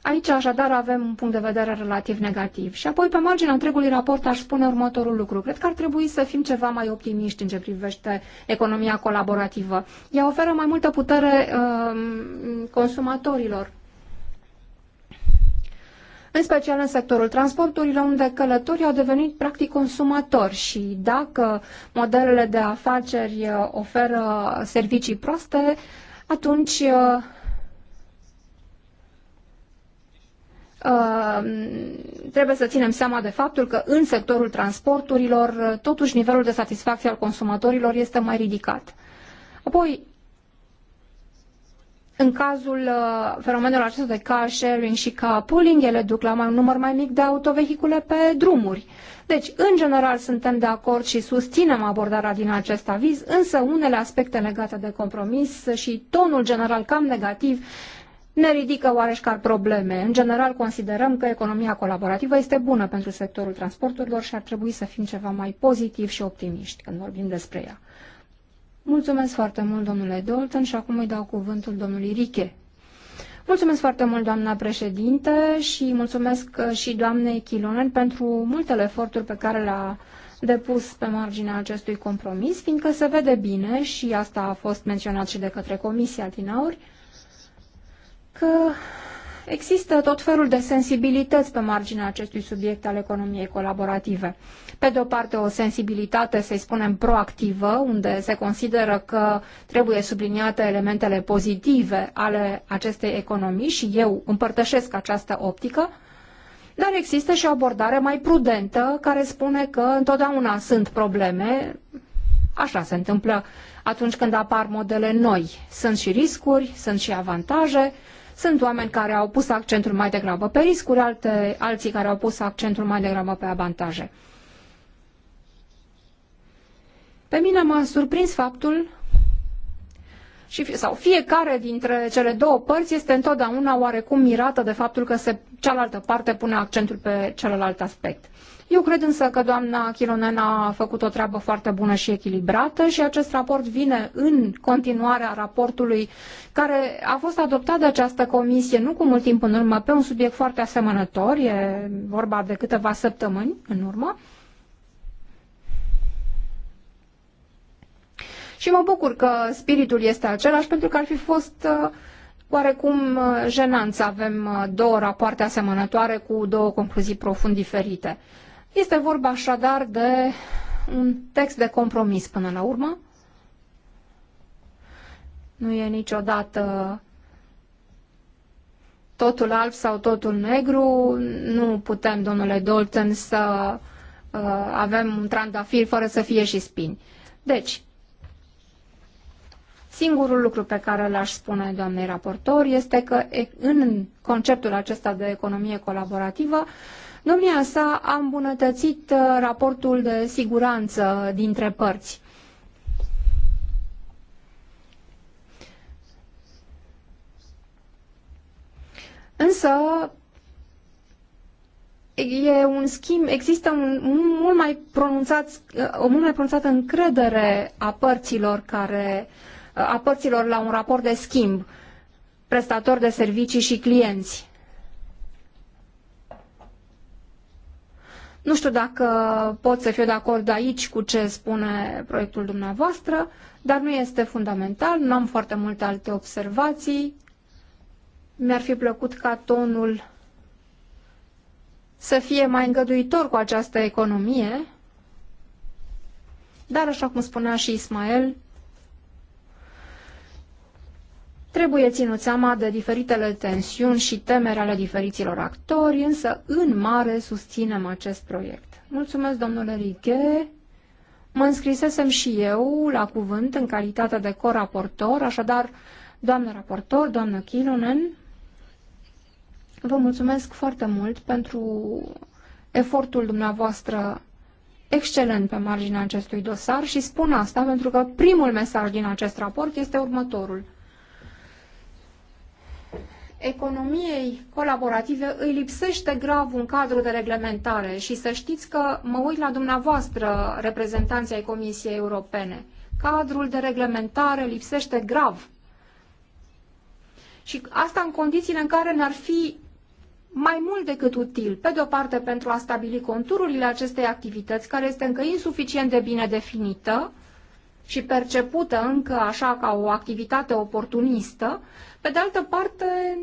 Aici așadar avem un punct de vedere relativ negativ. Și apoi, pe marginea întregului raport, aș spune următorul lucru. Cred că ar trebui să fim ceva mai optimiști în ce privește economia colaborativă. Ea oferă mai multă putere uh, consumatorilor. În special în sectorul transporturilor, unde călătorii au devenit practic consumatori și dacă modelele de afaceri uh, oferă servicii proaste, atunci uh, Ehm, trebuie să ținem seama de faptul că în sectorul transporturilor, totuși, nivelul de satisfacție al consumatorilor este mai ridicat. Apoi, în cazul uh, fenomenelor acestor de car sharing și car pooling, ele duc la un număr mai mic de autovehicule pe drumuri. Deci, în general, suntem de acord și susținem abordarea din acest aviz, însă unele aspecte legate de compromis și tonul general cam negativ ne ridică oareșcare probleme. În general, considerăm că economia colaborativă este bună pentru sectorul transporturilor și ar trebui să fim ceva mai pozitivi și optimiști când vorbim despre ea. Mulțumesc foarte mult, domnule Dolton, și acum îi dau cuvântul domnului Riche. Mulțumesc foarte mult, doamna președinte, și mulțumesc uh, și doamnei Chilonen pentru multele eforturi pe care le-a depus pe marginea acestui compromis, fiindcă se vede bine, și asta a fost menționat și de către Comisia Tinauri, că există tot felul de sensibilități pe marginea acestui subiect al economiei colaborative. Pe de o parte, o sensibilitate, să-i spunem, proactivă, unde se consideră că trebuie subliniate elementele pozitive ale acestei economii și eu împărtășesc această optică, dar există și o abordare mai prudentă care spune că întotdeauna sunt probleme, așa se întâmplă atunci când apar modele noi. Sunt și riscuri, sunt și avantaje, sunt oameni care au pus accentul mai degrabă pe riscuri, alte, alții care au pus accentul mai degrabă pe avantaje. Pe mine m-a surprins faptul și, sau fiecare dintre cele două părți este întotdeauna oarecum mirată de faptul că se, cealaltă parte pune accentul pe celălalt aspect. Eu cred însă că doamna Chilonen a făcut o treabă foarte bună și echilibrată și acest raport vine în continuarea raportului care a fost adoptat de această comisie nu cu mult timp în urmă pe un subiect foarte asemănător, e vorba de câteva săptămâni în urmă. Și mă bucur că spiritul este același pentru că ar fi fost uh, oarecum uh, jenant să avem uh, două rapoarte asemănătoare cu două concluzii profund diferite. Este vorba așadar de un text de compromis până la urmă. Nu e niciodată totul alb sau totul negru. Nu putem, domnule Dalton, să uh, avem un trandafir fără să fie și spini. Deci, Singurul lucru pe care l-aș spune doamnei raportor este că în conceptul acesta de economie colaborativă Domnia sa a îmbunătățit uh, raportul de siguranță dintre părți. Însă, e un schimb, există un, mult mai pronunțat, uh, o mult mai pronunțată încredere a părților care uh, a părților la un raport de schimb, prestatori de servicii și clienți. Nu știu dacă pot să fiu de acord aici cu ce spune proiectul dumneavoastră, dar nu este fundamental, nu am foarte multe alte observații. Mi-ar fi plăcut ca tonul să fie mai îngăduitor cu această economie, dar, așa cum spunea și Ismael, Trebuie ținut seama de diferitele tensiuni și temeri ale diferiților actori, însă în mare susținem acest proiect. Mulțumesc, domnule Riche. Mă înscrisesem și eu la cuvânt în calitate de coraportor, așadar, doamnă raportor, doamnă Kilonen, vă mulțumesc foarte mult pentru efortul dumneavoastră excelent pe marginea acestui dosar și spun asta pentru că primul mesaj din acest raport este următorul economiei colaborative îi lipsește grav un cadru de reglementare și să știți că mă uit la dumneavoastră, reprezentanții ai Comisiei Europene. Cadrul de reglementare lipsește grav. Și asta în condițiile în care ne-ar fi mai mult decât util, pe de-o parte pentru a stabili contururile acestei activități, care este încă insuficient de bine definită, și percepută încă așa ca o activitate oportunistă, pe de altă parte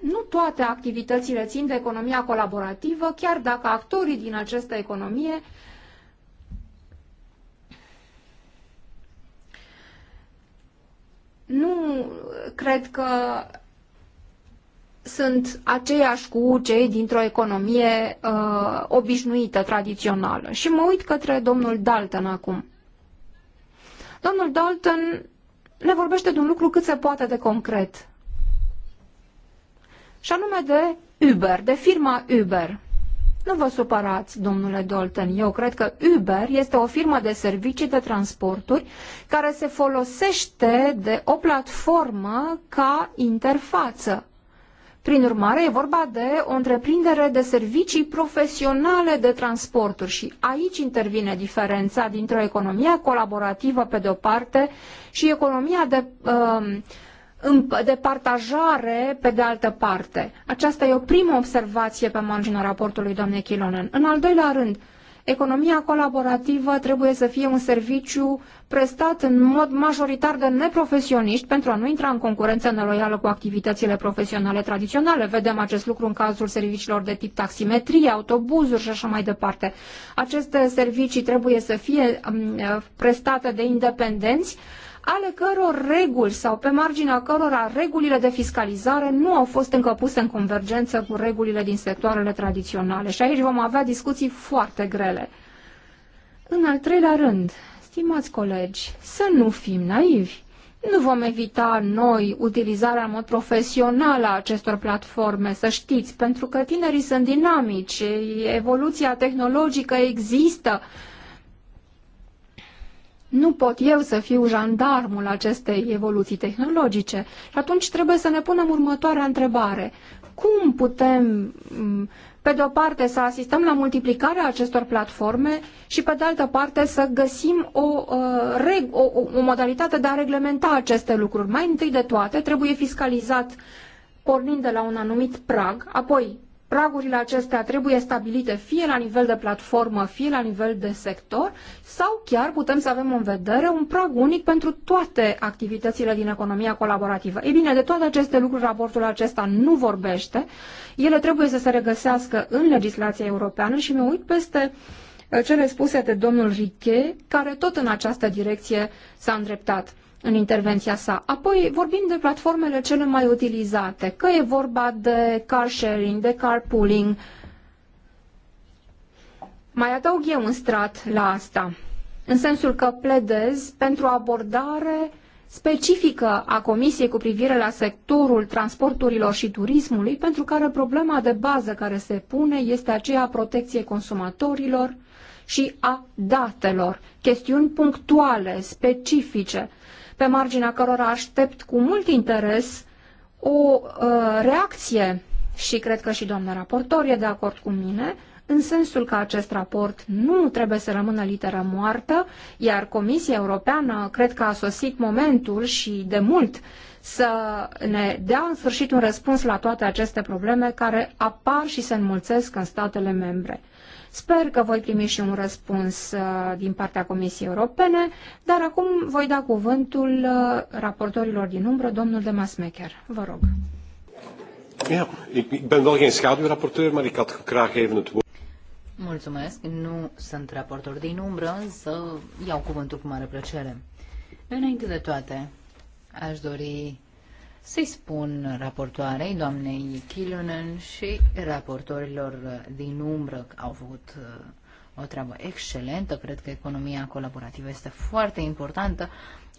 nu toate activitățile țin de economia colaborativă, chiar dacă actorii din această economie nu cred că sunt aceiași cu cei dintr-o economie uh, obișnuită, tradițională. Și mă uit către domnul Dalton acum. Domnul Dalton ne vorbește de un lucru cât se poate de concret. Și anume de Uber, de firma Uber. Nu vă supărați, domnule Dalton, eu cred că Uber este o firmă de servicii de transporturi care se folosește de o platformă ca interfață. Prin urmare, e vorba de o întreprindere de servicii profesionale de transporturi și aici intervine diferența dintre o economie colaborativă pe de o parte și economia de, um, de partajare pe de altă parte. Aceasta e o primă observație pe marginea raportului doamnei Chilonen. În al doilea rând, economia colaborativă trebuie să fie un serviciu prestat în mod majoritar de neprofesioniști pentru a nu intra în concurență neloială cu activitățile profesionale tradiționale. Vedem acest lucru în cazul serviciilor de tip taximetrie, autobuzuri și așa mai departe. Aceste servicii trebuie să fie mm, prestate de independenți ale căror reguli sau pe marginea cărora regulile de fiscalizare nu au fost încă puse în convergență cu regulile din sectoarele tradiționale. Și aici vom avea discuții foarte grele. În al treilea rând, stimați colegi, să nu fim naivi. Nu vom evita noi utilizarea în mod profesional a acestor platforme, să știți, pentru că tinerii sunt dinamici, evoluția tehnologică există, nu pot eu să fiu jandarmul acestei evoluții tehnologice. Și atunci trebuie să ne punem următoarea întrebare. Cum putem, pe de o parte, să asistăm la multiplicarea acestor platforme și, pe de altă parte, să găsim uh, o, o, o modalitate de a reglementa aceste lucruri? Mai întâi de toate, trebuie fiscalizat pornind de la un anumit prag, apoi pragurile acestea trebuie stabilite fie la nivel de platformă, fie la nivel de sector, sau chiar putem să avem în vedere un prag unic pentru toate activitățile din economia colaborativă. Ei bine, de toate aceste lucruri raportul acesta nu vorbește. Ele trebuie să se regăsească în legislația europeană și mă uit peste eh, cele spuse de domnul Riche, care tot în această direcție s-a îndreptat în intervenția sa. Apoi vorbim de platformele cele mai utilizate, că e vorba de car sharing, de carpooling. Mai adaug eu un strat la asta, în sensul că pledez pentru abordare specifică a Comisiei cu privire la sectorul transporturilor și turismului, pentru care problema de bază care se pune este aceea a protecției consumatorilor și a datelor, chestiuni punctuale, specifice, pe marginea cărora aștept cu mult interes o uh, reacție și cred că și doamna raportor e de acord cu mine, în sensul că acest raport nu trebuie să rămână literă moartă, iar Comisia Europeană cred că a sosit momentul și de mult să ne dea în sfârșit un răspuns la toate aceste probleme care apar și se înmulțesc în statele membre. Sper că voi primi și un răspuns uh, din partea Comisiei Europene, dar acum voi da cuvântul uh, raportorilor din umbră, domnul de Masmecher. Vă rog. Ja, ik ben wel geen schaduwrapporteur, maar ik had graag even het woord. Mulțumesc, nu sunt raportor din umbră, însă iau cuvântul cu mare plăcere. Înainte de toate, aș dori să-i spun raportoarei, doamnei Kilonen și raportorilor din umbră că au făcut uh, o treabă excelentă. Cred că economia colaborativă este foarte importantă.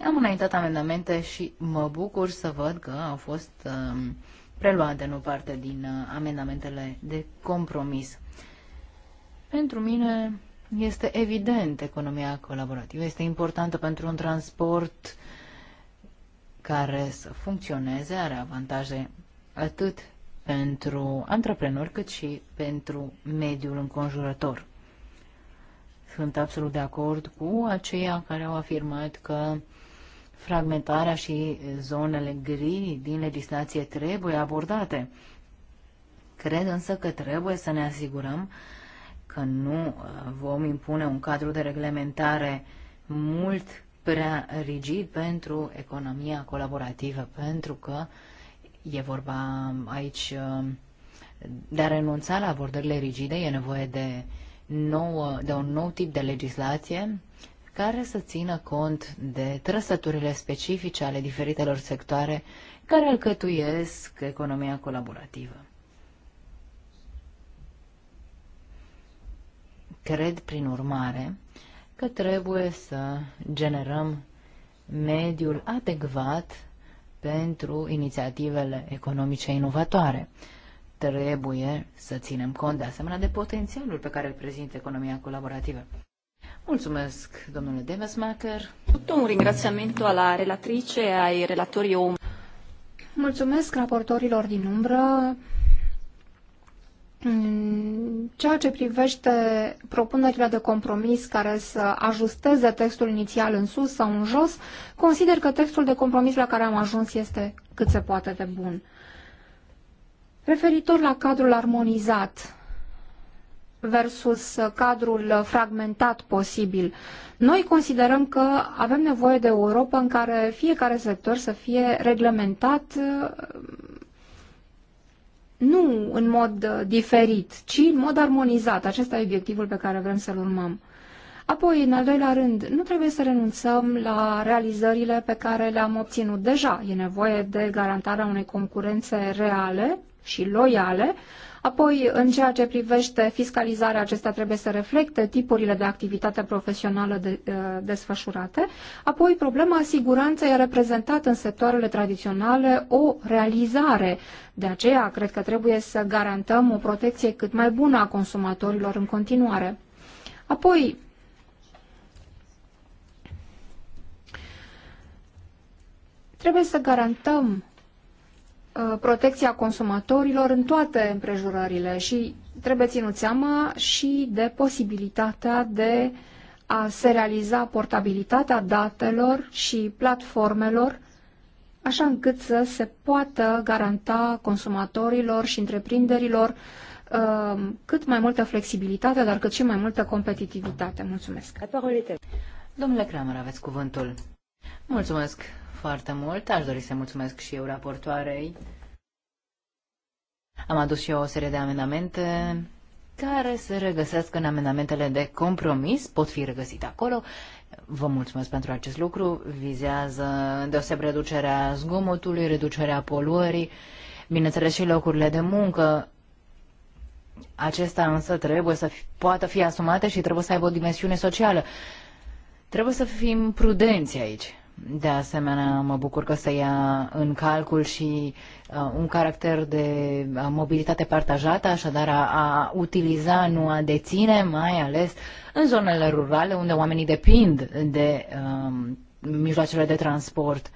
Am înaintat amendamente și mă bucur să văd că au fost um, preluate în o parte din uh, amendamentele de compromis. Pentru mine este evident economia colaborativă. Este importantă pentru un transport uh, care să funcționeze, are avantaje atât pentru antreprenori cât și pentru mediul înconjurător. Sunt absolut de acord cu aceia care au afirmat că fragmentarea și zonele gri din legislație trebuie abordate. Cred însă că trebuie să ne asigurăm că nu uh, vom impune un cadru de reglementare mult prea rigid pentru economia colaborativă, pentru că e vorba aici uh, de a renunța la abordările rigide, e nevoie de, nouă, de un nou tip de legislație care să țină cont de trăsăturile specifice ale diferitelor sectoare care alcătuiesc economia colaborativă. Cred, prin urmare, că trebuie să generăm mediul adecvat pentru inițiativele economice inovatoare. Trebuie să ținem cont de asemenea de potențialul pe care îl prezintă economia colaborativă. Mulțumesc, domnule Demesmacher. Tot un ringraziamento la relatrice ai relatorii om. Mulțumesc raportorilor din umbră ceea ce privește propunerile de compromis care să ajusteze textul inițial în sus sau în jos, consider că textul de compromis la care am ajuns este cât se poate de bun. Referitor la cadrul armonizat versus cadrul fragmentat posibil, noi considerăm că avem nevoie de o Europa în care fiecare sector să fie reglementat nu în mod uh, diferit, ci în mod armonizat. Acesta e obiectivul pe care vrem să-l urmăm. Apoi, în al doilea rând, nu trebuie să renunțăm la realizările pe care le-am obținut deja. E nevoie de garantarea unei concurențe reale și loiale Apoi, în ceea ce privește fiscalizarea, acesta trebuie să reflecte tipurile de activitate profesională de, de, uh, desfășurate. Apoi, problema siguranței a reprezentat în sectoarele tradiționale o realizare. De aceea, cred că trebuie să garantăm o protecție cât mai bună a consumatorilor în continuare. Apoi, trebuie să garantăm Uh, protecția consumatorilor în toate împrejurările și trebuie ținut seama și de posibilitatea de a se realiza portabilitatea datelor și platformelor așa încât să se poată garanta consumatorilor și întreprinderilor uh, cât mai multă flexibilitate, dar cât și mai multă competitivitate. Mulțumesc. Domnule Kramer, aveți cuvântul. Mulțumesc foarte mult. Aș dori să mulțumesc și eu raportoarei. Am adus și eu o serie de amendamente care se regăsesc în amendamentele de compromis, pot fi regăsite acolo. Vă mulțumesc pentru acest lucru. Vizează deoseb reducerea zgomotului, reducerea poluării, bineînțeles și locurile de muncă. Acesta însă trebuie să fi, poată fi asumate și trebuie să aibă o dimensiune socială. Trebuie să fim prudenți aici. De asemenea, mă bucur că se ia în calcul și uh, un caracter de uh, mobilitate partajată, așadar a, a utiliza, nu a deține, mai ales în zonele rurale unde oamenii depind de uh, mijloacele de transport. Uh,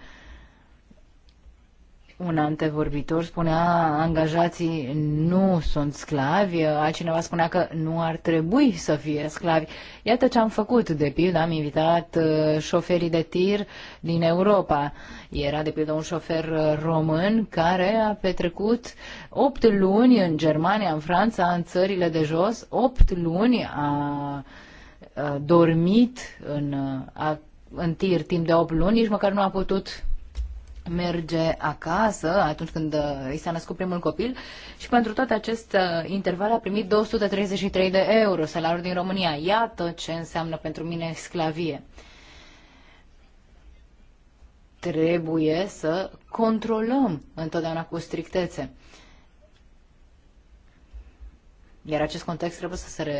un antevorbitor spunea angajații nu sunt sclavi, altcineva spunea că nu ar trebui să fie sclavi. Iată ce am făcut, de pildă, am invitat uh, șoferii de tir din Europa. Era, de pildă, un șofer uh, român care a petrecut 8 luni în Germania, în Franța, în țările de jos, 8 luni a uh, dormit în, a, în tir timp de 8 luni, nici măcar nu a putut merge acasă atunci când uh, i s-a născut primul copil și pentru tot acest uh, interval a primit 233 de euro salariul din România. Iată ce înseamnă pentru mine sclavie. Trebuie să controlăm întotdeauna cu strictețe. Iar acest context trebuie să se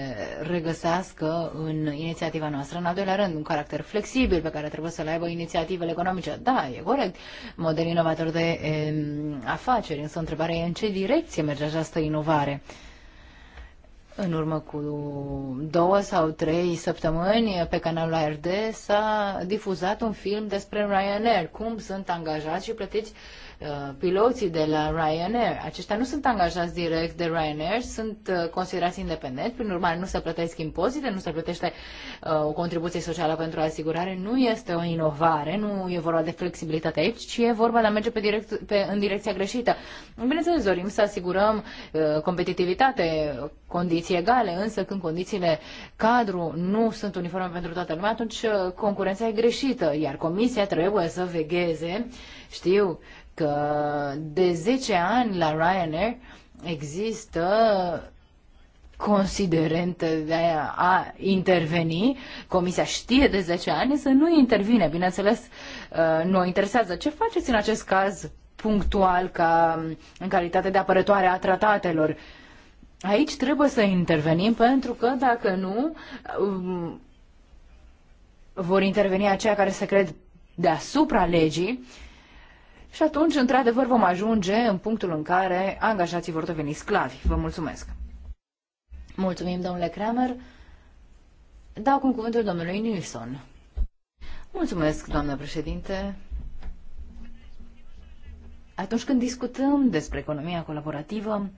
regăsească în inițiativa noastră. În al doilea rând, un caracter flexibil pe care trebuie să-l aibă inițiativele economice. Da, e corect. Model inovator de e, afaceri. Însă întrebarea e în ce direcție merge această inovare. În urmă cu două sau trei săptămâni, pe canalul ARD s-a difuzat un film despre Ryanair, cum sunt angajați și plătiți uh, Uh, piloții de la Ryanair. Aceștia nu sunt angajați direct de Ryanair, sunt uh, considerați independenți, prin urmare nu se plătesc impozite, nu se plătește uh, o contribuție socială pentru asigurare. Nu este o inovare, nu e vorba de flexibilitate aici, ci e vorba de a merge pe direct, pe, în direcția greșită. Bineînțeles, dorim să asigurăm competitivitate, condiții egale, însă când condițiile cadru nu sunt uniforme pentru toată lumea, atunci concurența e greșită, iar comisia trebuie să vegheze, știu, că de 10 ani la Ryanair există considerente de a, a interveni. Comisia știe de 10 ani să nu intervine. Bineînțeles, uh, nu interesează. Ce faceți în acest caz punctual ca în calitate de apărătoare a tratatelor? Aici trebuie să intervenim pentru că dacă nu um, vor interveni aceia care se cred deasupra legii și atunci, într-adevăr, vom ajunge în punctul în care angajații vor deveni sclavi. Vă mulțumesc! Mulțumim, domnule Kramer. Dau cu cuvântul domnului Nilsson. Mulțumesc, doamnă președinte. Atunci când discutăm despre economia colaborativă,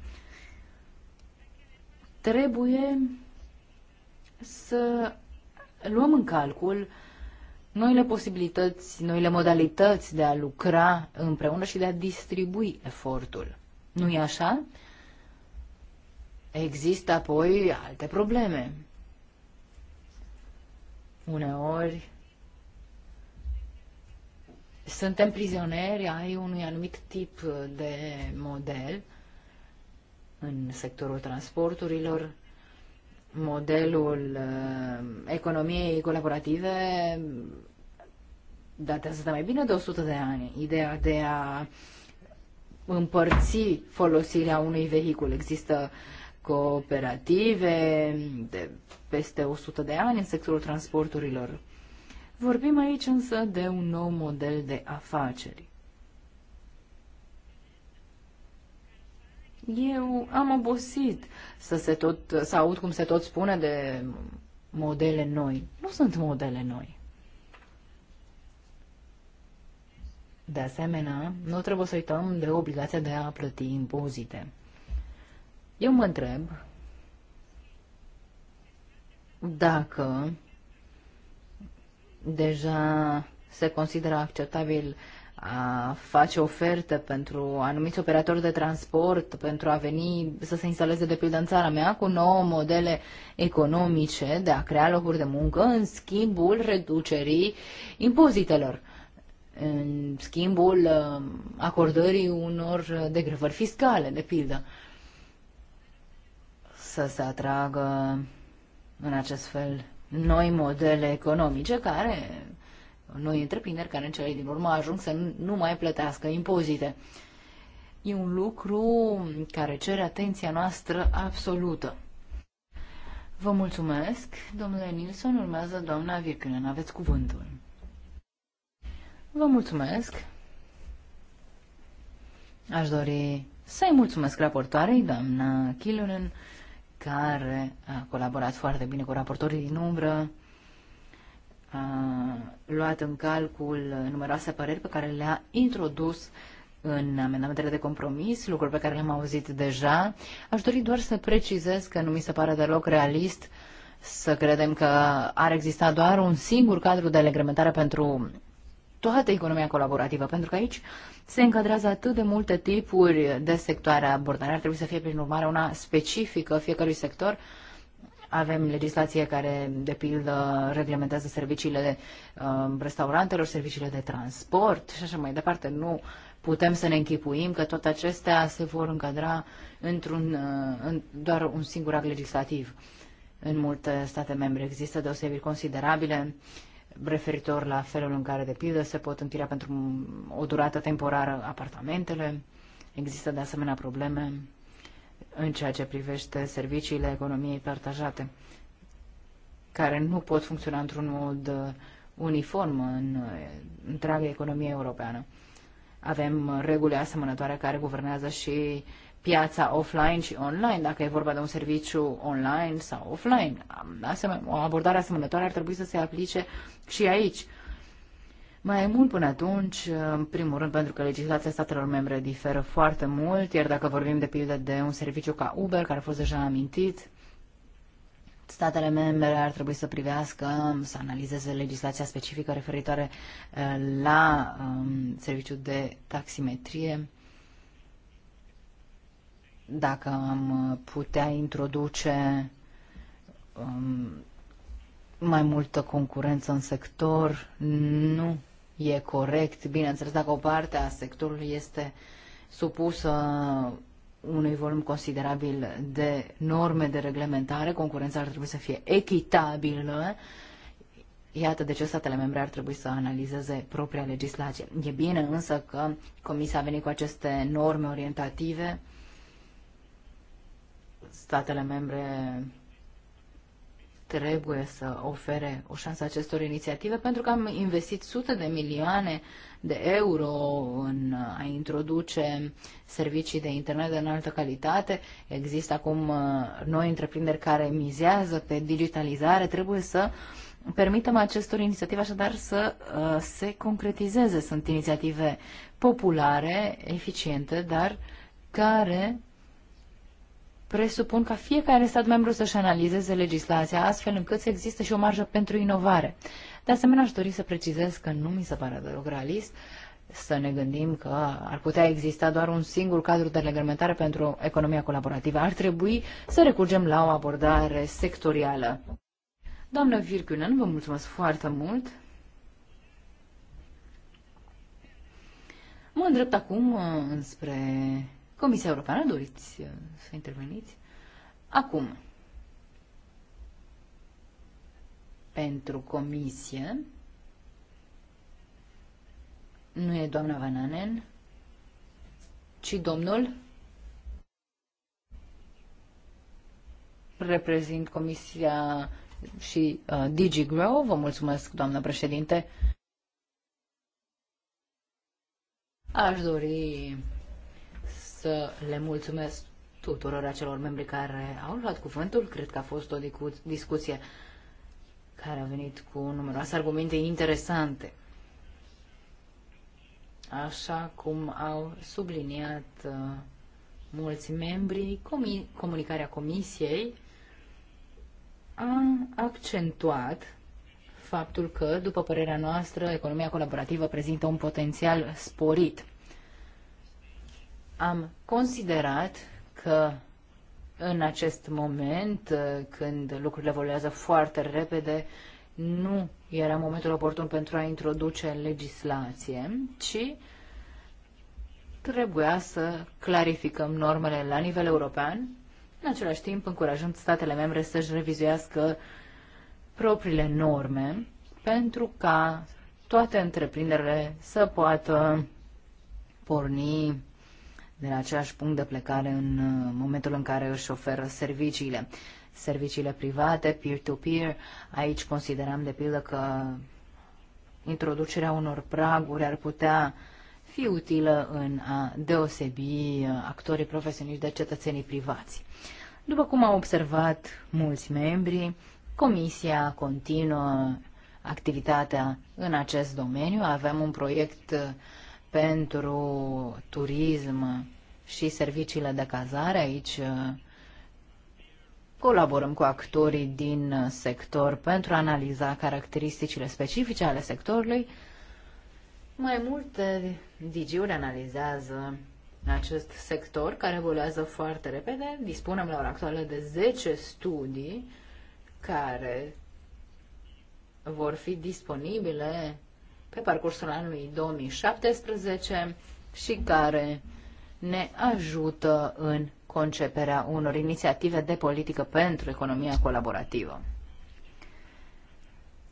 trebuie să luăm în calcul noile posibilități, noile modalități de a lucra împreună și de a distribui efortul. Nu e așa? Există apoi alte probleme. Uneori suntem prizonieri ai unui anumit tip de model în sectorul transporturilor, modelul uh, economiei colaborative datează de mai bine de 100 de ani. Ideea de a împărți folosirea unui vehicul. Există cooperative de peste 100 de ani în sectorul transporturilor. Vorbim aici însă de un nou model de afaceri. Eu am obosit să, se tot, să aud cum se tot spune de modele noi. Nu sunt modele noi. De asemenea, nu trebuie să uităm de obligația de a plăti impozite. Eu mă întreb dacă deja se consideră acceptabil a face oferte pentru anumiți operatori de transport, pentru a veni să se instaleze de pildă în țara mea cu nouă modele economice de a crea locuri de muncă în schimbul reducerii impozitelor în schimbul uh, acordării unor degrevări fiscale, de pildă, să se atragă în acest fel noi modele economice care noi întreprinderi care în cele din urmă ajung să nu mai plătească impozite. E un lucru care cere atenția noastră absolută. Vă mulțumesc. Domnule Nilsson, urmează doamna Virkunen. Aveți cuvântul. Vă mulțumesc. Aș dori să-i mulțumesc raportoarei, doamna Kilonen, care a colaborat foarte bine cu raportorii din umbră luat în calcul numeroase păreri pe care le-a introdus în amendamentele de compromis, lucruri pe care le-am auzit deja. Aș dori doar să precizez că nu mi se pare deloc realist să credem că ar exista doar un singur cadru de reglementare pentru toată economia colaborativă, pentru că aici se încadrează atât de multe tipuri de sectoare abordare. Ar trebui să fie, prin urmare, una specifică fiecărui sector avem legislație care, de pildă, reglementează serviciile uh, restaurantelor, serviciile de transport și așa mai departe. Nu putem să ne închipuim că toate acestea se vor încadra într-un, uh, în doar un singur act legislativ. În multe state membre există deosebiri considerabile referitor la felul în care, de pildă, se pot închiria pentru o durată temporară apartamentele. Există, de asemenea, probleme în ceea ce privește serviciile economiei partajate, care nu pot funcționa într-un mod uh, uniform în uh, întreaga economie europeană. Avem reguli asemănătoare care guvernează și piața offline și online, dacă e vorba de un serviciu online sau offline. o abordare asemănătoare ar trebui să se aplice și aici mai mult până atunci, în primul rând pentru că legislația statelor membre diferă foarte mult, iar dacă vorbim de pildă de un serviciu ca Uber, care a fost deja amintit, statele membre ar trebui să privească, să analizeze legislația specifică referitoare uh, la um, serviciul de taximetrie. Dacă am putea introduce um, mai multă concurență în sector, nu e corect, bineînțeles, dacă o parte a sectorului este supusă unui volum considerabil de norme de reglementare, concurența ar trebui să fie echitabilă. Iată de ce statele membre ar trebui să analizeze propria legislație. E bine însă că Comisia a venit cu aceste norme orientative. Statele membre trebuie să ofere o șansă acestor inițiative pentru că am investit sute de milioane de euro în a introduce servicii de internet de înaltă calitate. Există acum uh, noi întreprinderi care mizează pe digitalizare. Trebuie să permitem acestor inițiative așadar să uh, se concretizeze. Sunt inițiative populare, eficiente, dar care presupun ca fiecare stat membru să-și analizeze legislația astfel încât să existe și o marjă pentru inovare. De asemenea, aș dori să precizez că nu mi se pare deloc realist să ne gândim că ar putea exista doar un singur cadru de reglementare pentru economia colaborativă. Ar trebui să recurgem la o abordare sectorială. Doamnă Virkunen, vă mulțumesc foarte mult. Mă îndrept acum uh, înspre Comisia Europeană, doriți uh, să interveniți? Acum, pentru Comisie, nu e doamna Vananen, ci domnul reprezint Comisia și uh, DigiGrow. Vă mulțumesc, doamna președinte. Aș dori să le mulțumesc tuturor acelor membri care au luat cuvântul. Cred că a fost o discuție care a venit cu numeroase argumente interesante. Așa cum au subliniat uh, mulți membri, comi comunicarea Comisiei a accentuat faptul că, după părerea noastră, economia colaborativă prezintă un potențial sporit am considerat că în acest moment, uh, când lucrurile evoluează foarte repede, nu era momentul oportun pentru a introduce legislație, ci trebuia să clarificăm normele la nivel european, în același timp încurajând statele membre să-și revizuiască propriile norme pentru ca toate întreprinderile să poată porni de la același punct de plecare în uh, momentul în care își oferă serviciile. Serviciile private, peer-to-peer, -peer, aici considerăm de pildă că introducerea unor praguri ar putea fi utilă în a deosebi uh, actorii profesioniști de cetățenii privați. După cum au observat mulți membri, Comisia continuă activitatea în acest domeniu. Avem un proiect uh, pentru turism și serviciile de cazare. Aici uh, colaborăm cu actorii din uh, sector pentru a analiza caracteristicile specifice ale sectorului. Mai multe digiuri analizează acest sector care evoluează foarte repede. Dispunem la ora actuală de 10 studii care vor fi disponibile pe parcursul anului 2017 și care ne ajută în conceperea unor inițiative de politică pentru economia colaborativă.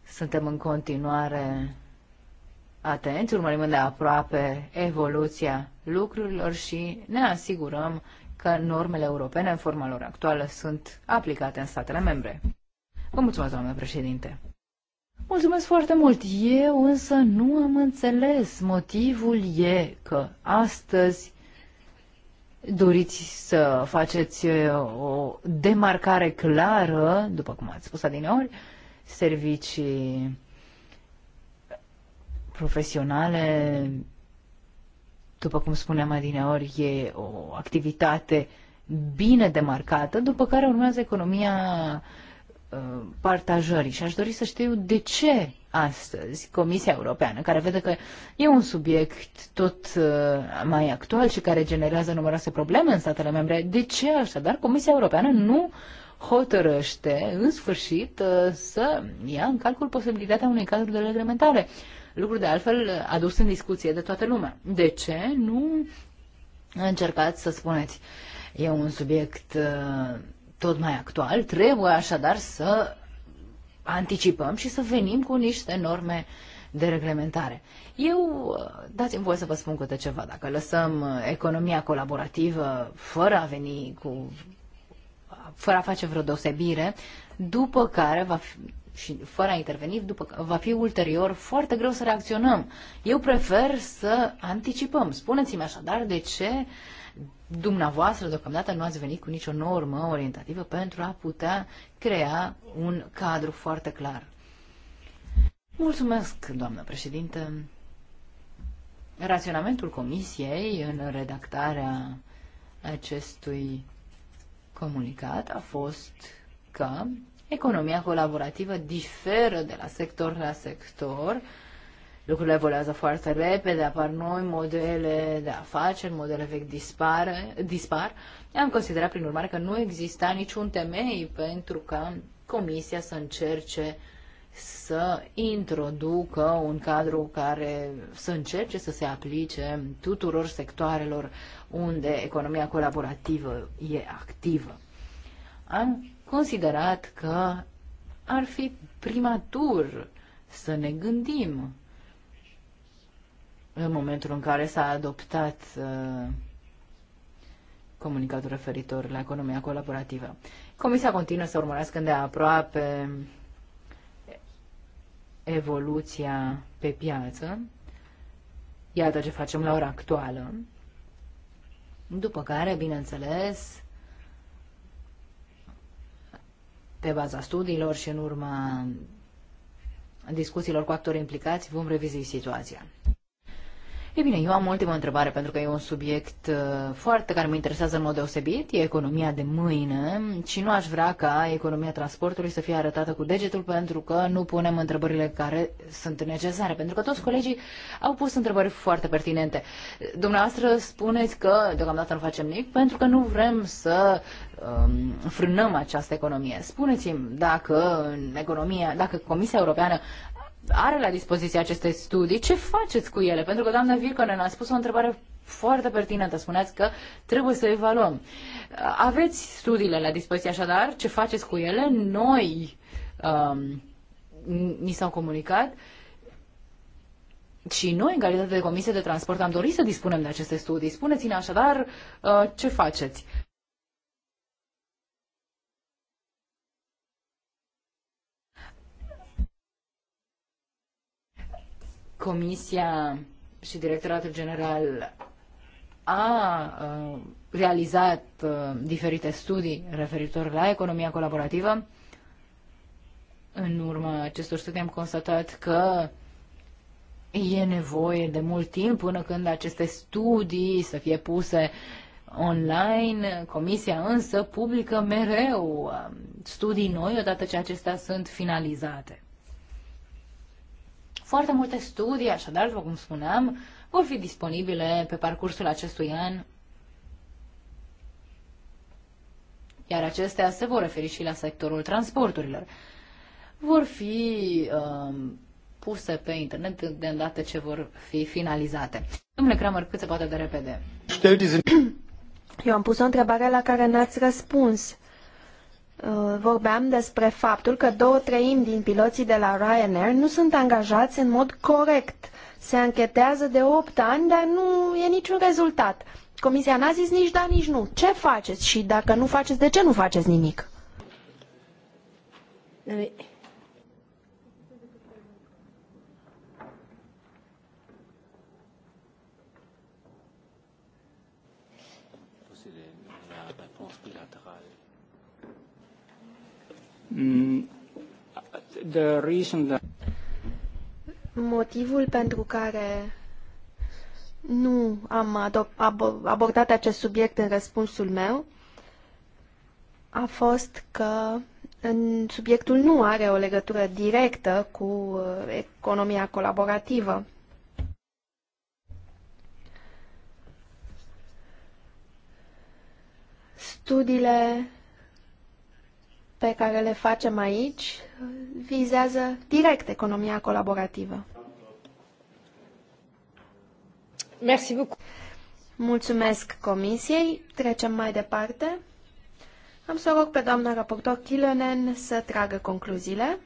Suntem în continuare atenți, urmărim de aproape evoluția lucrurilor și ne asigurăm că normele europene în forma lor actuală sunt aplicate în statele membre. Vă mulțumesc, doamnă președinte! Mulțumesc foarte mult. Eu însă nu am înțeles. Motivul e că astăzi doriți să faceți uh, o demarcare clară, după cum ați spus adineori, servicii profesionale, după cum spuneam adineori, e o activitate bine demarcată, după care urmează economia uh, Uh, partajării și aș dori să știu de ce astăzi Comisia Europeană, care vede că e un subiect tot uh, mai actual și care generează numeroase probleme în statele membre, de ce așadar Comisia Europeană nu hotărăște în sfârșit uh, să ia în calcul posibilitatea unui cadru de reglementare? Lucru de altfel adus în discuție de toată lumea. De ce nu încercați să spuneți? E un subiect uh, tot mai actual, trebuie așadar să anticipăm și să venim cu niște norme de reglementare. Eu, dați-mi voie să vă spun câte ceva, dacă lăsăm uh, economia colaborativă fără a veni cu, fără a face vreo deosebire, după care va fi, și fără a interveni, după, va fi ulterior foarte greu să reacționăm. Eu prefer să anticipăm. Spuneți-mi așadar de ce uh, dumneavoastră deocamdată nu ați venit cu nicio normă orientativă pentru a putea crea un cadru foarte clar. Mulțumesc, doamnă președintă. Raționamentul comisiei în redactarea acestui comunicat a fost că economia colaborativă diferă de la sector la sector uh, lucrurile evoluează foarte repede, apar noi modele de afaceri, modele vechi dispar, dispar. Am considerat, prin urmare, că nu exista niciun temei pentru ca Comisia să încerce să introducă un cadru care să încerce să se aplice tuturor sectoarelor unde economia colaborativă e activă. Am considerat că ar fi primatur să ne gândim în momentul în care s-a adoptat uh, comunicatul referitor la economia colaborativă. Comisia continuă să urmărească de aproape evoluția pe piață. Iată ce facem la ora actuală. După care, bineînțeles, pe baza studiilor și în urma discuțiilor cu actorii implicați, vom revizui situația. E bine, eu am ultima întrebare, pentru că e un subiect uh, foarte care mă interesează în mod deosebit, e economia de mâine și nu aș vrea ca economia transportului să fie arătată cu degetul pentru că nu punem întrebările care sunt necesare, pentru că toți colegii au pus întrebări foarte pertinente. Dumneavoastră spuneți că deocamdată nu facem nimic pentru că nu vrem să um, frânăm această economie. Spuneți-mi dacă în economia, dacă Comisia Europeană are la dispoziție aceste studii, ce faceți cu ele? Pentru că doamna ne a spus o întrebare foarte pertinentă. Spuneați că trebuie să evaluăm. Aveți studiile la dispoziție, așadar, ce faceți cu ele? Noi um, ni s-au comunicat și noi, în calitate de Comisie de Transport, am dorit să dispunem de aceste studii. Spuneți-ne așadar uh, ce faceți. Comisia și Directoratul General a realizat diferite studii referitor la economia colaborativă. În urma acestor studii am constatat că e nevoie de mult timp până când aceste studii să fie puse online. Comisia însă publică mereu studii noi odată ce acestea sunt finalizate. Foarte multe studii, așadar, după cum spuneam, vor fi disponibile pe parcursul acestui an, iar acestea se vor referi și la sectorul transporturilor. Vor fi uh, puse pe internet de îndată ce vor fi finalizate. Domnule Cramer, cât se poate de repede? Eu am pus o întrebare la care n-ați răspuns. Uh, vorbeam despre faptul că două treimi din piloții de la Ryanair nu sunt angajați în mod corect. Se anchetează de 8 ani, dar nu e niciun rezultat. Comisia n-a zis nici da, nici nu. Ce faceți? Și dacă nu faceți, de ce nu faceți nimic? Mm, Motivul pentru care nu am abordat acest subiect în răspunsul meu a fost că subiectul nu are o legătură directă cu uh, economia colaborativă. Studiile pe care le facem aici vizează direct economia colaborativă. Merci beaucoup. Mulțumesc Comisiei. Trecem mai departe. Am să rog pe doamna raportor Kilonen să tragă concluziile,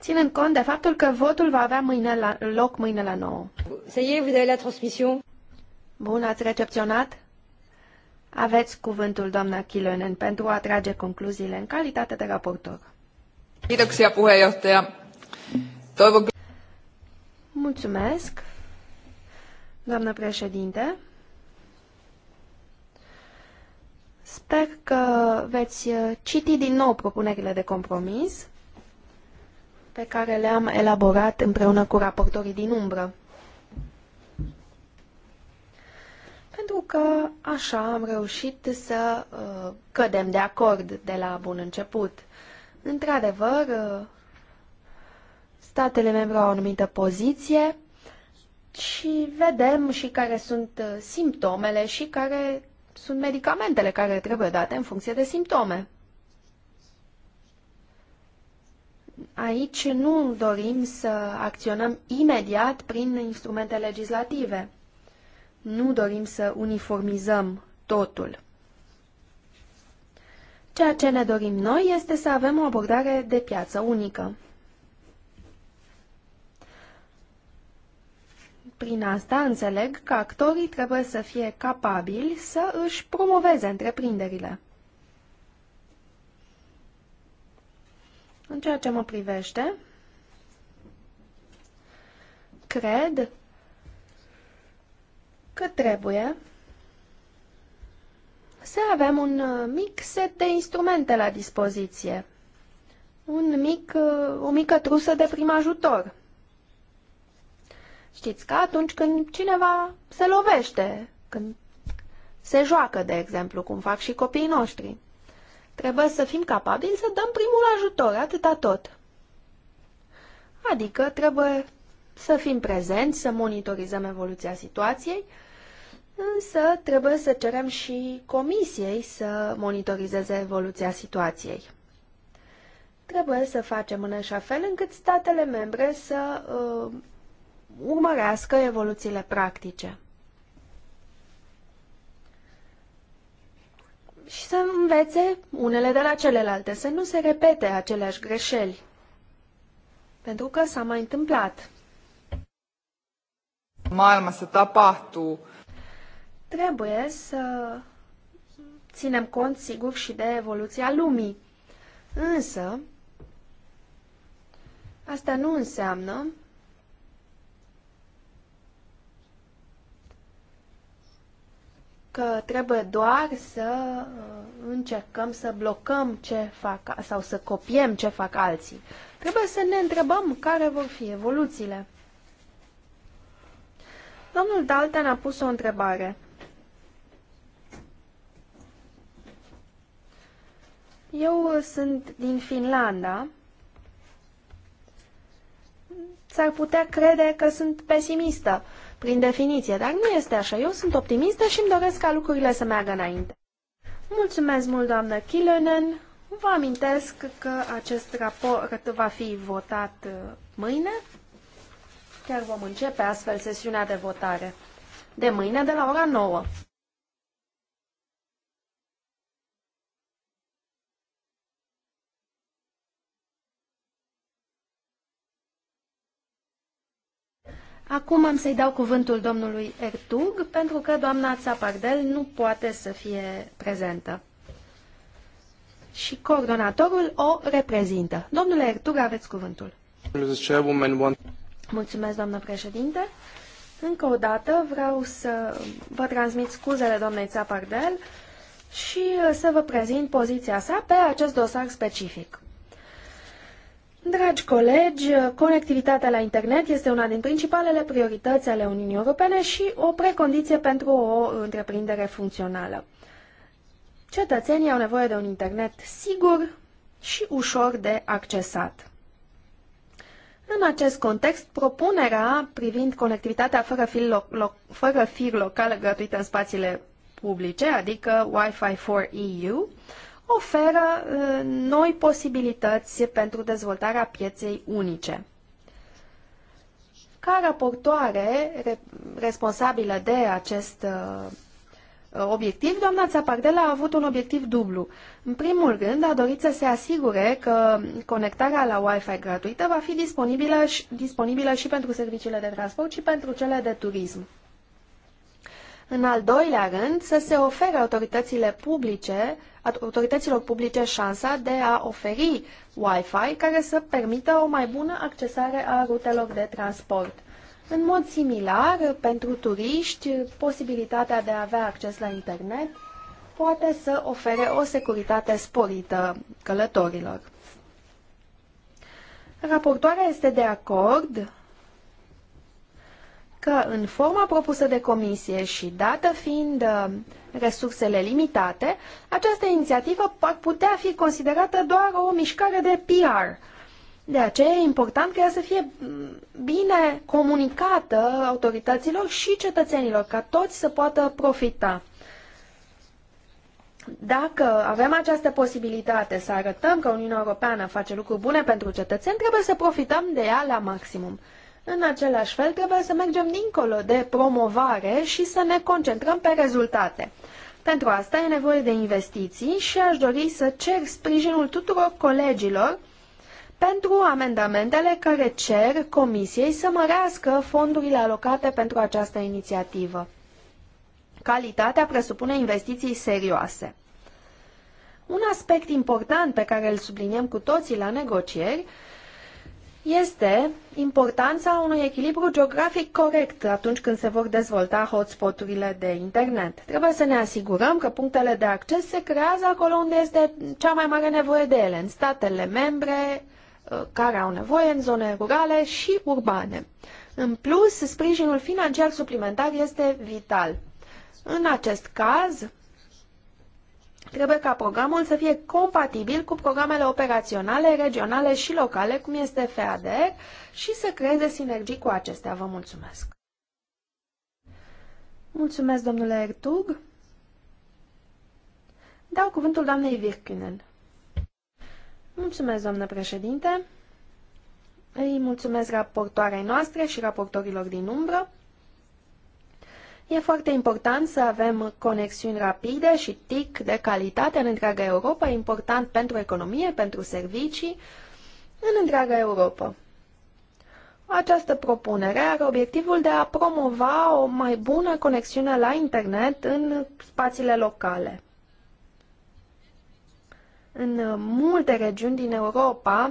ținând cont de faptul că votul va avea mâine la, loc mâine la 9. Ça y est, la transmisie. Bun, ați recepționat? Aveți cuvântul, doamna Kilönen, pentru a trage concluziile în calitate de raportor. Kiitoksia, puheenjohtaja. Toivon... Mulțumesc, doamnă președinte. Sper că veți citi din nou propunerile de compromis pe care le-am elaborat împreună cu raportorii din umbră. pentru că așa am reușit să uh, cădem de acord de la bun început. Într-adevăr, uh, statele membre au o anumită poziție și vedem și care sunt uh, simptomele și care sunt medicamentele care trebuie date în funcție de simptome. Aici nu dorim să acționăm imediat prin instrumente legislative. Nu dorim să uniformizăm totul. Ceea ce ne dorim noi este să avem o abordare de piață unică. Prin asta înțeleg că actorii trebuie să fie capabili să își promoveze întreprinderile. În ceea ce mă privește, cred că trebuie să avem un uh, mic set de instrumente la dispoziție, un mic, uh, o mică trusă de prim ajutor. Știți că atunci când cineva se lovește, când se joacă, de exemplu, cum fac și copiii noștri, trebuie să fim capabili să dăm primul ajutor, atâta tot. Adică trebuie să fim prezenți, să monitorizăm evoluția situației însă trebuie să cerem și comisiei să monitorizeze evoluția situației. Trebuie să facem în așa fel încât statele membre să uh, urmărească evoluțiile practice. Și să învețe unele de la celelalte, să nu se repete aceleași greșeli. Pentru că s-a mai întâmplat. întâmlat. Maailmassa tapahtuu Trebuie să ținem cont, sigur, și de evoluția lumii. Însă, asta nu înseamnă că trebuie doar să uh, încercăm să blocăm ce fac sau să copiem ce fac alții. Trebuie să ne întrebăm care vor fi evoluțiile. Domnul Dalton a pus o întrebare. Eu sunt din Finlanda. S-ar putea crede că sunt pesimistă, prin definiție, dar nu este așa. Eu sunt optimistă și îmi doresc ca lucrurile să meargă înainte. Mulțumesc mult, doamnă Kilönen. Vă amintesc că acest raport va fi votat uh, mâine. Chiar vom începe astfel sesiunea de votare. De mâine, de la ora 9. Acum am să-i dau cuvântul domnului Ertug, pentru că doamna Țapardel nu poate să fie prezentă. Și coordonatorul o reprezintă. Domnule Ertug, aveți cuvântul. Mulțumesc, doamnă președinte. Încă o dată vreau să vă transmit scuzele doamnei Țapardel și să vă prezint poziția sa pe acest dosar specific. Dragi colegi, conectivitatea la internet este una din principalele priorități ale Uniunii Europene și o precondiție pentru o întreprindere funcțională. Cetățenii au nevoie de un internet sigur și ușor de accesat. În acest context, propunerea privind conectivitatea fără fir, lo- lo- fără fir local gratuită în spațiile publice, adică Wi-Fi for EU, oferă uh, noi posibilități pentru dezvoltarea pieței unice. Ca raportoare responsabilă de acest uh, obiectiv, doamna Țapardela a avut un obiectiv dublu. În primul rând, a dorit să se asigure că conectarea la Wi-Fi gratuită va fi disponibilă și, disponibilă și pentru serviciile de transport și pentru cele de turism. În al doilea rând, să se ofere autoritățile publice, autorităților publice șansa de a oferi Wi-Fi care să permită o mai bună accesare a rutelor de transport. În mod similar, pentru turiști, posibilitatea de a avea acces la internet poate să ofere o securitate sporită călătorilor. Raportoarea este de acord că în forma propusă de comisie și dată fiind uh, resursele limitate, această inițiativă ar putea fi considerată doar o mișcare de PR. De aceea e important ca ea să fie mm, bine comunicată autorităților și cetățenilor, ca toți să poată profita. Dacă avem această posibilitate să arătăm că Uniunea Europeană face lucruri bune pentru cetățeni, trebuie să profităm de ea la maximum. În același fel, trebuie să mergem dincolo de promovare și să ne concentrăm pe rezultate. Pentru asta e nevoie de investiții și aș dori să cer sprijinul tuturor colegilor pentru amendamentele care cer Comisiei să mărească fondurile alocate pentru această inițiativă. Calitatea presupune investiții serioase. Un aspect important pe care îl subliniem cu toții la negocieri este importanța unui echilibru geografic corect atunci când se vor dezvolta hotspoturile de internet. Trebuie să ne asigurăm că punctele de acces se creează acolo unde este cea mai mare nevoie de ele, în statele membre uh, care au nevoie, în zone rurale și urbane. În plus, sprijinul financiar suplimentar este vital. În acest caz, Trebuie ca programul să fie compatibil cu programele operaționale, regionale și locale, cum este FADR, și să creeze sinergii cu acestea. Vă mulțumesc! Mulțumesc, domnule Ertug. Dau cuvântul doamnei Virkinen. Mulțumesc, doamnă președinte. Îi mulțumesc raportoarei noastre și raportorilor din umbră. E foarte important să avem conexiuni rapide și TIC de calitate în întreaga Europa, important pentru economie, pentru servicii, în întreaga Europa. Această propunere are obiectivul de a promova o mai bună conexiune la internet în spațiile locale. În multe regiuni din Europa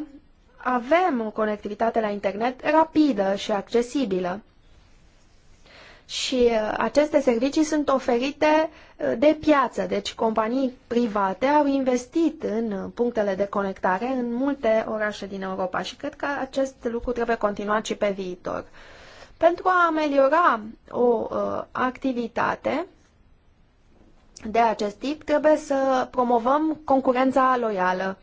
avem o conectivitate la internet rapidă și accesibilă și uh, aceste servicii sunt oferite uh, de piață, deci companii private au investit în uh, punctele de conectare în multe orașe din Europa și cred că acest lucru trebuie continuat și pe viitor. Pentru a ameliora o uh, activitate de acest tip, trebuie să promovăm concurența loială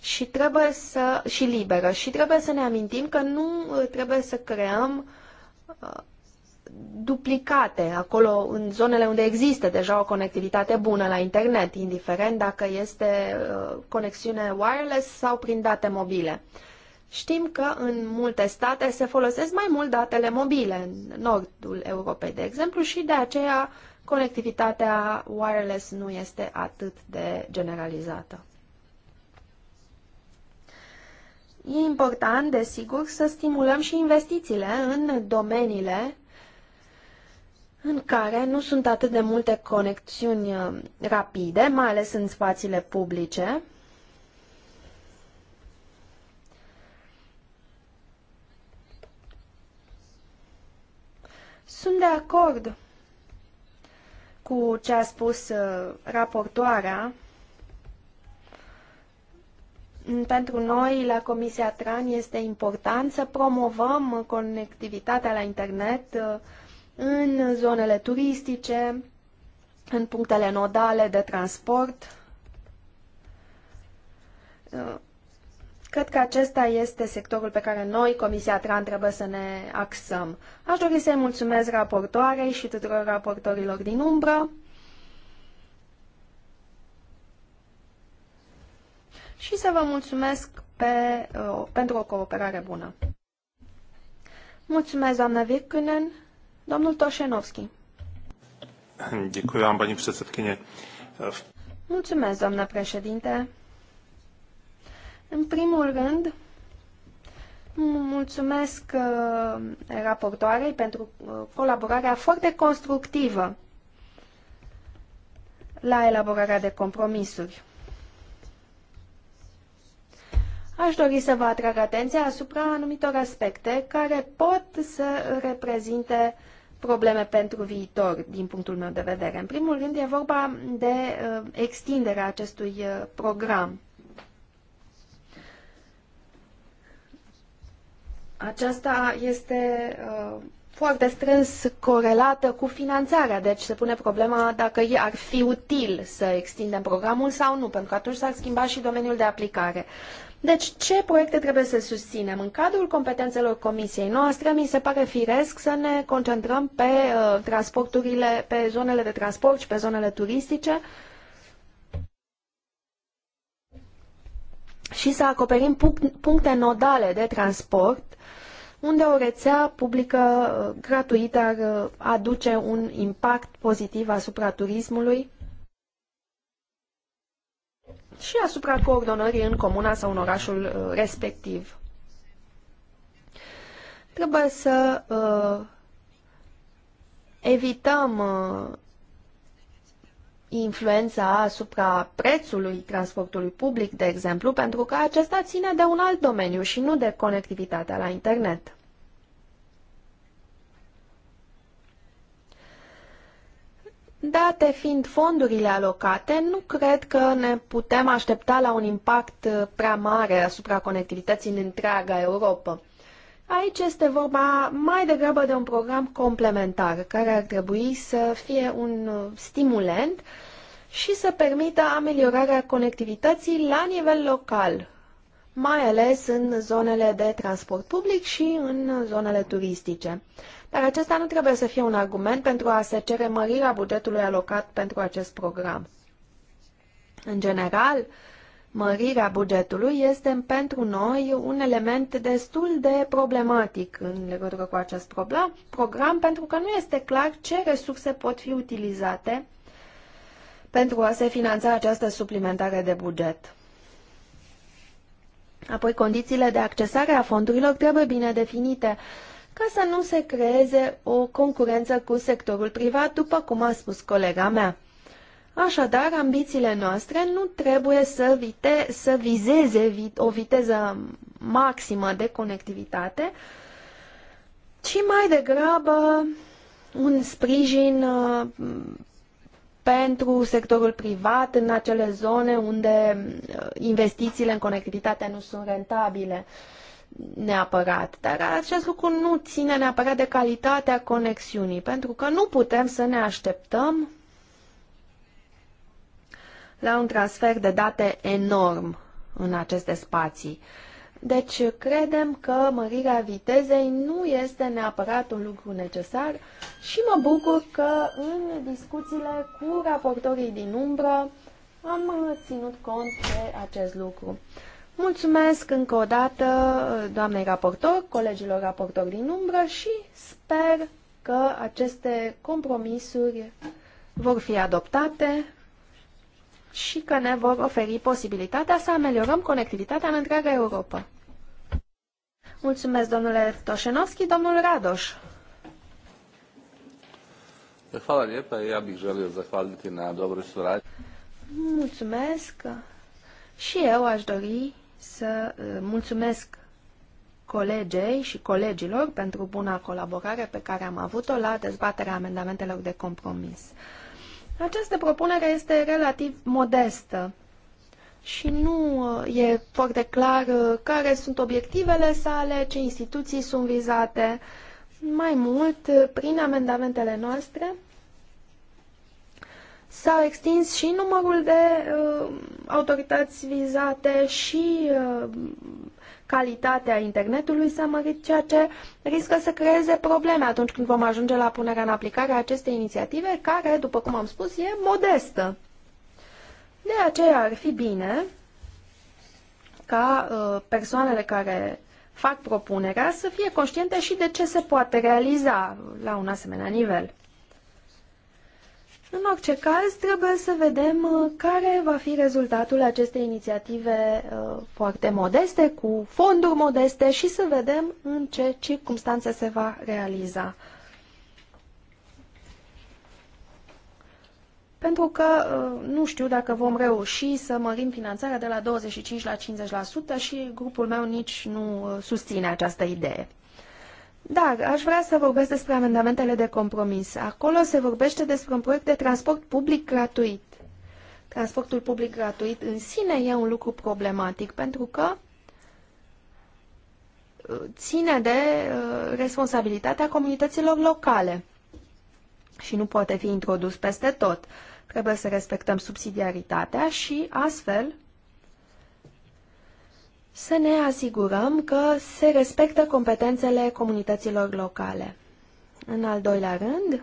și trebuie să și liberă și trebuie să ne amintim că nu trebuie să creăm uh, duplicate acolo în zonele unde există deja o conectivitate bună la internet, indiferent dacă este uh, conexiune wireless sau prin date mobile. Știm că în multe state se folosesc mai mult datele mobile, în nordul Europei, de exemplu, și de aceea conectivitatea wireless nu este atât de generalizată. E important, desigur, să stimulăm și investițiile în domeniile în care nu sunt atât de multe conexiuni uh, rapide, mai ales în spațiile publice. Sunt de acord cu ce a spus uh, raportoarea. Mm, pentru noi, la Comisia TRAN, este important să promovăm uh, conectivitatea la internet în zonele turistice, în punctele nodale de transport. Cred că acesta este sectorul pe care noi, Comisia Tran, trebuie să ne axăm. Aș dori să-i mulțumesc raportoarei și tuturor raportorilor din umbră. Și să vă mulțumesc pe, uh, pentru o cooperare bună. Mulțumesc, doamna Virkunen. Domnul Toșenovski. Děkuji vám, paní předsedkyně. Mulțumesc, doamnă președinte. În primul rând, mulțumesc uh, raportoarei pentru uh, colaborarea foarte constructivă la elaborarea de compromisuri. Aș dori să vă atrag atenția asupra anumitor aspecte care pot să reprezinte uh, probleme pentru viitor, din punctul meu de vedere. În primul rând, e vorba de uh, extinderea acestui uh, program. Aceasta este uh, foarte strâns corelată cu finanțarea, deci se pune problema dacă ar fi util să extindem programul sau nu, pentru că atunci s-ar schimba și domeniul de aplicare. Deci, ce proiecte trebuie să susținem? În cadrul competențelor comisiei noastre, mi se pare firesc să ne concentrăm pe uh, transporturile, pe zonele de transport și pe zonele turistice și să acoperim puncte nodale de transport unde o rețea publică uh, gratuită ar uh, aduce un impact pozitiv asupra turismului și asupra coordonării în comuna sau în orașul uh, respectiv. Trebuie să uh, evităm uh, influența asupra prețului transportului public, de exemplu, pentru că acesta ține de un alt domeniu și nu de conectivitatea la internet. Date fiind fondurile alocate, nu cred că ne putem aștepta la un impact uh, prea mare asupra conectivității în întreaga Europa. Aici este vorba mai degrabă de un program complementar, care ar trebui să fie un uh, stimulent și să permită ameliorarea conectivității la nivel local, mai ales în zonele de transport public și în zonele turistice dar acesta nu trebuie să fie un argument pentru a se cere mărirea bugetului alocat pentru acest program. În general, mărirea bugetului este pentru noi un element destul de problematic în legătură cu acest program, program pentru că nu este clar ce resurse pot fi utilizate pentru a se finanța această suplimentare de buget. Apoi, condițiile de accesare a fondurilor trebuie bine definite ca să nu se creeze o concurență cu sectorul privat, după cum a spus colega mea. Așadar, ambițiile noastre nu trebuie să, vite, să vizeze vit, o viteză maximă de conectivitate, ci mai degrabă un sprijin uh, pentru sectorul privat în acele zone unde uh, investițiile în conectivitate nu sunt rentabile. Uh, neapărat, dar acest lucru nu ține neapărat de calitatea conexiunii, pentru că nu putem să ne așteptăm la un transfer de date enorm în aceste spații. Deci credem că mărirea vitezei nu este neapărat un lucru necesar și mă bucur că în discuțiile cu raportorii din umbră am ținut cont de acest lucru. Mulțumesc încă o dată uh, doamnei raportor, colegilor raportori din umbră și sper că aceste compromisuri vor fi adoptate și că ne vor oferi posibilitatea să ameliorăm conectivitatea în întreaga Europa. Mulțumesc, domnule Toșenovski, domnul Radoș. Mulțumesc. Și eu aș dori să uh, mulțumesc colegei și colegilor pentru buna colaborare pe care am avut-o la dezbaterea amendamentelor de compromis. Această propunere este relativ modestă și nu uh, e foarte clar uh, care sunt obiectivele sale, ce instituții sunt vizate. Mai mult, prin amendamentele noastre, S-a extins și numărul de uh, autorități vizate și uh, calitatea internetului s-a mărit, ceea ce riscă să creeze probleme atunci când vom ajunge la punerea în aplicare a acestei inițiative, care, după cum am spus, e modestă. De aceea ar fi bine ca uh, persoanele care fac propunerea să fie conștiente și de ce se poate realiza la un asemenea nivel. În orice caz, trebuie să vedem uh, care va fi rezultatul acestei inițiative uh, foarte modeste, cu fonduri modeste și să vedem în ce circunstanțe se va realiza. Pentru că uh, nu știu dacă vom reuși să mărim finanțarea de la 25 la 50% și grupul meu nici nu susține această idee. Da, aș vrea să vorbesc despre amendamentele de compromis. Acolo se vorbește despre un proiect de transport public gratuit. Transportul public gratuit în sine e un lucru problematic pentru că uh, ține de uh, responsabilitatea comunităților locale și nu poate fi introdus peste tot. Trebuie să respectăm subsidiaritatea și astfel să ne asigurăm că se respectă competențele comunităților locale. În al doilea rând,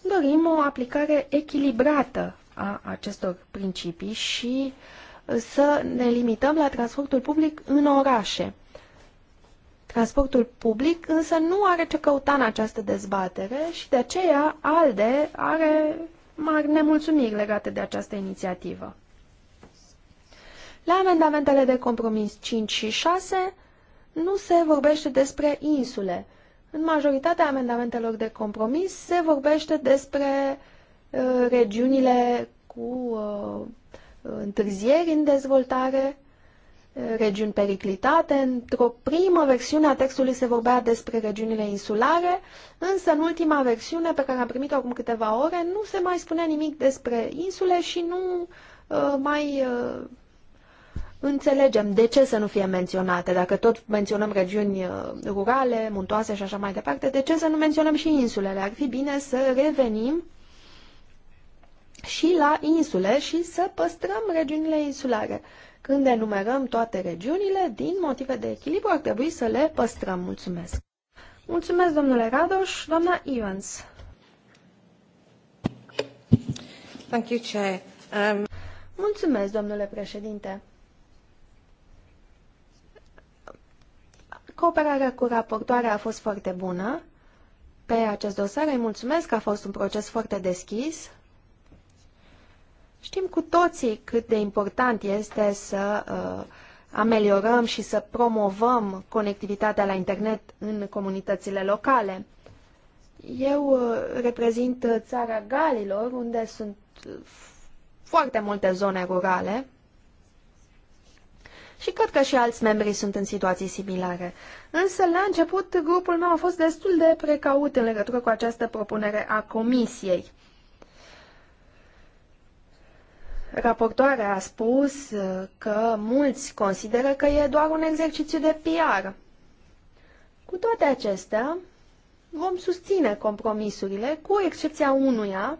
dorim o aplicare echilibrată a acestor principii și uh, să ne limităm la transportul public în orașe. Transportul public însă nu are ce căuta în această dezbatere și de aceea ALDE are mari nemulțumiri legate de această inițiativă. La amendamentele de compromis 5 și 6 nu se vorbește despre insule. În majoritatea amendamentelor de compromis se vorbește despre uh, regiunile cu uh, întârzieri în dezvoltare, uh, regiuni periclitate. Într-o primă versiune a textului se vorbea despre regiunile insulare, însă în ultima versiune pe care am primit-o acum câteva ore nu se mai spunea nimic despre insule și nu uh, mai uh, înțelegem de ce să nu fie menționate. Dacă tot menționăm regiuni uh, rurale, muntoase și așa mai departe, de ce să nu menționăm și insulele? Ar fi bine să revenim și la insule și să păstrăm regiunile insulare. Când enumerăm toate regiunile, din motive de echilibru, ar trebui să le păstrăm. Mulțumesc! Mulțumesc, domnule Radoș, doamna Evans. Thank you, Chair. Um... Mulțumesc, domnule președinte. Cooperarea cu raportoarea a fost foarte bună. Pe acest dosar îi mulțumesc că a fost un proces foarte deschis. Știm cu toții cât de important este să uh, ameliorăm și să promovăm conectivitatea la internet în comunitățile locale. Eu uh, reprezint țara Galilor, unde sunt foarte multe zone rurale și cred că și alți membri sunt în situații similare. Însă, la început, grupul meu a fost destul de precaut în legătură cu această propunere a Comisiei. Raportoarea a spus uh, că mulți consideră că e doar un exercițiu de PR. Cu toate acestea, vom susține compromisurile, cu excepția unuia,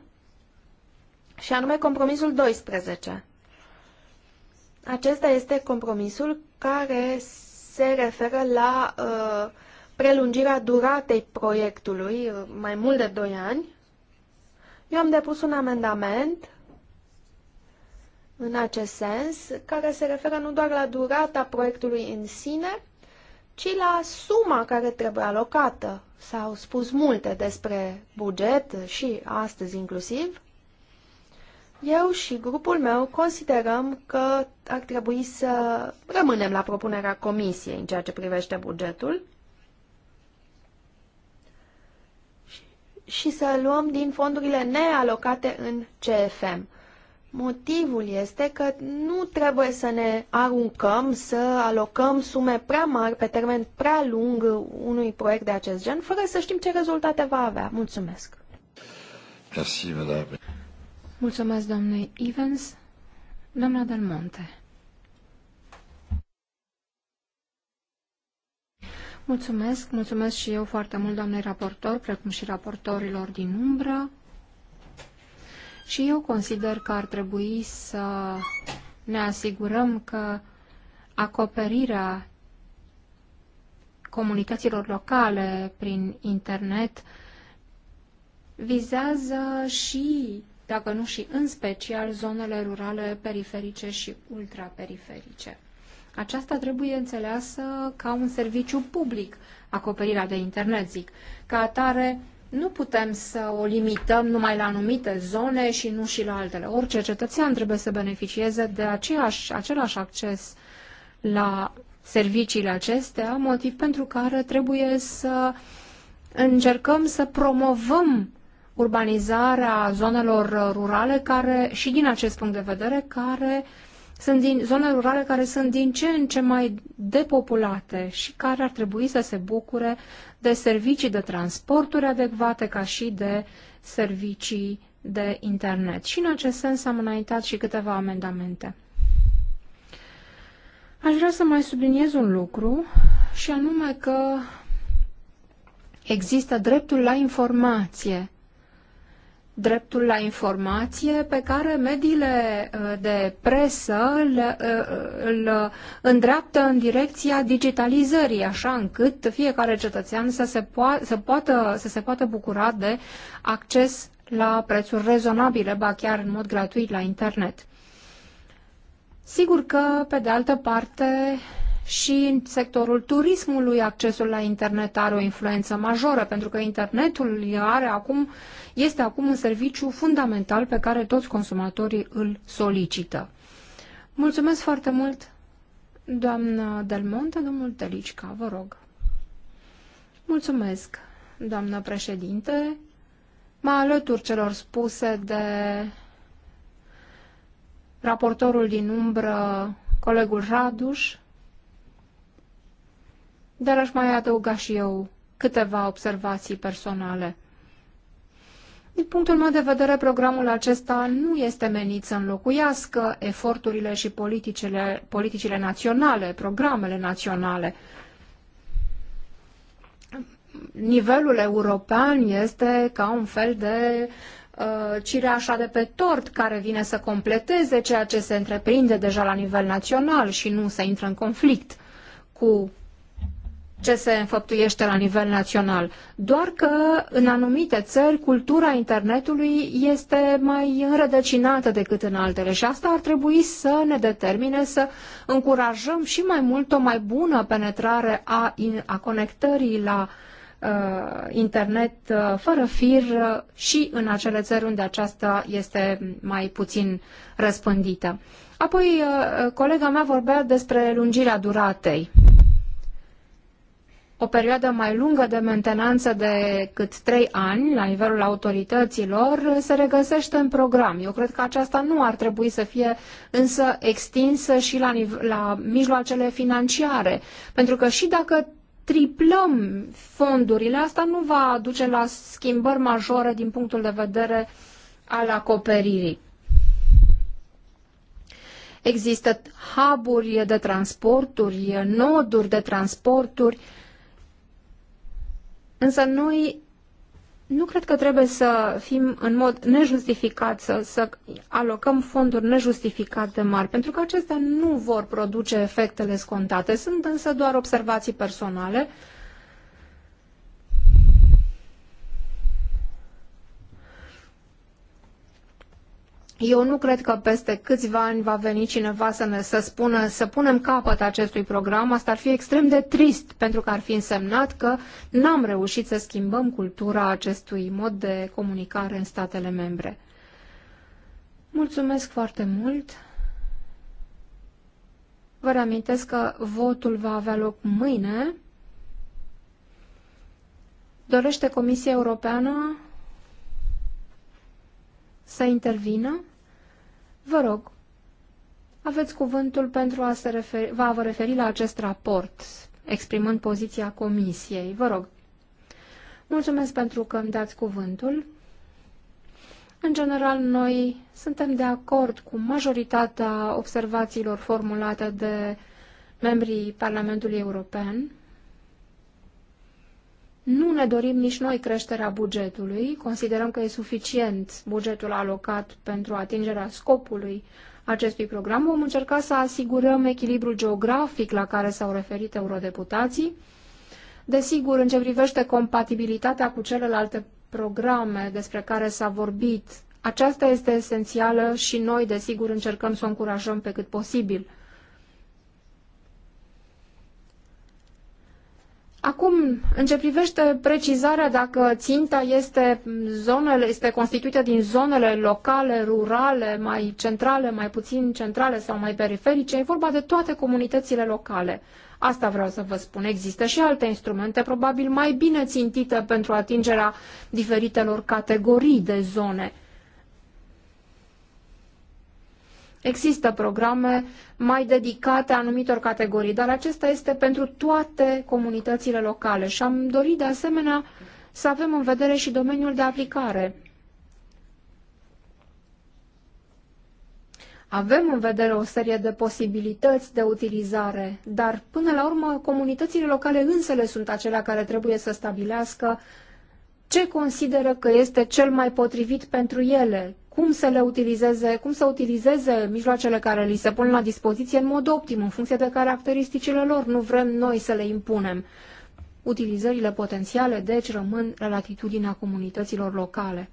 și anume compromisul 12. Acesta este compromisul care se referă la uh, prelungirea duratei proiectului uh, mai mult de 2 ani. Eu am depus un amendament în acest sens, care se referă nu doar la durata proiectului în sine, ci la suma care trebuie alocată. S-au spus multe despre buget și astăzi inclusiv. Eu și grupul meu considerăm că ar trebui să rămânem la propunerea comisiei în ceea ce privește bugetul și să luăm din fondurile nealocate în CFM. Motivul este că nu trebuie să ne aruncăm, să alocăm sume prea mari pe termen prea lung unui proiect de acest gen, fără să știm ce rezultate va avea. Mulțumesc! Merci, madame. Mulțumesc, domnule Evans. Doamna Del Monte. Mulțumesc, mulțumesc și eu foarte mult, doamnei raportor, precum și raportorilor din umbră. Și eu consider că ar trebui să ne asigurăm că acoperirea comunităților locale prin internet vizează și dacă nu și în special zonele rurale periferice și ultraperiferice. Aceasta trebuie înțeleasă ca un serviciu public, acoperirea de internet, zic. Ca atare, nu putem să o limităm numai la anumite zone și nu și la altele. Orice cetățean trebuie să beneficieze de aceeași, același acces la serviciile acestea, motiv pentru care trebuie să încercăm să promovăm urbanizarea zonelor rurale care, și din acest punct de vedere, care sunt din zone rurale care sunt din ce în ce mai depopulate și care ar trebui să se bucure de servicii de transporturi adecvate ca și de servicii de internet. Și în acest sens am înaintat și câteva amendamente. Aș vrea să mai subliniez un lucru și anume că există dreptul la informație dreptul la informație pe care mediile uh, de presă uh, uh, îl, îndreaptă în direcția digitalizării, așa încât fiecare cetățean să se, poa- să, poată, să se poată bucura de acces la prețuri rezonabile, ba chiar în mod gratuit la internet. Sigur că, pe de altă parte, și în sectorul turismului accesul la internet are o influență majoră, pentru că internetul are acum, este acum un serviciu fundamental pe care toți consumatorii îl solicită. Mulțumesc foarte mult, doamnă Del Monte, domnul Telicica, vă rog. Mulțumesc, doamnă președinte. Mă alătur celor spuse de raportorul din umbră, colegul Raduș, dar aș mai adăuga și eu câteva observații personale. Din punctul meu de vedere, programul acesta nu este menit să înlocuiască eforturile și politicile, politicile naționale, programele naționale. Nivelul european este ca un fel de uh, cireașa de pe tort care vine să completeze ceea ce se întreprinde deja la nivel național și nu să intră în conflict cu ce se înfăptuiește la nivel național, doar că în anumite țări cultura internetului este mai înrădăcinată decât în altele și asta ar trebui să ne determine să încurajăm și mai mult o mai bună penetrare a, a conectării la uh, internet uh, fără fir uh, și în acele țări unde aceasta este mai puțin răspândită. Apoi, uh, colega mea vorbea despre lungirea duratei o perioadă mai lungă de mentenanță de cât trei ani la nivelul autorităților se regăsește în program. Eu cred că aceasta nu ar trebui să fie însă extinsă și la, la mijloacele financiare, pentru că și dacă triplăm fondurile, asta nu va duce la schimbări majore din punctul de vedere al acoperirii. Există huburi de transporturi, noduri de transporturi, Însă noi nu cred că trebuie să fim în mod nejustificat, să, să alocăm fonduri nejustificat de mari, pentru că acestea nu vor produce efectele scontate. Sunt însă doar observații personale Eu nu cred că peste câțiva ani va veni cineva să ne să spună să punem capăt acestui program. Asta ar fi extrem de trist, pentru că ar fi însemnat că n-am reușit să schimbăm cultura acestui mod de comunicare în statele membre. Mulțumesc foarte mult! Vă reamintesc că votul va avea loc mâine. Dorește Comisia Europeană să intervină? Vă rog, aveți cuvântul pentru a, se referi, va vă referi la acest raport, exprimând poziția comisiei. Vă rog. Mulțumesc pentru că îmi dați cuvântul. În general, noi suntem de acord cu majoritatea observațiilor formulate de membrii Parlamentului European nu ne dorim nici noi creșterea bugetului, considerăm că e suficient bugetul alocat pentru atingerea scopului acestui program. Vom încerca să asigurăm echilibrul geografic la care s-au referit eurodeputații. Desigur, în ce privește compatibilitatea cu celelalte programe despre care s-a vorbit, aceasta este esențială și noi, desigur, încercăm să o încurajăm pe cât posibil. Acum, în ce privește precizarea dacă ținta este, zonele, este constituită din zonele locale, rurale, mai centrale, mai puțin centrale sau mai periferice, e vorba de toate comunitățile locale. Asta vreau să vă spun. Există și alte instrumente, probabil mai bine țintite pentru atingerea diferitelor categorii de zone. Există programe mai dedicate anumitor categorii, dar acesta este pentru toate comunitățile locale și am dorit de asemenea să avem în vedere și domeniul de aplicare. Avem în vedere o serie de posibilități de utilizare, dar până la urmă comunitățile locale însele sunt acelea care trebuie să stabilească ce consideră că este cel mai potrivit pentru ele, cum să le utilizeze, cum să utilizeze mijloacele care li se pun la dispoziție în mod optim, în funcție de caracteristicile lor. Nu vrem noi să le impunem. Utilizările potențiale, deci, rămân la latitudinea comunităților locale.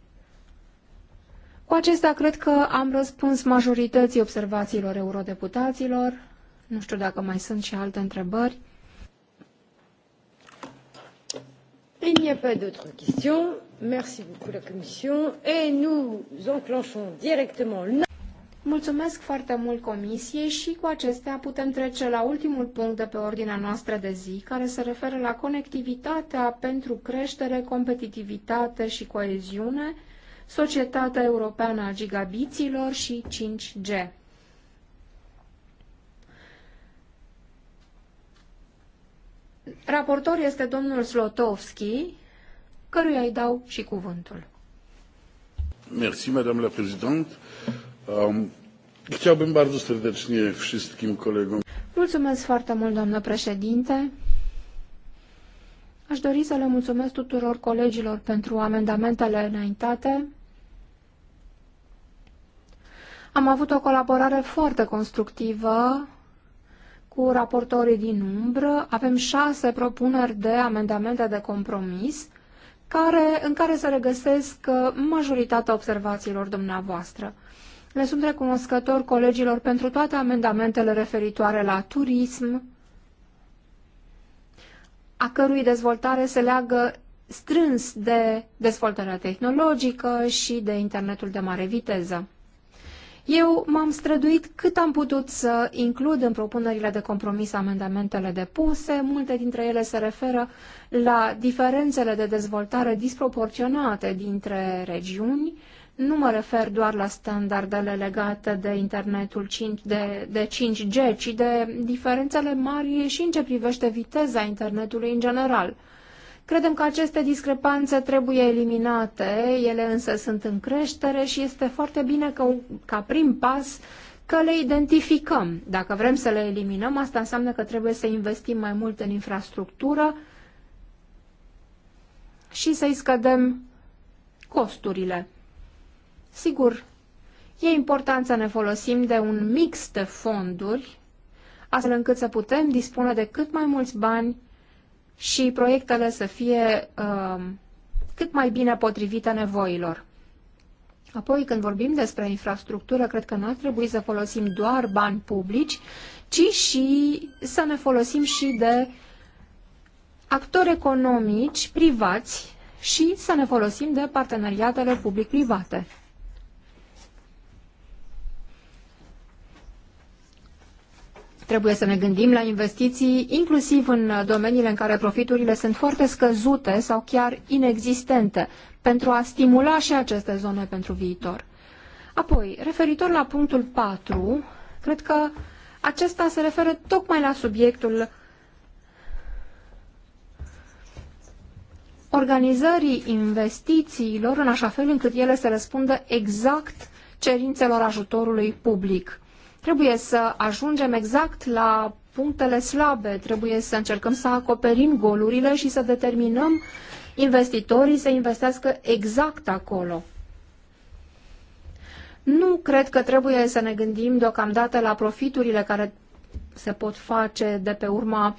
Cu acestea, cred că am răspuns majorității observațiilor eurodeputaților. Nu știu dacă mai sunt și alte întrebări. Il n'y a pas d'autres questions. Merci beaucoup la Commission. Et nous enclenchons directement Mulțumesc foarte mult Comisiei și cu acestea putem trece la ultimul punct de pe ordinea noastră de zi, care se referă la conectivitatea pentru creștere, competitivitate și coeziune, Societatea Europeană a Gigabiților și 5G. Raportor este domnul Slotovski, căruia îi dau și cuvântul. Mersi, madame la președinte. Um, chciałbym bardzo serdecznie wszystkim kolegom. Mulțumesc foarte mult, doamnă președinte. Aș dori să le mulțumesc tuturor colegilor pentru amendamentele înaintate. Am avut o colaborare foarte constructivă cu raportorii din umbră. Avem șase propuneri de amendamente de compromis care, în care se regăsesc uh, majoritatea observațiilor dumneavoastră. Le sunt recunoscător colegilor pentru toate amendamentele referitoare la turism, a cărui dezvoltare se leagă strâns de dezvoltarea tehnologică și de internetul de mare viteză. Eu m-am străduit cât am putut să includ în propunerile de compromis amendamentele depuse, multe dintre ele se referă la diferențele de dezvoltare disproporționate dintre regiuni, nu mă refer doar la standardele legate de internetul 5, de, de 5G, ci de diferențele mari și în ce privește viteza internetului în general. Credem că aceste discrepanțe trebuie eliminate, ele însă sunt în creștere și este foarte bine că, ca prim pas că le identificăm. Dacă vrem să le eliminăm, asta înseamnă că trebuie să investim mai mult în infrastructură și să-i scădem costurile. Sigur, e important să ne folosim de un mix de fonduri, astfel încât să putem dispune de cât mai mulți bani și proiectele să fie uh, cât mai bine potrivite nevoilor. Apoi, când vorbim despre infrastructură, cred că nu ar trebui să folosim doar bani publici, ci și să ne folosim și de actori economici privați și să ne folosim de parteneriatele public-private. Trebuie să ne gândim la investiții, inclusiv în domeniile în care profiturile sunt foarte scăzute sau chiar inexistente, pentru a stimula și aceste zone pentru viitor. Apoi, referitor la punctul 4, cred că acesta se referă tocmai la subiectul organizării investițiilor în așa fel încât ele să răspundă exact cerințelor ajutorului public. Trebuie să ajungem exact la punctele slabe, trebuie să încercăm să acoperim golurile și să determinăm investitorii să investească exact acolo. Nu cred că trebuie să ne gândim deocamdată la profiturile care se pot face de pe urma uh,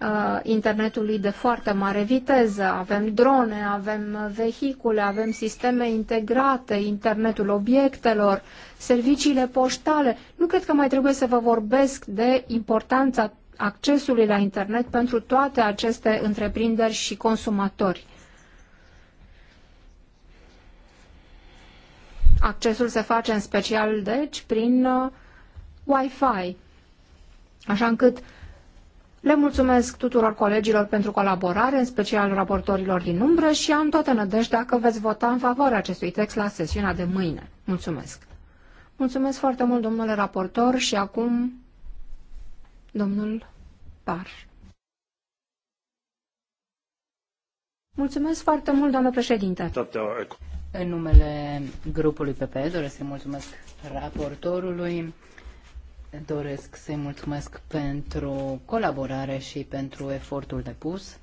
uh, internetului de foarte mare viteză, avem drone, avem vehicule, avem sisteme integrate, internetul obiectelor, serviciile poștale. Nu cred că mai trebuie să vă vorbesc de importanța accesului la internet pentru toate aceste întreprinderi și consumatori. Accesul se face în special, deci, prin uh, Wi-Fi, așa încât uh, le mulțumesc tuturor colegilor pentru colaborare, în special raportorilor din umbră și am toată nădejdea că veți vota în favoarea acestui text la sesiunea de mâine. Mulțumesc! Mulțumesc foarte mult, domnule raportor, și acum domnul Par. Mulțumesc foarte mult, doamnă președinte. În numele grupului PPE, doresc să mulțumesc raportorului doresc să-i mulțumesc pentru colaborare și pentru efortul depus.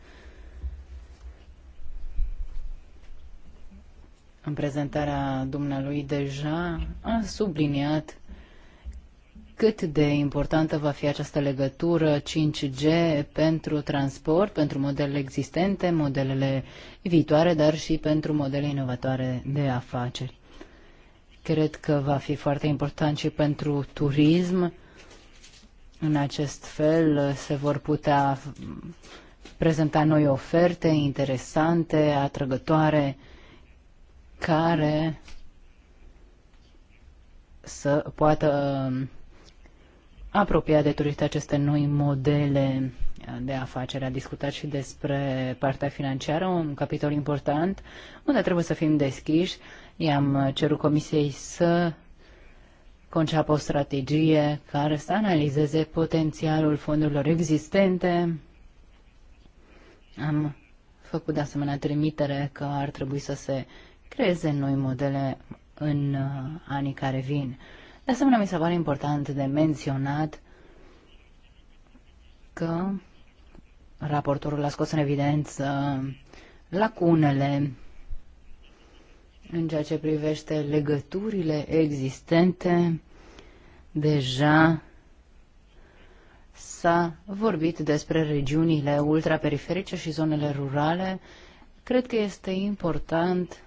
În prezentarea dumnealui deja a subliniat cât de importantă va fi această legătură 5G pentru transport, pentru modelele existente, modelele viitoare, dar și pentru modele inovatoare de afaceri. Cred că va fi foarte important și pentru turism. În acest fel uh, se vor putea mm, prezenta noi oferte interesante, atrăgătoare, care să poată uh, apropia de turiști aceste noi modele de afacere. A discutat și despre partea financiară, un capitol important, unde trebuie să fim deschiși I-am uh, cerut comisiei să conceapă o strategie care să analizeze potențialul fondurilor existente. Am făcut de asemenea trimitere că ar trebui să se creeze noi modele în uh, anii care vin. De asemenea, mi se pare important de menționat că raportorul a scos în evidență lacunele în ceea ce privește legăturile existente, deja s-a vorbit despre regiunile ultraperiferice și zonele rurale. Cred că este important,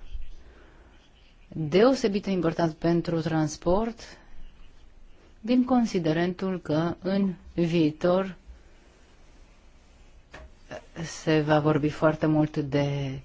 deosebit de important pentru transport, din considerentul că în viitor se va vorbi foarte mult de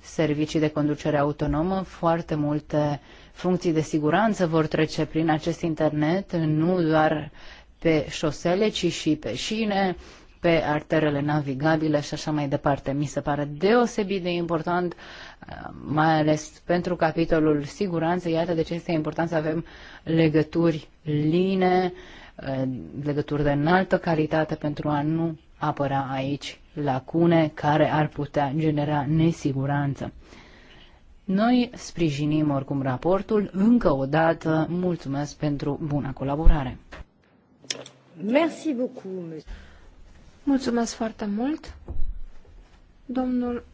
servicii de conducere autonomă, foarte multe funcții de siguranță vor trece prin acest internet, nu doar pe șosele, ci și pe șine, pe arterele navigabile și așa mai departe. Mi se pare deosebit de important, uh, mai ales pentru capitolul siguranță, iată de ce este important să avem legături line, uh, legături de înaltă calitate pentru a nu apăra aici lacune care ar putea genera nesiguranță. Noi sprijinim oricum raportul. Încă o dată, mulțumesc pentru buna colaborare. Merci beaucoup. Mulțumesc foarte mult, domnul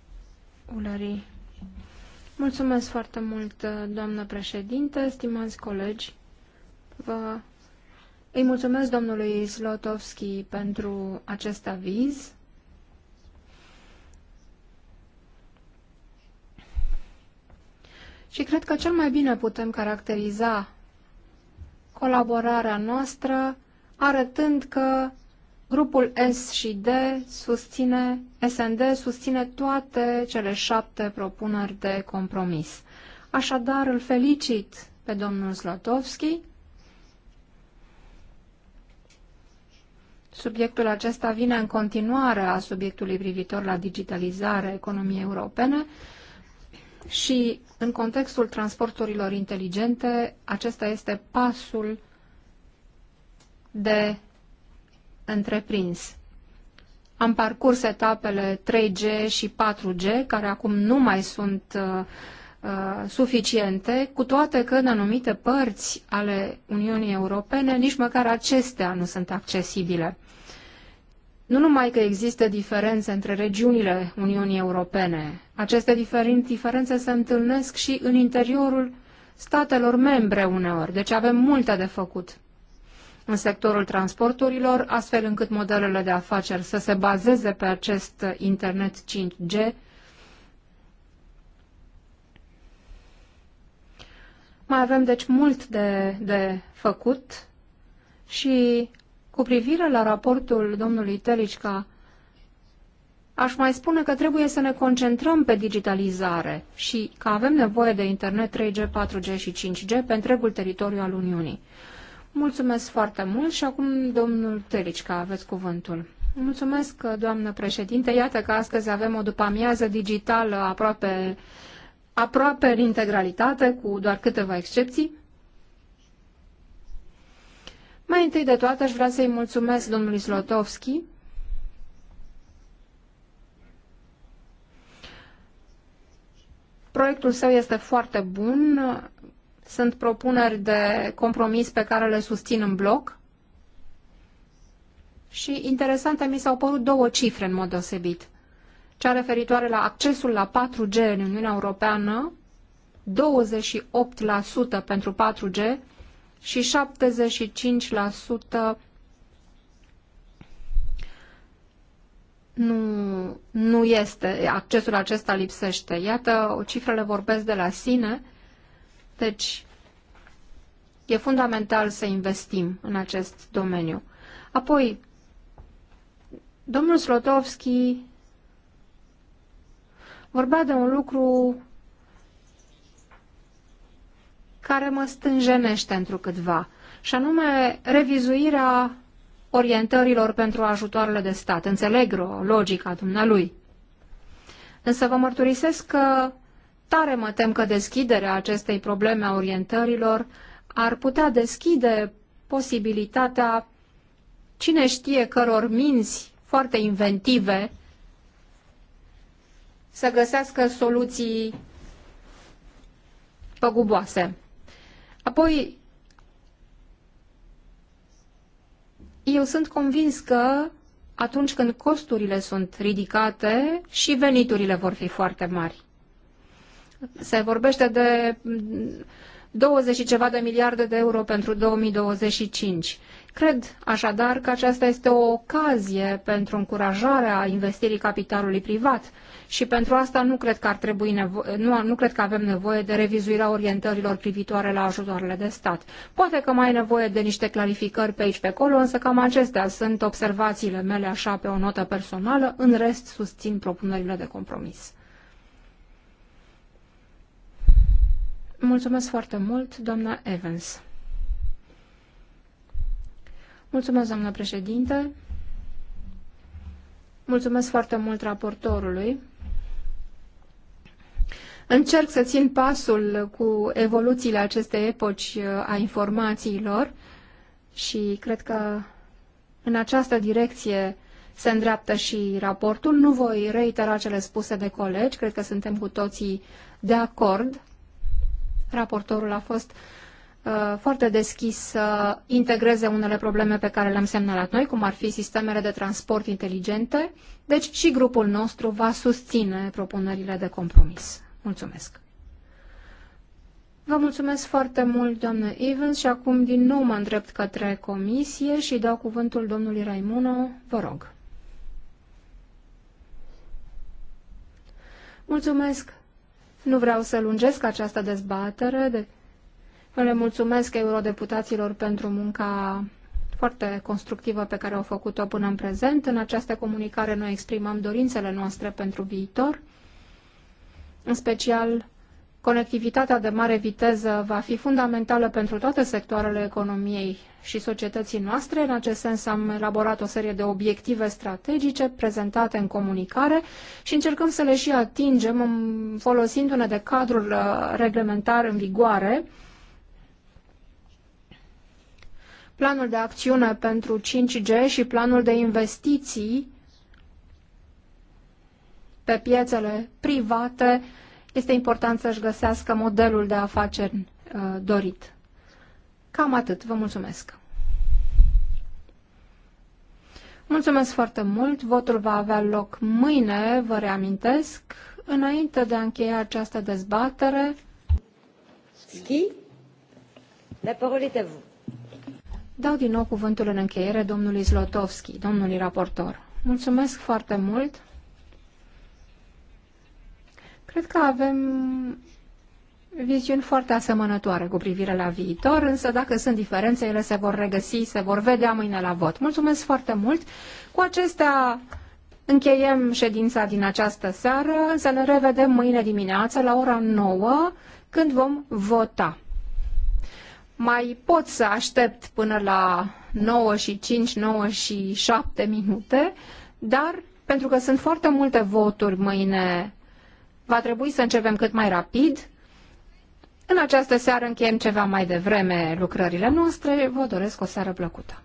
Ulari. Mulțumesc foarte mult, doamnă președintă, stimați colegi. Vă îi mulțumesc domnului Slotovski pentru acest aviz. Și cred că cel mai bine putem caracteriza colaborarea noastră arătând că grupul S și D susține, SND susține toate cele șapte propuneri de compromis. Așadar, îl felicit pe domnul Slotovski Subiectul acesta vine în continuare a subiectului privitor la digitalizarea economiei europene și în contextul transporturilor inteligente, acesta este pasul de întreprins. Am parcurs etapele 3G și 4G, care acum nu mai sunt uh, Uh, suficiente, cu toate că în anumite părți ale Uniunii Europene nici măcar acestea nu sunt accesibile. Nu numai că există diferențe între regiunile Uniunii Europene, aceste diferențe se întâlnesc și în interiorul statelor membre uneori, deci avem multe de făcut în sectorul transporturilor, astfel încât modelele de afaceri să se bazeze pe acest internet 5G Mai avem deci mult de, de făcut și cu privire la raportul domnului Telicca, aș mai spune că trebuie să ne concentrăm pe digitalizare și că avem nevoie de internet 3G, 4G și 5G pe întregul teritoriu al Uniunii. Mulțumesc foarte mult și acum domnul Telicca, aveți cuvântul. Mulțumesc, doamnă președinte. Iată că astăzi avem o după-amiază digitală aproape uh, aproape în integralitate, cu doar câteva excepții. Mai întâi de toate aș vrea să-i mulțumesc domnului Slotovski Proiectul său este foarte bun. Sunt propuneri de compromis pe care le susțin în bloc. Și interesante mi s-au părut două cifre în mod deosebit cea referitoare la accesul la 4G în Uniunea Europeană, 28% pentru 4G și 75% nu, nu este, accesul acesta lipsește. Iată, cifrele vorbesc de la sine, deci e fundamental să investim în acest domeniu. Apoi, domnul Slotovski vorbea de un lucru care mă stânjenește într-o câtva, și anume revizuirea orientărilor pentru ajutoarele de stat. Înțeleg logica dumnealui. Însă vă mărturisesc că tare mă tem că deschiderea acestei probleme a orientărilor ar putea deschide posibilitatea cine știe căror minți foarte inventive să găsească soluții păguboase. Apoi, eu sunt convins că atunci când costurile sunt ridicate și veniturile vor fi foarte mari. Se vorbește de 20 și ceva de miliarde de euro pentru 2025. Cred așadar că aceasta este o ocazie pentru încurajarea investirii capitalului privat și pentru asta nu cred că, ar trebui nevo- nu, nu cred că avem nevoie de revizuirea orientărilor privitoare la ajutoarele de stat. Poate că mai e nevoie de niște clarificări pe aici pe acolo, însă cam acestea sunt observațiile mele așa pe o notă personală, în rest susțin propunerile de compromis. Mulțumesc foarte mult, doamna Evans. Mulțumesc, doamnă președinte. Mulțumesc foarte mult raportorului. Încerc să țin pasul cu evoluțiile acestei epoci uh, a informațiilor și cred că în această direcție se îndreaptă și raportul. Nu voi reitera cele spuse de colegi, cred că suntem cu toții de acord. Raportorul a fost uh, foarte deschis să integreze unele probleme pe care le-am semnalat noi, cum ar fi sistemele de transport inteligente, deci și grupul nostru va susține propunerile de compromis. Mulțumesc! Vă mulțumesc foarte mult, doamnă Evans, și acum din nou mă îndrept către comisie și dau cuvântul domnului Raimuno. Vă rog. Mulțumesc. Nu vreau să lungesc această dezbatere. De... Le mulțumesc eurodeputaților pentru munca foarte constructivă pe care au făcut-o până în prezent. În această comunicare noi exprimăm dorințele noastre pentru viitor. În special, conectivitatea de mare viteză va fi fundamentală pentru toate sectoarele economiei și societății noastre. În acest sens am elaborat o serie de obiective strategice prezentate în comunicare și încercăm să le și atingem um, folosindu-ne de cadrul uh, reglementar în vigoare, planul de acțiune pentru 5G și planul de investiții pe piețele private, este important să-și găsească modelul de afaceri uh, dorit. Cam atât. Vă mulțumesc. Mulțumesc foarte mult. Votul va avea loc mâine, vă reamintesc. Înainte de a încheia această dezbatere... Ski. La parole est à vous. Dau din nou cuvântul în încheiere domnului Zlotovski, domnului raportor. Mulțumesc foarte mult. Cred că avem viziuni foarte asemănătoare cu privire la viitor, însă dacă sunt diferențe, ele se vor regăsi, se vor vedea mâine la vot. Mulțumesc foarte mult! Cu acestea încheiem ședința din această seară, Să ne revedem mâine dimineață la ora 9, când vom vota. Mai pot să aștept până la 9 și 5, 9 și 7 minute, dar pentru că sunt foarte multe voturi mâine va trebui să începem cât mai rapid. În această seară încheiem ceva mai devreme lucrările noastre. Vă doresc o seară plăcută.